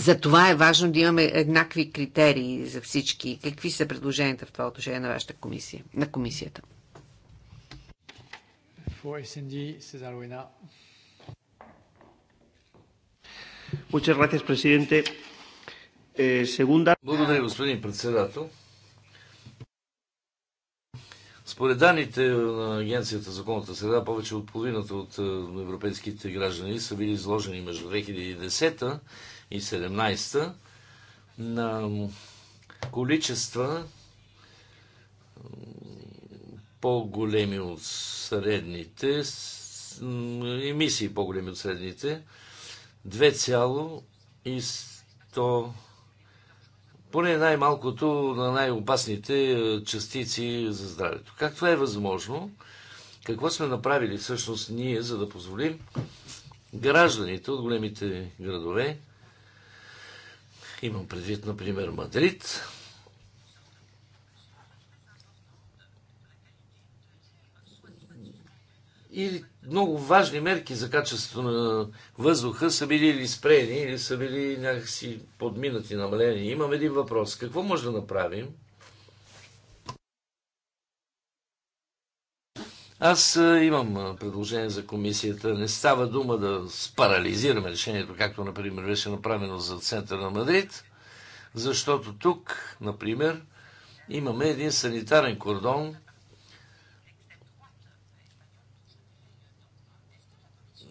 за това е важно да имаме еднакви критерии за всички. Какви са предложенията в това отношение на вашата комисия, на комисията? Muchas gracias, presidente е сегунда... Благодаря, господин председател. Според данните на Агенцията за околната среда, повече от половината от е, европейските граждани са били изложени между 2010 и 2017 на количества по-големи от средните, емисии по-големи от средните, 2,100 поне най-малкото на най-опасните е, частици за здравето. Как това е възможно? Какво сме направили всъщност ние, за да позволим гражданите от големите градове, имам предвид, например, Мадрид, и много важни мерки за качеството на въздуха са били или спрени, или са били някакси подминати, намалени. Имам един въпрос. Какво може да направим? Аз имам предложение за комисията. Не става дума да спарализираме решението, както, например, беше направено за център на Мадрид, защото тук, например, имаме един санитарен кордон,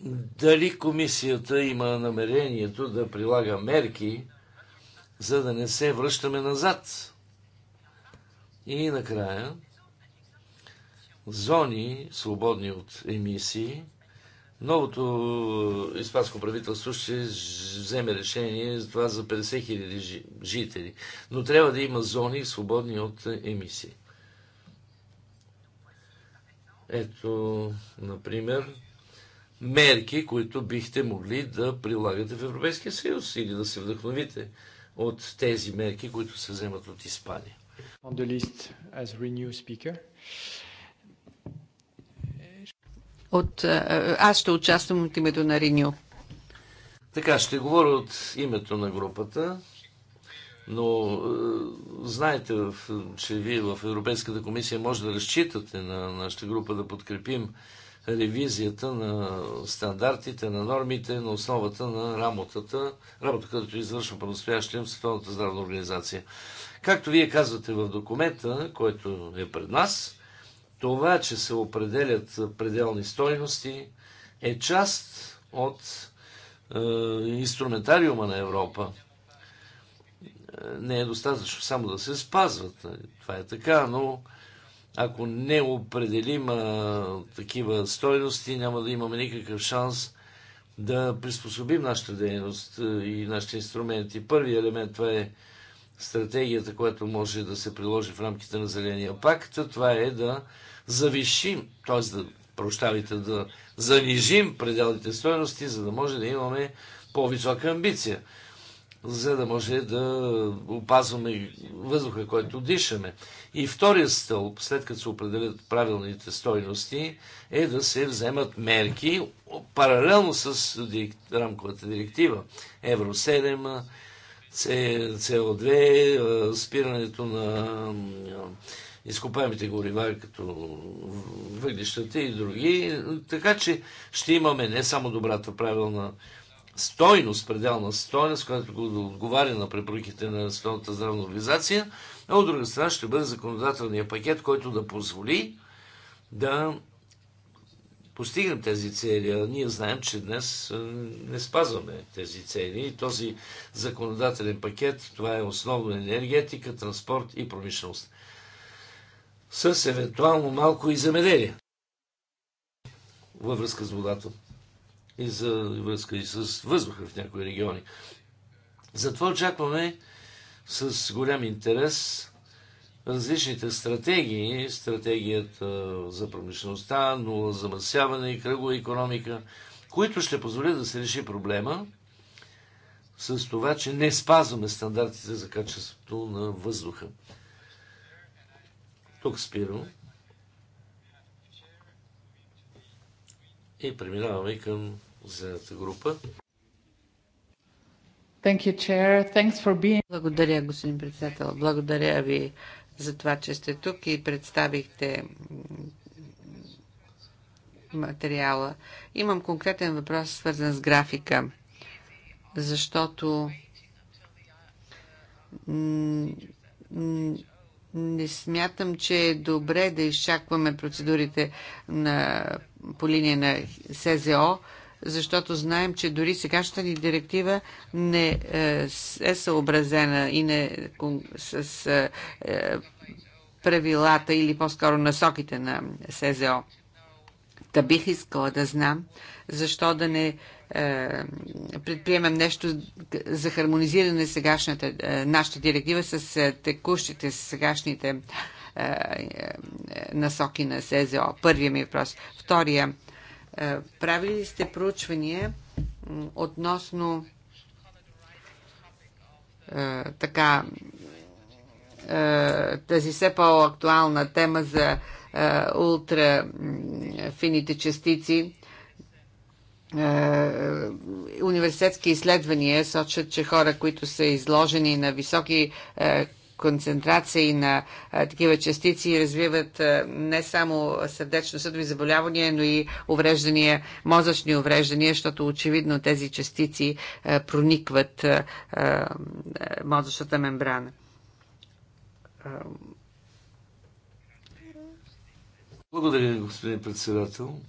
дали комисията има намерението да прилага мерки, за да не се връщаме назад. И накрая, зони, свободни от емисии, новото испанско правителство ще вземе решение за това за 50 хиляди жители. Но трябва да има зони, свободни от емисии. Ето, например, мерки, които бихте могли да прилагате в Европейския съюз или да се вдъхновите от тези мерки, които се вземат от Испания. От, е, е, аз ще участвам от името на Renew. Така, ще говоря от името на групата, но е, знаете, че вие в Европейската комисия може да разчитате на нашата група да подкрепим ревизията на стандартите, на нормите, на основата на работата, работа, която извършва по-настоящем Световната здравна организация. Както вие казвате в документа, който е пред нас, това, че се определят пределни стойности, е част от е, инструментариума на Европа. Е, не е достатъчно само да се спазват. Нали? Това е така, но ако не определим а, такива стойности, няма да имаме никакъв шанс да приспособим нашата дейност и нашите инструменти. Първият елемент това е стратегията, която може да се приложи в рамките на Зеления пакт. Това е да завишим, т.е. да прощавите, да занижим пределните стоености, за да може да имаме по-висока амбиция за да може да опазваме въздуха, който дишаме. И втория стълб, след като се определят правилните стойности, е да се вземат мерки паралелно с рамковата директива Евро 7, CO2, спирането на изкопаемите горива, като въглищата и други. Така че ще имаме не само добрата правилна стойност, пределна стойност, която да отговаря на препоръките на Световната здравна организация, а от друга страна ще бъде законодателния пакет, който да позволи да постигнем тези цели. А ние знаем, че днес не спазваме тези цели. И този законодателен пакет, това е основно енергетика, транспорт и промишленост. С евентуално малко и земеделие във връзка с водата и за връзка и с въздуха в някои региони. Затова очакваме с голям интерес различните стратегии, стратегията за промишлеността, нула замърсяване и кръгова економика, които ще позволят да се реши проблема с това, че не спазваме стандартите за качеството на въздуха. Тук спирам. И преминаваме към зелената група. Thank you, Chair. Thanks for being... Благодаря, господин председател. Благодаря ви за това, че сте тук и представихте материала. Имам конкретен въпрос, свързан с графика, защото не смятам, че е добре да изчакваме процедурите на, по линия на СЗО, защото знаем, че дори сегашната ни директива не е, е съобразена и не с е, е, правилата или по-скоро насоките на СЗО. Та бих искала да знам защо да не е, нещо за хармонизиране сегашната, е, нашата директива с е, текущите, с сегашните е, е, насоки на СЗО. Първият ми въпрос. Втория е, правили сте проучвания относно е, така е, тази все по-актуална тема за ултрафините частици. Университетски изследвания сочат, че хора, които са изложени на високи концентрации на а, такива частици развиват а, не само сърдечно-съдови заболявания, но и увреждания, мозъчни увреждания, защото очевидно тези частици а, проникват а, а, мозъчната мембрана. Благодаря, господин председател.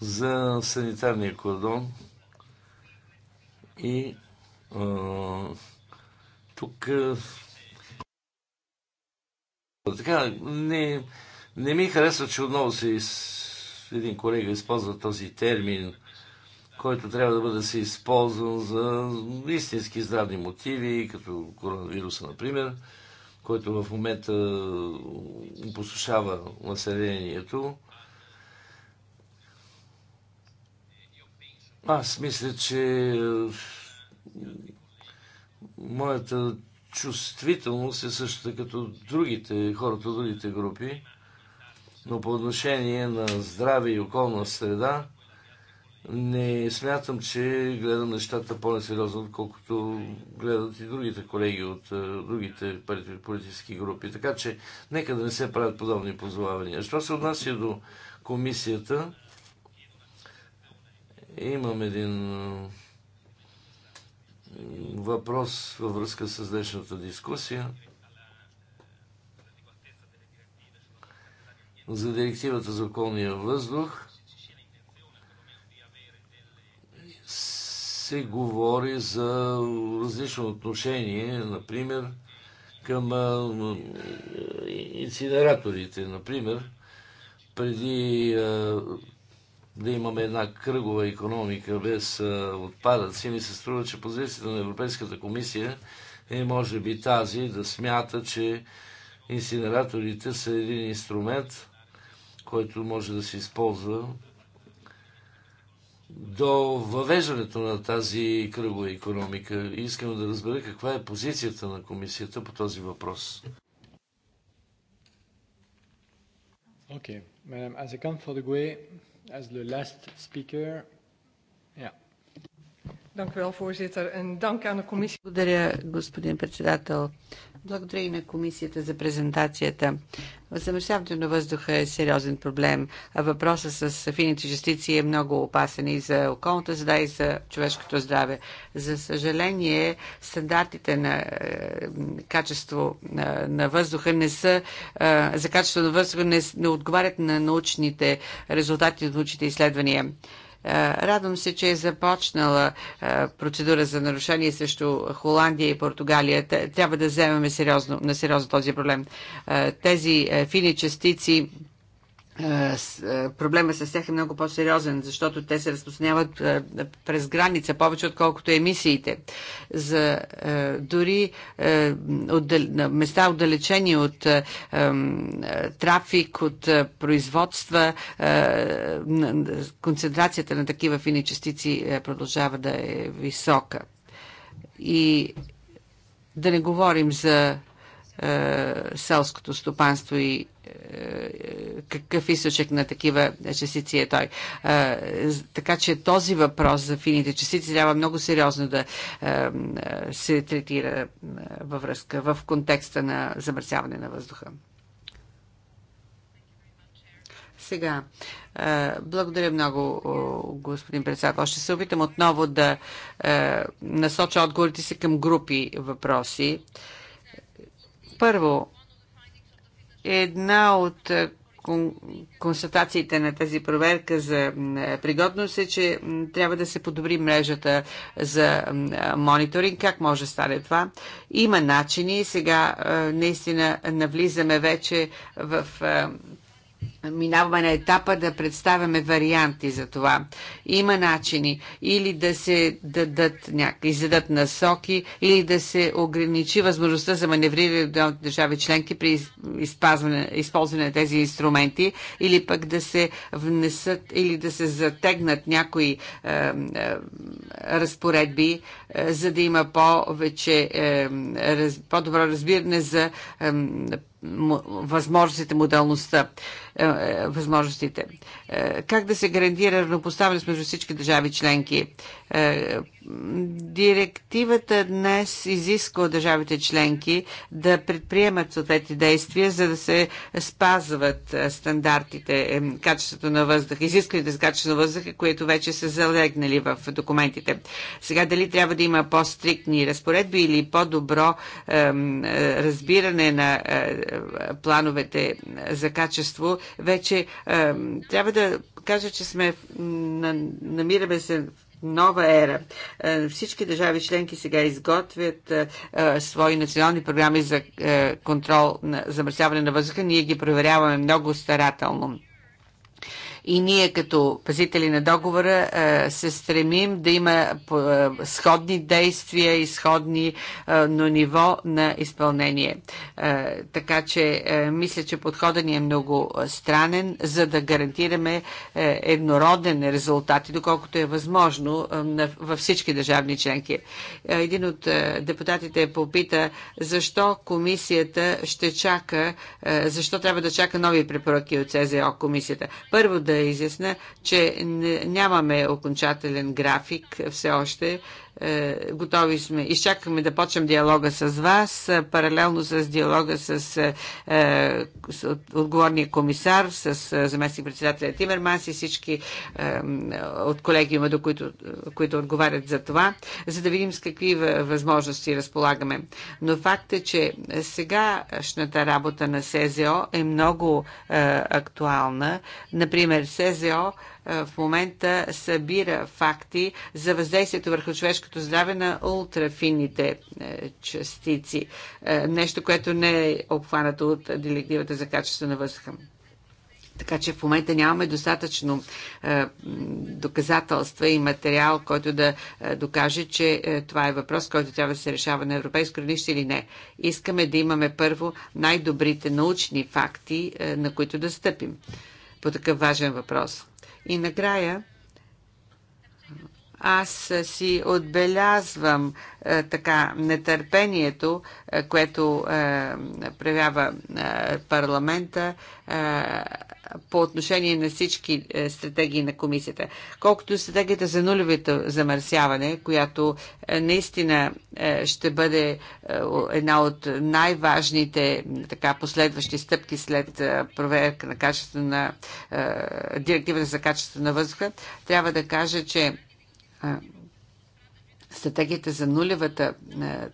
За санитарния кордон и а, тук така, не, не ми харесва, че отново се из... един колега използва този термин, който трябва да бъде се използван за истински здравни мотиви, като коронавируса, например, който в момента опустошава населението. Аз мисля, че е, моята чувствителност е същата като другите, хората от другите групи, но по отношение на здраве и околна среда, не смятам, че гледам нещата по-несериозно, отколкото гледат и другите колеги от е, другите политически групи. Така че нека да не се правят подобни позовавания. Що се отнася до комисията, Имам един въпрос във връзка с днешната дискусия. За директивата за околния въздух се говори за различно отношение, например, към инцинераторите. Например, преди да имаме една кръгова економика без отпадъци, ми се струва, че позицията на Европейската комисия е може би тази да смята, че инсинераторите са един инструмент, който може да се използва до въвеждането на тази кръгова економика. И искам да разбера каква е позицията на комисията по този въпрос. Окей. Okay. Madame Azekan for the as the last speaker. Ja. Dank u wel, voorzitter. En dank aan de commissie. Благодаря, господин председател. Благодаря и на комисията за презентацията. Замърсяването на въздуха е сериозен проблем. А въпроса с фините частици е много опасен и за околната среда, и за човешкото здраве. За съжаление, стандартите на е, качество на, е, на въздуха не са, е, за качество на въздуха не, не отговарят на научните резултати от научните изследвания. Радвам се, че е започнала процедура за нарушение срещу Холандия и Португалия. Трябва да вземем сериозно, на сериозно този проблем. Тези фини частици е, е, проблема с тях е много по-сериозен, защото те се разпространяват е, през граница повече, отколкото емисиите. За дори места отдалечени от трафик, от производства, концентрацията на такива фини частици продължава да е висока. И да не говорим за селското стопанство и какъв източник на такива частици е той. Така че този въпрос за фините частици трябва много сериозно да се третира във връзка, в контекста на замърсяване на въздуха. Сега, благодаря много, господин председател. Ще се опитам отново да насоча отговорите си към групи въпроси. Първо, Една от е, констатациите на тази проверка за е, пригодност е, че трябва да се подобри мрежата за мониторинг. Как може да стане това? Има начини. Сега е, наистина навлизаме вече в минаваме на етапа да представяме варианти за това. Има начини или да се дадат някакви, издадат насоки, или да се ограничи възможността за маневриране от държави членки при използване на тези инструменти, или пък да се внесат, или да се затегнат някои е, е, разпоредби, е, за да има повече, е, раз, по-добро разбиране за е, възможностите, моделността. Е, е, възможностите. Е, как да се гарантира равнопоставеност между всички държави членки? Директивата днес изисква от държавите членки да предприемат съответни действия, за да се спазват стандартите, качеството на въздуха, изискването за качество на въздуха, които вече са залегнали в документите. Сега дали трябва да има по-стриктни разпоредби или по-добро разбиране на плановете за качество вече е, трябва да кажа, че сме на, намираме се в нова ера. Е, всички държави членки сега изготвят е, е, свои национални програми за контрол на замърсяване на въздуха. Ние ги проверяваме много старателно и ние като пазители на договора се стремим да има сходни действия и сходни но ниво на изпълнение. Така че мисля, че подходът ни е много странен, за да гарантираме еднороден резултат и доколкото е възможно във всички държавни членки. Един от депутатите попита защо комисията ще чака, защо трябва да чака нови препоръки от СЗО комисията. Първо да да изясня, че нямаме окончателен график все още е, готови сме, изчакаме да почнем диалога с вас, е, паралелно с диалога с, е, с отговорния комисар, с заместник председателя Тимерманс и всички от колегиума, до които, които отговарят за това, за да видим с какви възможности разполагаме. Но факт е, че сегашната работа на СЗО е много актуална. Например, СЗО в момента събира факти за въздействието върху човешкото здраве на ултрафинните е, частици. Е, нещо, което не е обхванато от директивата за качество на въздуха. Така че в момента нямаме достатъчно е, доказателства и материал, който да е, докаже, че е, това е въпрос, който трябва да се решава на европейско равнище или не. Искаме да имаме първо най-добрите научни факти, е, на които да стъпим по такъв важен въпрос. И накрая аз си отбелязвам е, така нетърпението, е, което е, проявява е, парламента по отношение на всички стратегии на комисията. Колкото стратегията за нулевите замърсяване, която наистина ще бъде една от най-важните така последващи стъпки след проверка на качеството на е, директивата за качество на въздуха, трябва да кажа, че стратегията за нулевата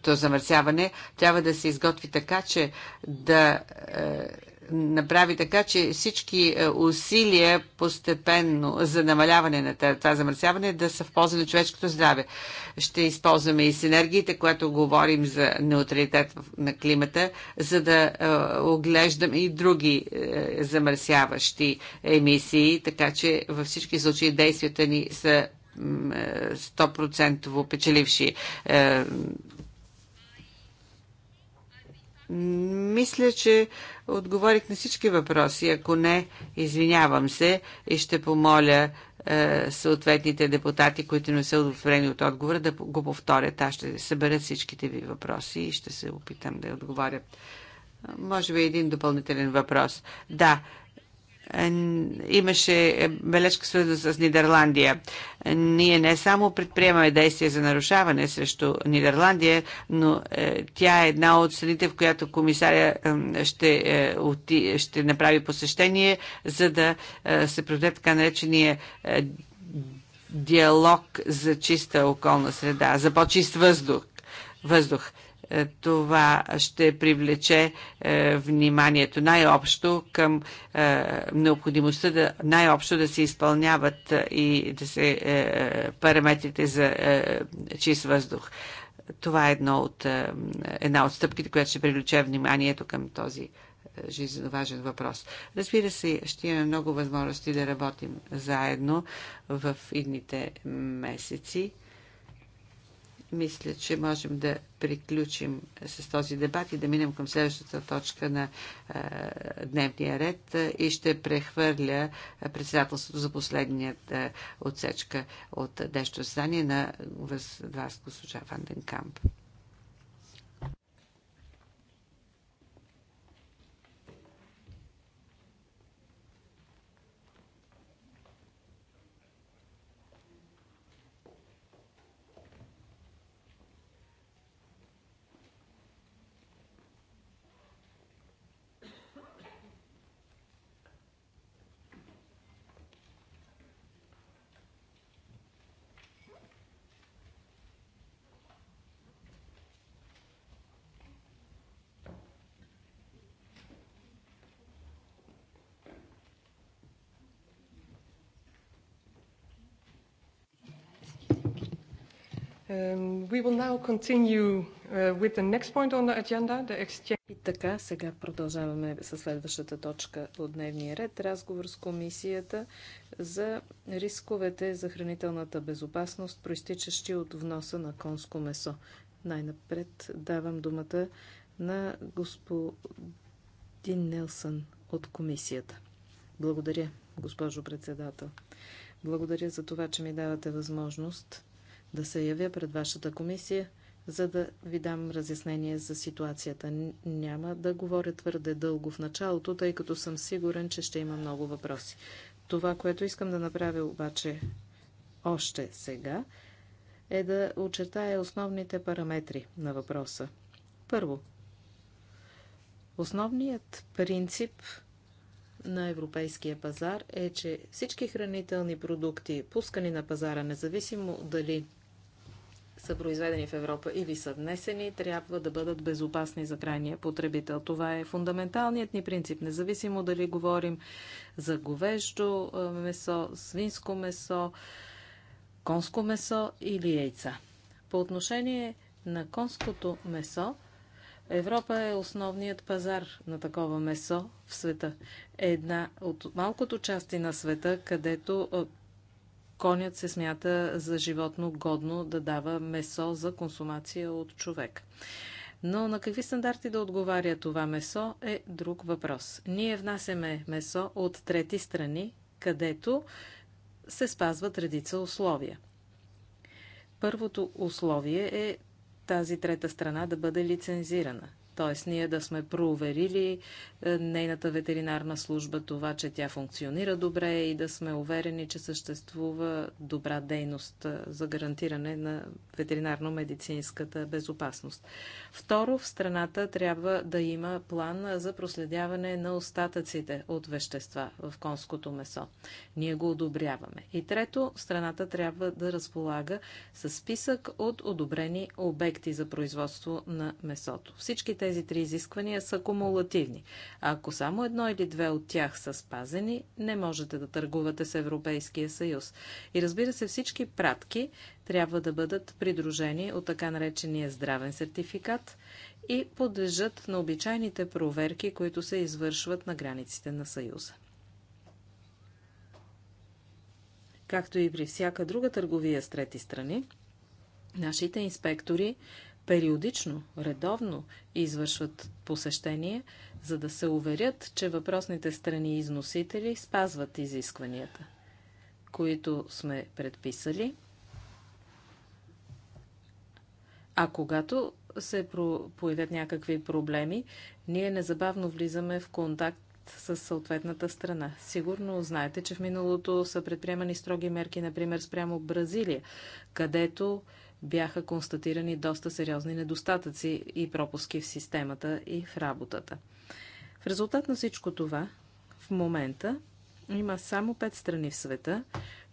то замърсяване трябва да се изготви така, че да е, направи така, че всички е, усилия постепенно за намаляване на това замърсяване да са в полза на човешкото здраве. Ще използваме и синергиите, когато говорим за неутралитет на климата, за да е, оглеждаме и други замърсяващи емисии, така че във всички случаи действията ни са 100% печеливши. Е, мисля, че отговорих на всички въпроси. Ако не, извинявам се и ще помоля е, съответните депутати, които не са удовлетворени от отговора, да го повторят. Аз ще събера всичките ви въпроси и ще се опитам да отговоря. Може би един допълнителен въпрос. Да, имаше бележка свързана с Нидерландия. Ние не само предприемаме действия за нарушаване срещу Нидерландия, но е, тя е една от страните, в която комисаря е, ще, е, ще направи посещение, за да е, се проведе така наречения е, диалог за чиста околна среда, за по-чист въздух. въздух. Е, това ще привлече е, вниманието най-общо към е, необходимостта да, най-общо да се изпълняват и да се параметрите за чист въздух. Това е едно от, една от стъпките, която ще привлече вниманието към този жизненно важен въпрос. Разбира се, ще имаме много възможности да работим заедно в идните месеци. Мисля, че можем да приключим с този дебат и да минем към следващата точка на е, дневния ред и ще прехвърля председателството за последният е, отсечка от днешното заседание на вас, госпожа Ванденкамп. Um, we will now continue uh, with the next point on the agenda, the exchange. И така, сега продължаваме със следващата точка от дневния ред. Разговор с комисията за рисковете за хранителната безопасност, проистичащи от вноса на конско месо. Най-напред давам думата на господин Нелсън от комисията. Благодаря, госпожо председател. Благодаря за това, че ми давате възможност да се явя пред вашата комисия, за да ви дам разяснение за ситуацията. Няма да говоря твърде дълго в началото, тъй като съм сигурен, че ще има много въпроси. Това, което искам да направя обаче още сега, е да очертая основните параметри на въпроса. Първо, основният принцип на европейския пазар е, че всички хранителни продукти, пускани на пазара, независимо дали са произведени в Европа или са внесени, трябва да бъдат безопасни за крайния потребител. Това е фундаменталният ни принцип, независимо дали говорим за говеждо месо, свинско месо, конско месо или яйца. По отношение на конското месо, Европа е основният пазар на такова месо в света. една от малкото части на света, където конят се смята за животно годно да дава месо за консумация от човек. Но на какви стандарти да отговаря това месо е друг въпрос. Ние внасяме месо от трети страни, където се спазват редица условия. Първото условие е тази трета страна да бъде лицензирана. Т.е. ние да сме проверили е, нейната ветеринарна служба, това, че тя функционира добре и да сме уверени, че съществува добра дейност е, за гарантиране на ветеринарно-медицинската безопасност. Второ, в страната трябва да има план за проследяване на остатъците от вещества в конското месо. Ние го одобряваме. И трето, страната трябва да разполага с списък от одобрени обекти за производство на месото. Всичките тези три изисквания са кумулативни. Ако само едно или две от тях са спазени, не можете да търгувате с Европейския съюз. И разбира се, всички пратки трябва да бъдат придружени от така наречения здравен сертификат и подлежат на обичайните проверки, които се извършват на границите на Съюза. Както и при всяка друга търговия с трети страни, нашите инспектори периодично, редовно извършват посещение, за да се уверят, че въпросните страни износители спазват изискванията, които сме предписали. А когато се появят някакви проблеми, ние незабавно влизаме в контакт с съответната страна. Сигурно знаете, че в миналото са предприемани строги мерки, например, спрямо Бразилия, където бяха констатирани доста сериозни недостатъци и пропуски в системата и в работата. В резултат на всичко това, в момента има само 5 страни в света,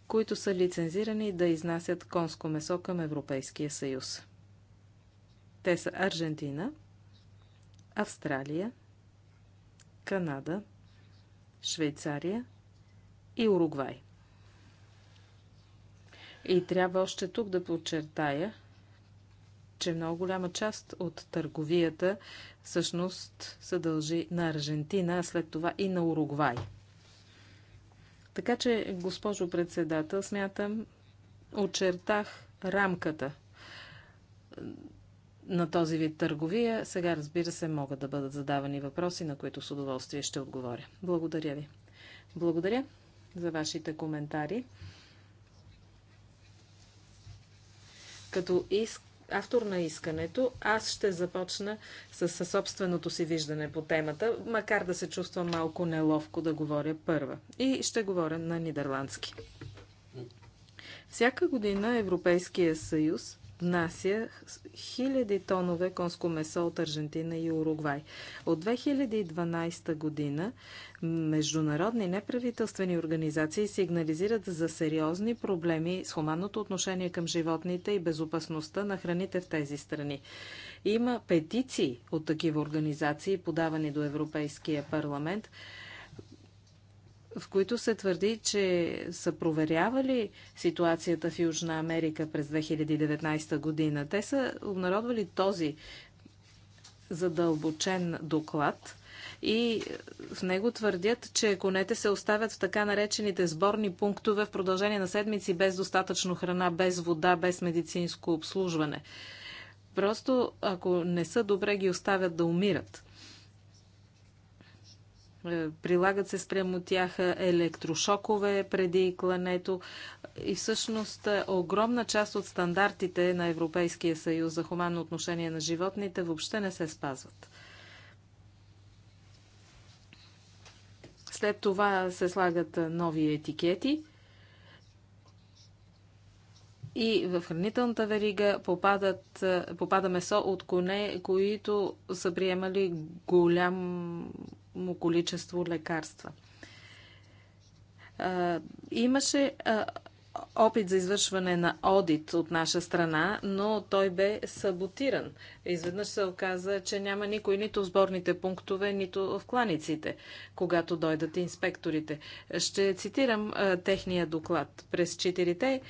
които са лицензирани да изнасят конско месо към Европейския съюз. Те са Аржентина, Австралия, Канада, Швейцария и Уругвай. И трябва още тук да подчертая, че много голяма част от търговията всъщност се дължи на Аржентина, а след това и на Уругвай. Така че, госпожо председател, смятам, очертах рамката на този вид търговия. Сега, разбира се, могат да бъдат задавани въпроси, на които с удоволствие ще отговоря. Благодаря ви. Благодаря за вашите коментари. Като иск, автор на искането, аз ще започна с, с собственото си виждане по темата, макар да се чувствам малко неловко да говоря първа. И ще говоря на нидерландски. Всяка година Европейския съюз внася хиляди тонове конско месо от Аржентина и Уругвай. От 2012 година международни неправителствени организации сигнализират за сериозни проблеми с хуманното отношение към животните и безопасността на храните в тези страни. Има петиции от такива организации, подавани до Европейския парламент, в които се твърди, че са проверявали ситуацията в Южна Америка през 2019 година. Те са обнародвали този задълбочен доклад и в него твърдят, че конете се оставят в така наречените сборни пунктове в продължение на седмици без достатъчно храна, без вода, без медицинско обслужване. Просто ако не са добре, ги оставят да умират. Е, прилагат се спрямо тях електрошокове преди клането и всъщност е, огромна част от стандартите на Европейския съюз за хуманно отношение на животните въобще не се спазват. След това се слагат е, нови етикети и в хранителната верига попадат, попада месо от коне, които са приемали голям му количество лекарства. Имаше опит за извършване на одит от наша страна, но той бе саботиран. Изведнъж се оказа, че няма никой нито в сборните пунктове, нито в кланиците, когато дойдат инспекторите. Ще цитирам техния доклад. През четирите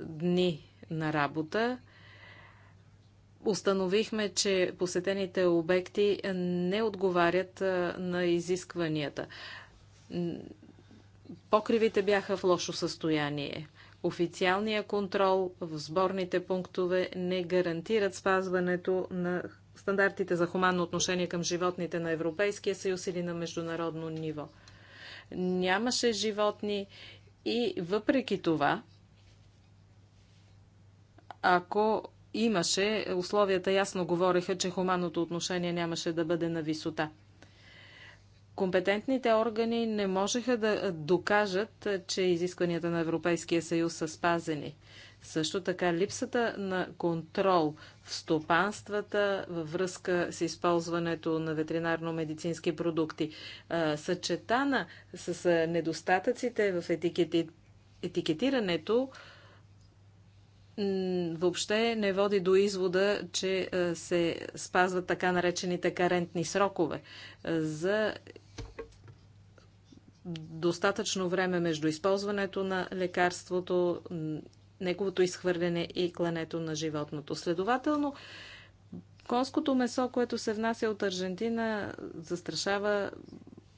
дни на работа установихме, че посетените обекти не отговарят на изискванията. Покривите бяха в лошо състояние. Официалният контрол в сборните пунктове не гарантират спазването на стандартите за хуманно отношение към животните на Европейския съюз или на международно ниво. Нямаше животни и въпреки това, ако имаше, условията ясно говореха, че хуманното отношение нямаше да бъде на висота. Компетентните органи не можеха да докажат, че изискванията на Европейския съюз са спазени. Също така липсата на контрол в стопанствата във връзка с използването на ветеринарно-медицински продукти, съчетана с недостатъците в етикети... етикетирането, въобще не води до извода, че се спазват така наречените карентни срокове за достатъчно време между използването на лекарството, неговото изхвърляне и клането на животното. Следователно, конското месо, което се внася от Аржентина, застрашава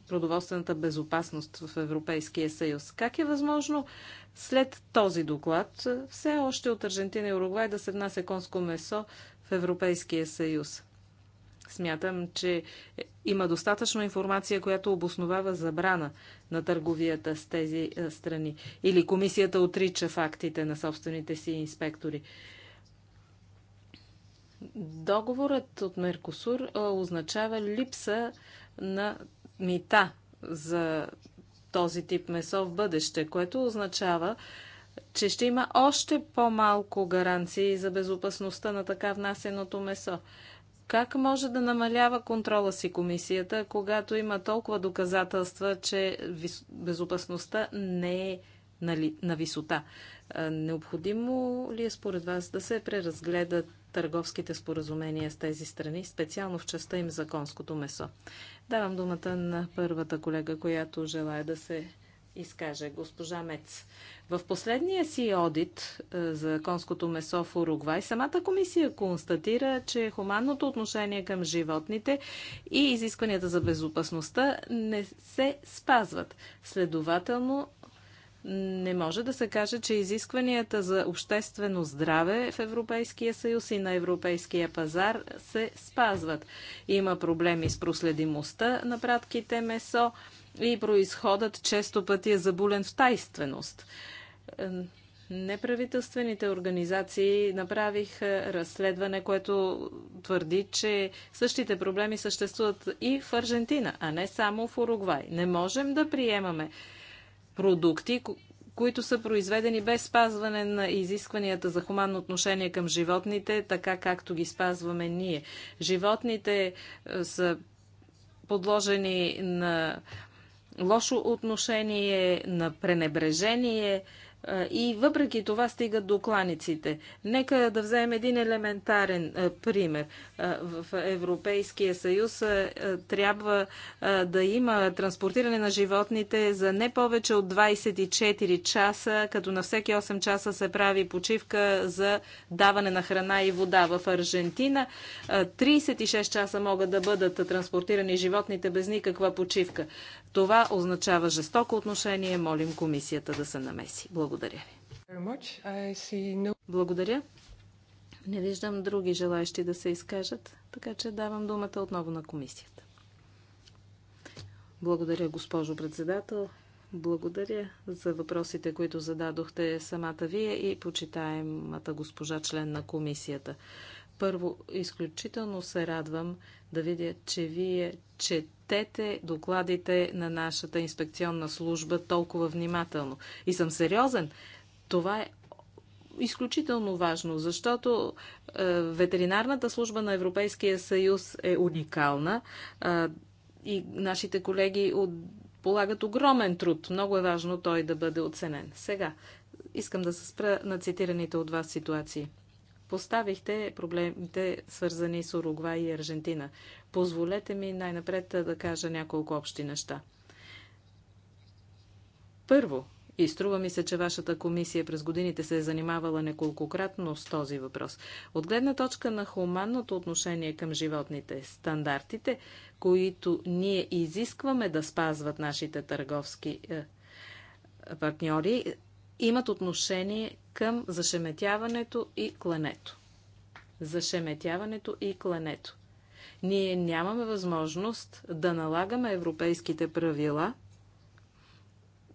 продоволствената безопасност в Европейския съюз. Как е възможно след този доклад е, все още от Аржентина и Уругвай да се внася конско месо в Европейския съюз? Смятам, че е, има достатъчно информация, която обосновава забрана на търговията с тези е, страни. Или комисията отрича фактите на собствените си инспектори. Договорът от Меркосур означава липса на мита за този тип месо в бъдеще, което означава, че ще има още по-малко гаранции за безопасността на така внасеното месо. Как може да намалява контрола си комисията, когато има толкова доказателства, че безопасността не е нали, на висота? Необходимо ли е според вас да се преразгледат търговските споразумения с тези страни, специално в частта им за конското месо. Давам думата на първата колега, която желая да се изкаже, госпожа Мец. В последния си одит е, за конското месо в Уругвай, самата комисия констатира, че хуманното отношение към животните и изискванията за безопасността не се спазват. Следователно, не може да се каже, че изискванията за обществено здраве в Европейския съюз и на европейския пазар се спазват. Има проблеми с проследимостта на пратките месо и произходът често пъти е забулен в тайственост. Неправителствените организации направих разследване, което твърди, че същите проблеми съществуват и в Аржентина, а не само в Уругвай. Не можем да приемаме продукти, които са произведени без спазване на изискванията за хуманно отношение към животните, така както ги спазваме ние. Животните е, са подложени на лошо отношение, на пренебрежение, и въпреки това стигат до кланиците. Нека да вземем един елементарен пример. В Европейския съюз трябва да има транспортиране на животните за не повече от 24 часа, като на всеки 8 часа се прави почивка за даване на храна и вода. В Аржентина 36 часа могат да бъдат транспортирани животните без никаква почивка. Това означава жестоко отношение. Молим комисията да се намеси. Благодаря ви. Благодаря. Не виждам други желаящи да се изкажат, така че давам думата отново на комисията. Благодаря, госпожо председател. Благодаря за въпросите, които зададохте самата вие и почитаемата госпожа член на комисията. Първо, изключително се радвам да видя, че вие четете четете докладите на нашата инспекционна служба толкова внимателно. И съм сериозен. Това е изключително важно, защото е, ветеринарната служба на Европейския съюз е уникална е, и нашите колеги от, полагат огромен труд. Много е важно той да бъде оценен. Сега искам да се спра на цитираните от вас ситуации. Поставихте проблемите, свързани с Уругвай и Аржентина. Позволете ми най-напред да кажа няколко общи неща. Първо, и струва ми се, че вашата комисия през годините се е занимавала неколкократно с този въпрос. От гледна точка на хуманното отношение към животните, стандартите, които ние изискваме да спазват нашите търговски е, партньори, имат отношение към зашеметяването и клането. Зашеметяването и клането. Ние нямаме възможност да налагаме европейските правила,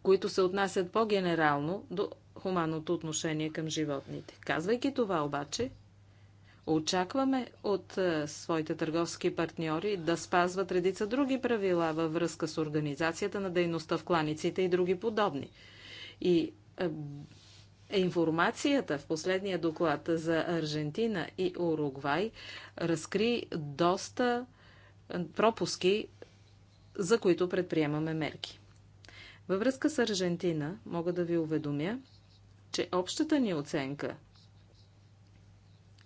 които се отнасят по-генерално до хуманното отношение към животните. Казвайки това обаче, Очакваме от е, своите търговски партньори да спазват редица други правила във връзка с организацията на дейността в кланиците и други подобни. И е, Информацията в последния доклад за Аржентина и Уругвай разкри доста е, пропуски, за които предприемаме мерки. Във връзка с Аржентина мога да ви уведомя, че общата ни оценка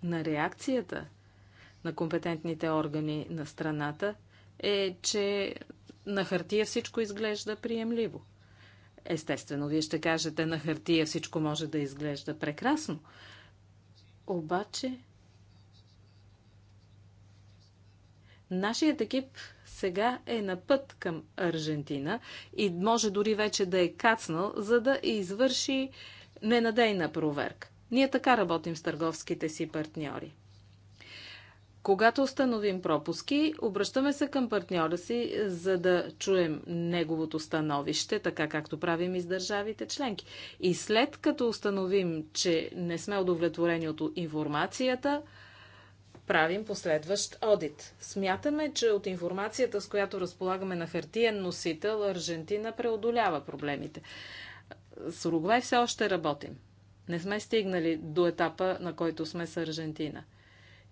на реакцията на компетентните органи на страната е, че на хартия всичко изглежда приемливо – Естествено, вие ще кажете на хартия всичко може да изглежда прекрасно. Обаче, нашият екип сега е на път към Аржентина и може дори вече да е кацнал, за да извърши ненадейна проверка. Ние така работим с търговските си партньори. Когато установим пропуски, обръщаме се към партньора си, за да чуем неговото становище, така както правим и с държавите членки. И след като установим, че не сме удовлетворени от информацията, правим последващ одит. Смятаме, че от информацията, с която разполагаме на хартиен носител, Аржентина преодолява проблемите. С Уругвай все още работим. Не сме стигнали до етапа, на който сме с Аржентина –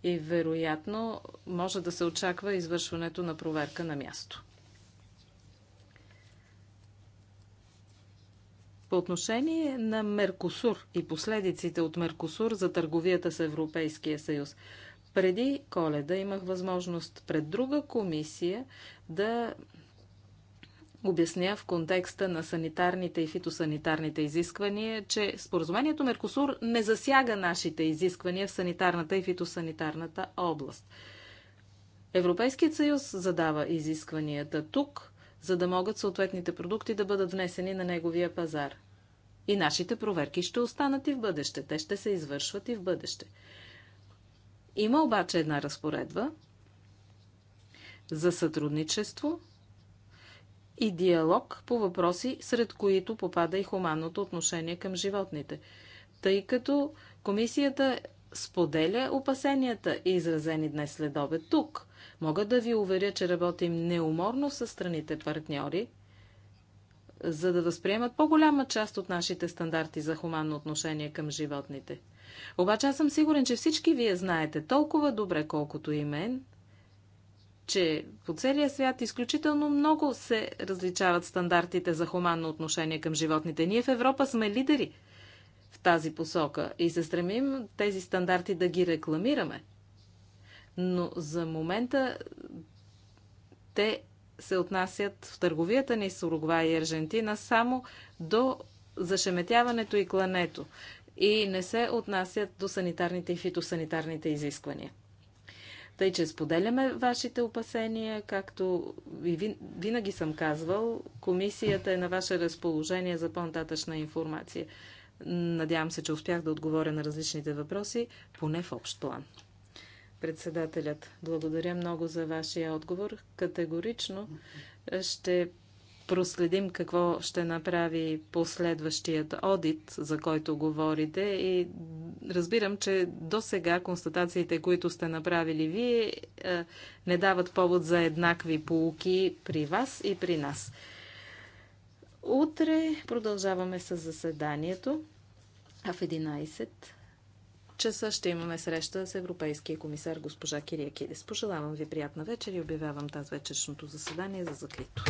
и вероятно може да се очаква извършването на проверка на място. По отношение на Меркосур и последиците от Меркосур за търговията с Европейския съюз, преди коледа имах възможност пред друга комисия да обясня в контекста на санитарните и фитосанитарните изисквания, че споразумението Меркосур не засяга нашите изисквания в санитарната и фитосанитарната област. Европейският съюз задава изискванията тук, за да могат съответните продукти да бъдат внесени на неговия пазар. И нашите проверки ще останат и в бъдеще. Те ще се извършват и в бъдеще. Има обаче една разпоредба за сътрудничество – и диалог по въпроси, сред които попада и хуманното отношение към животните. Тъй като комисията споделя опасенията, и изразени днес след обед тук. Мога да ви уверя, че работим неуморно с страните партньори, за да възприемат по-голяма част от нашите стандарти за хуманно отношение към животните. Обаче аз съм сигурен, че всички вие знаете толкова добре, колкото и мен, че по целия свят изключително много се различават стандартите за хуманно отношение към животните. Ние в Европа сме лидери в тази посока и се стремим тези стандарти да ги рекламираме. Но за момента те се отнасят в търговията ни с Уругвай и Аржентина само до зашеметяването и клането и не се отнасят до санитарните и фитосанитарните изисквания. Тъй, че споделяме вашите опасения, както и винаги съм казвал, комисията е на ваше разположение за по-нататъчна информация. Надявам се, че успях да отговоря на различните въпроси, поне в общ план. Председателят, благодаря много за вашия отговор. Категорично ще проследим какво ще направи последващият одит, за който говорите. И разбирам, че до сега констатациите, които сте направили вие, е, не дават повод за еднакви полуки при вас и при нас. Утре продължаваме с заседанието, а в 11 часа ще имаме среща с Европейския комисар госпожа Кирия Кидес. Пожелавам ви приятна вечер и обявявам тази вечершното заседание за закрито.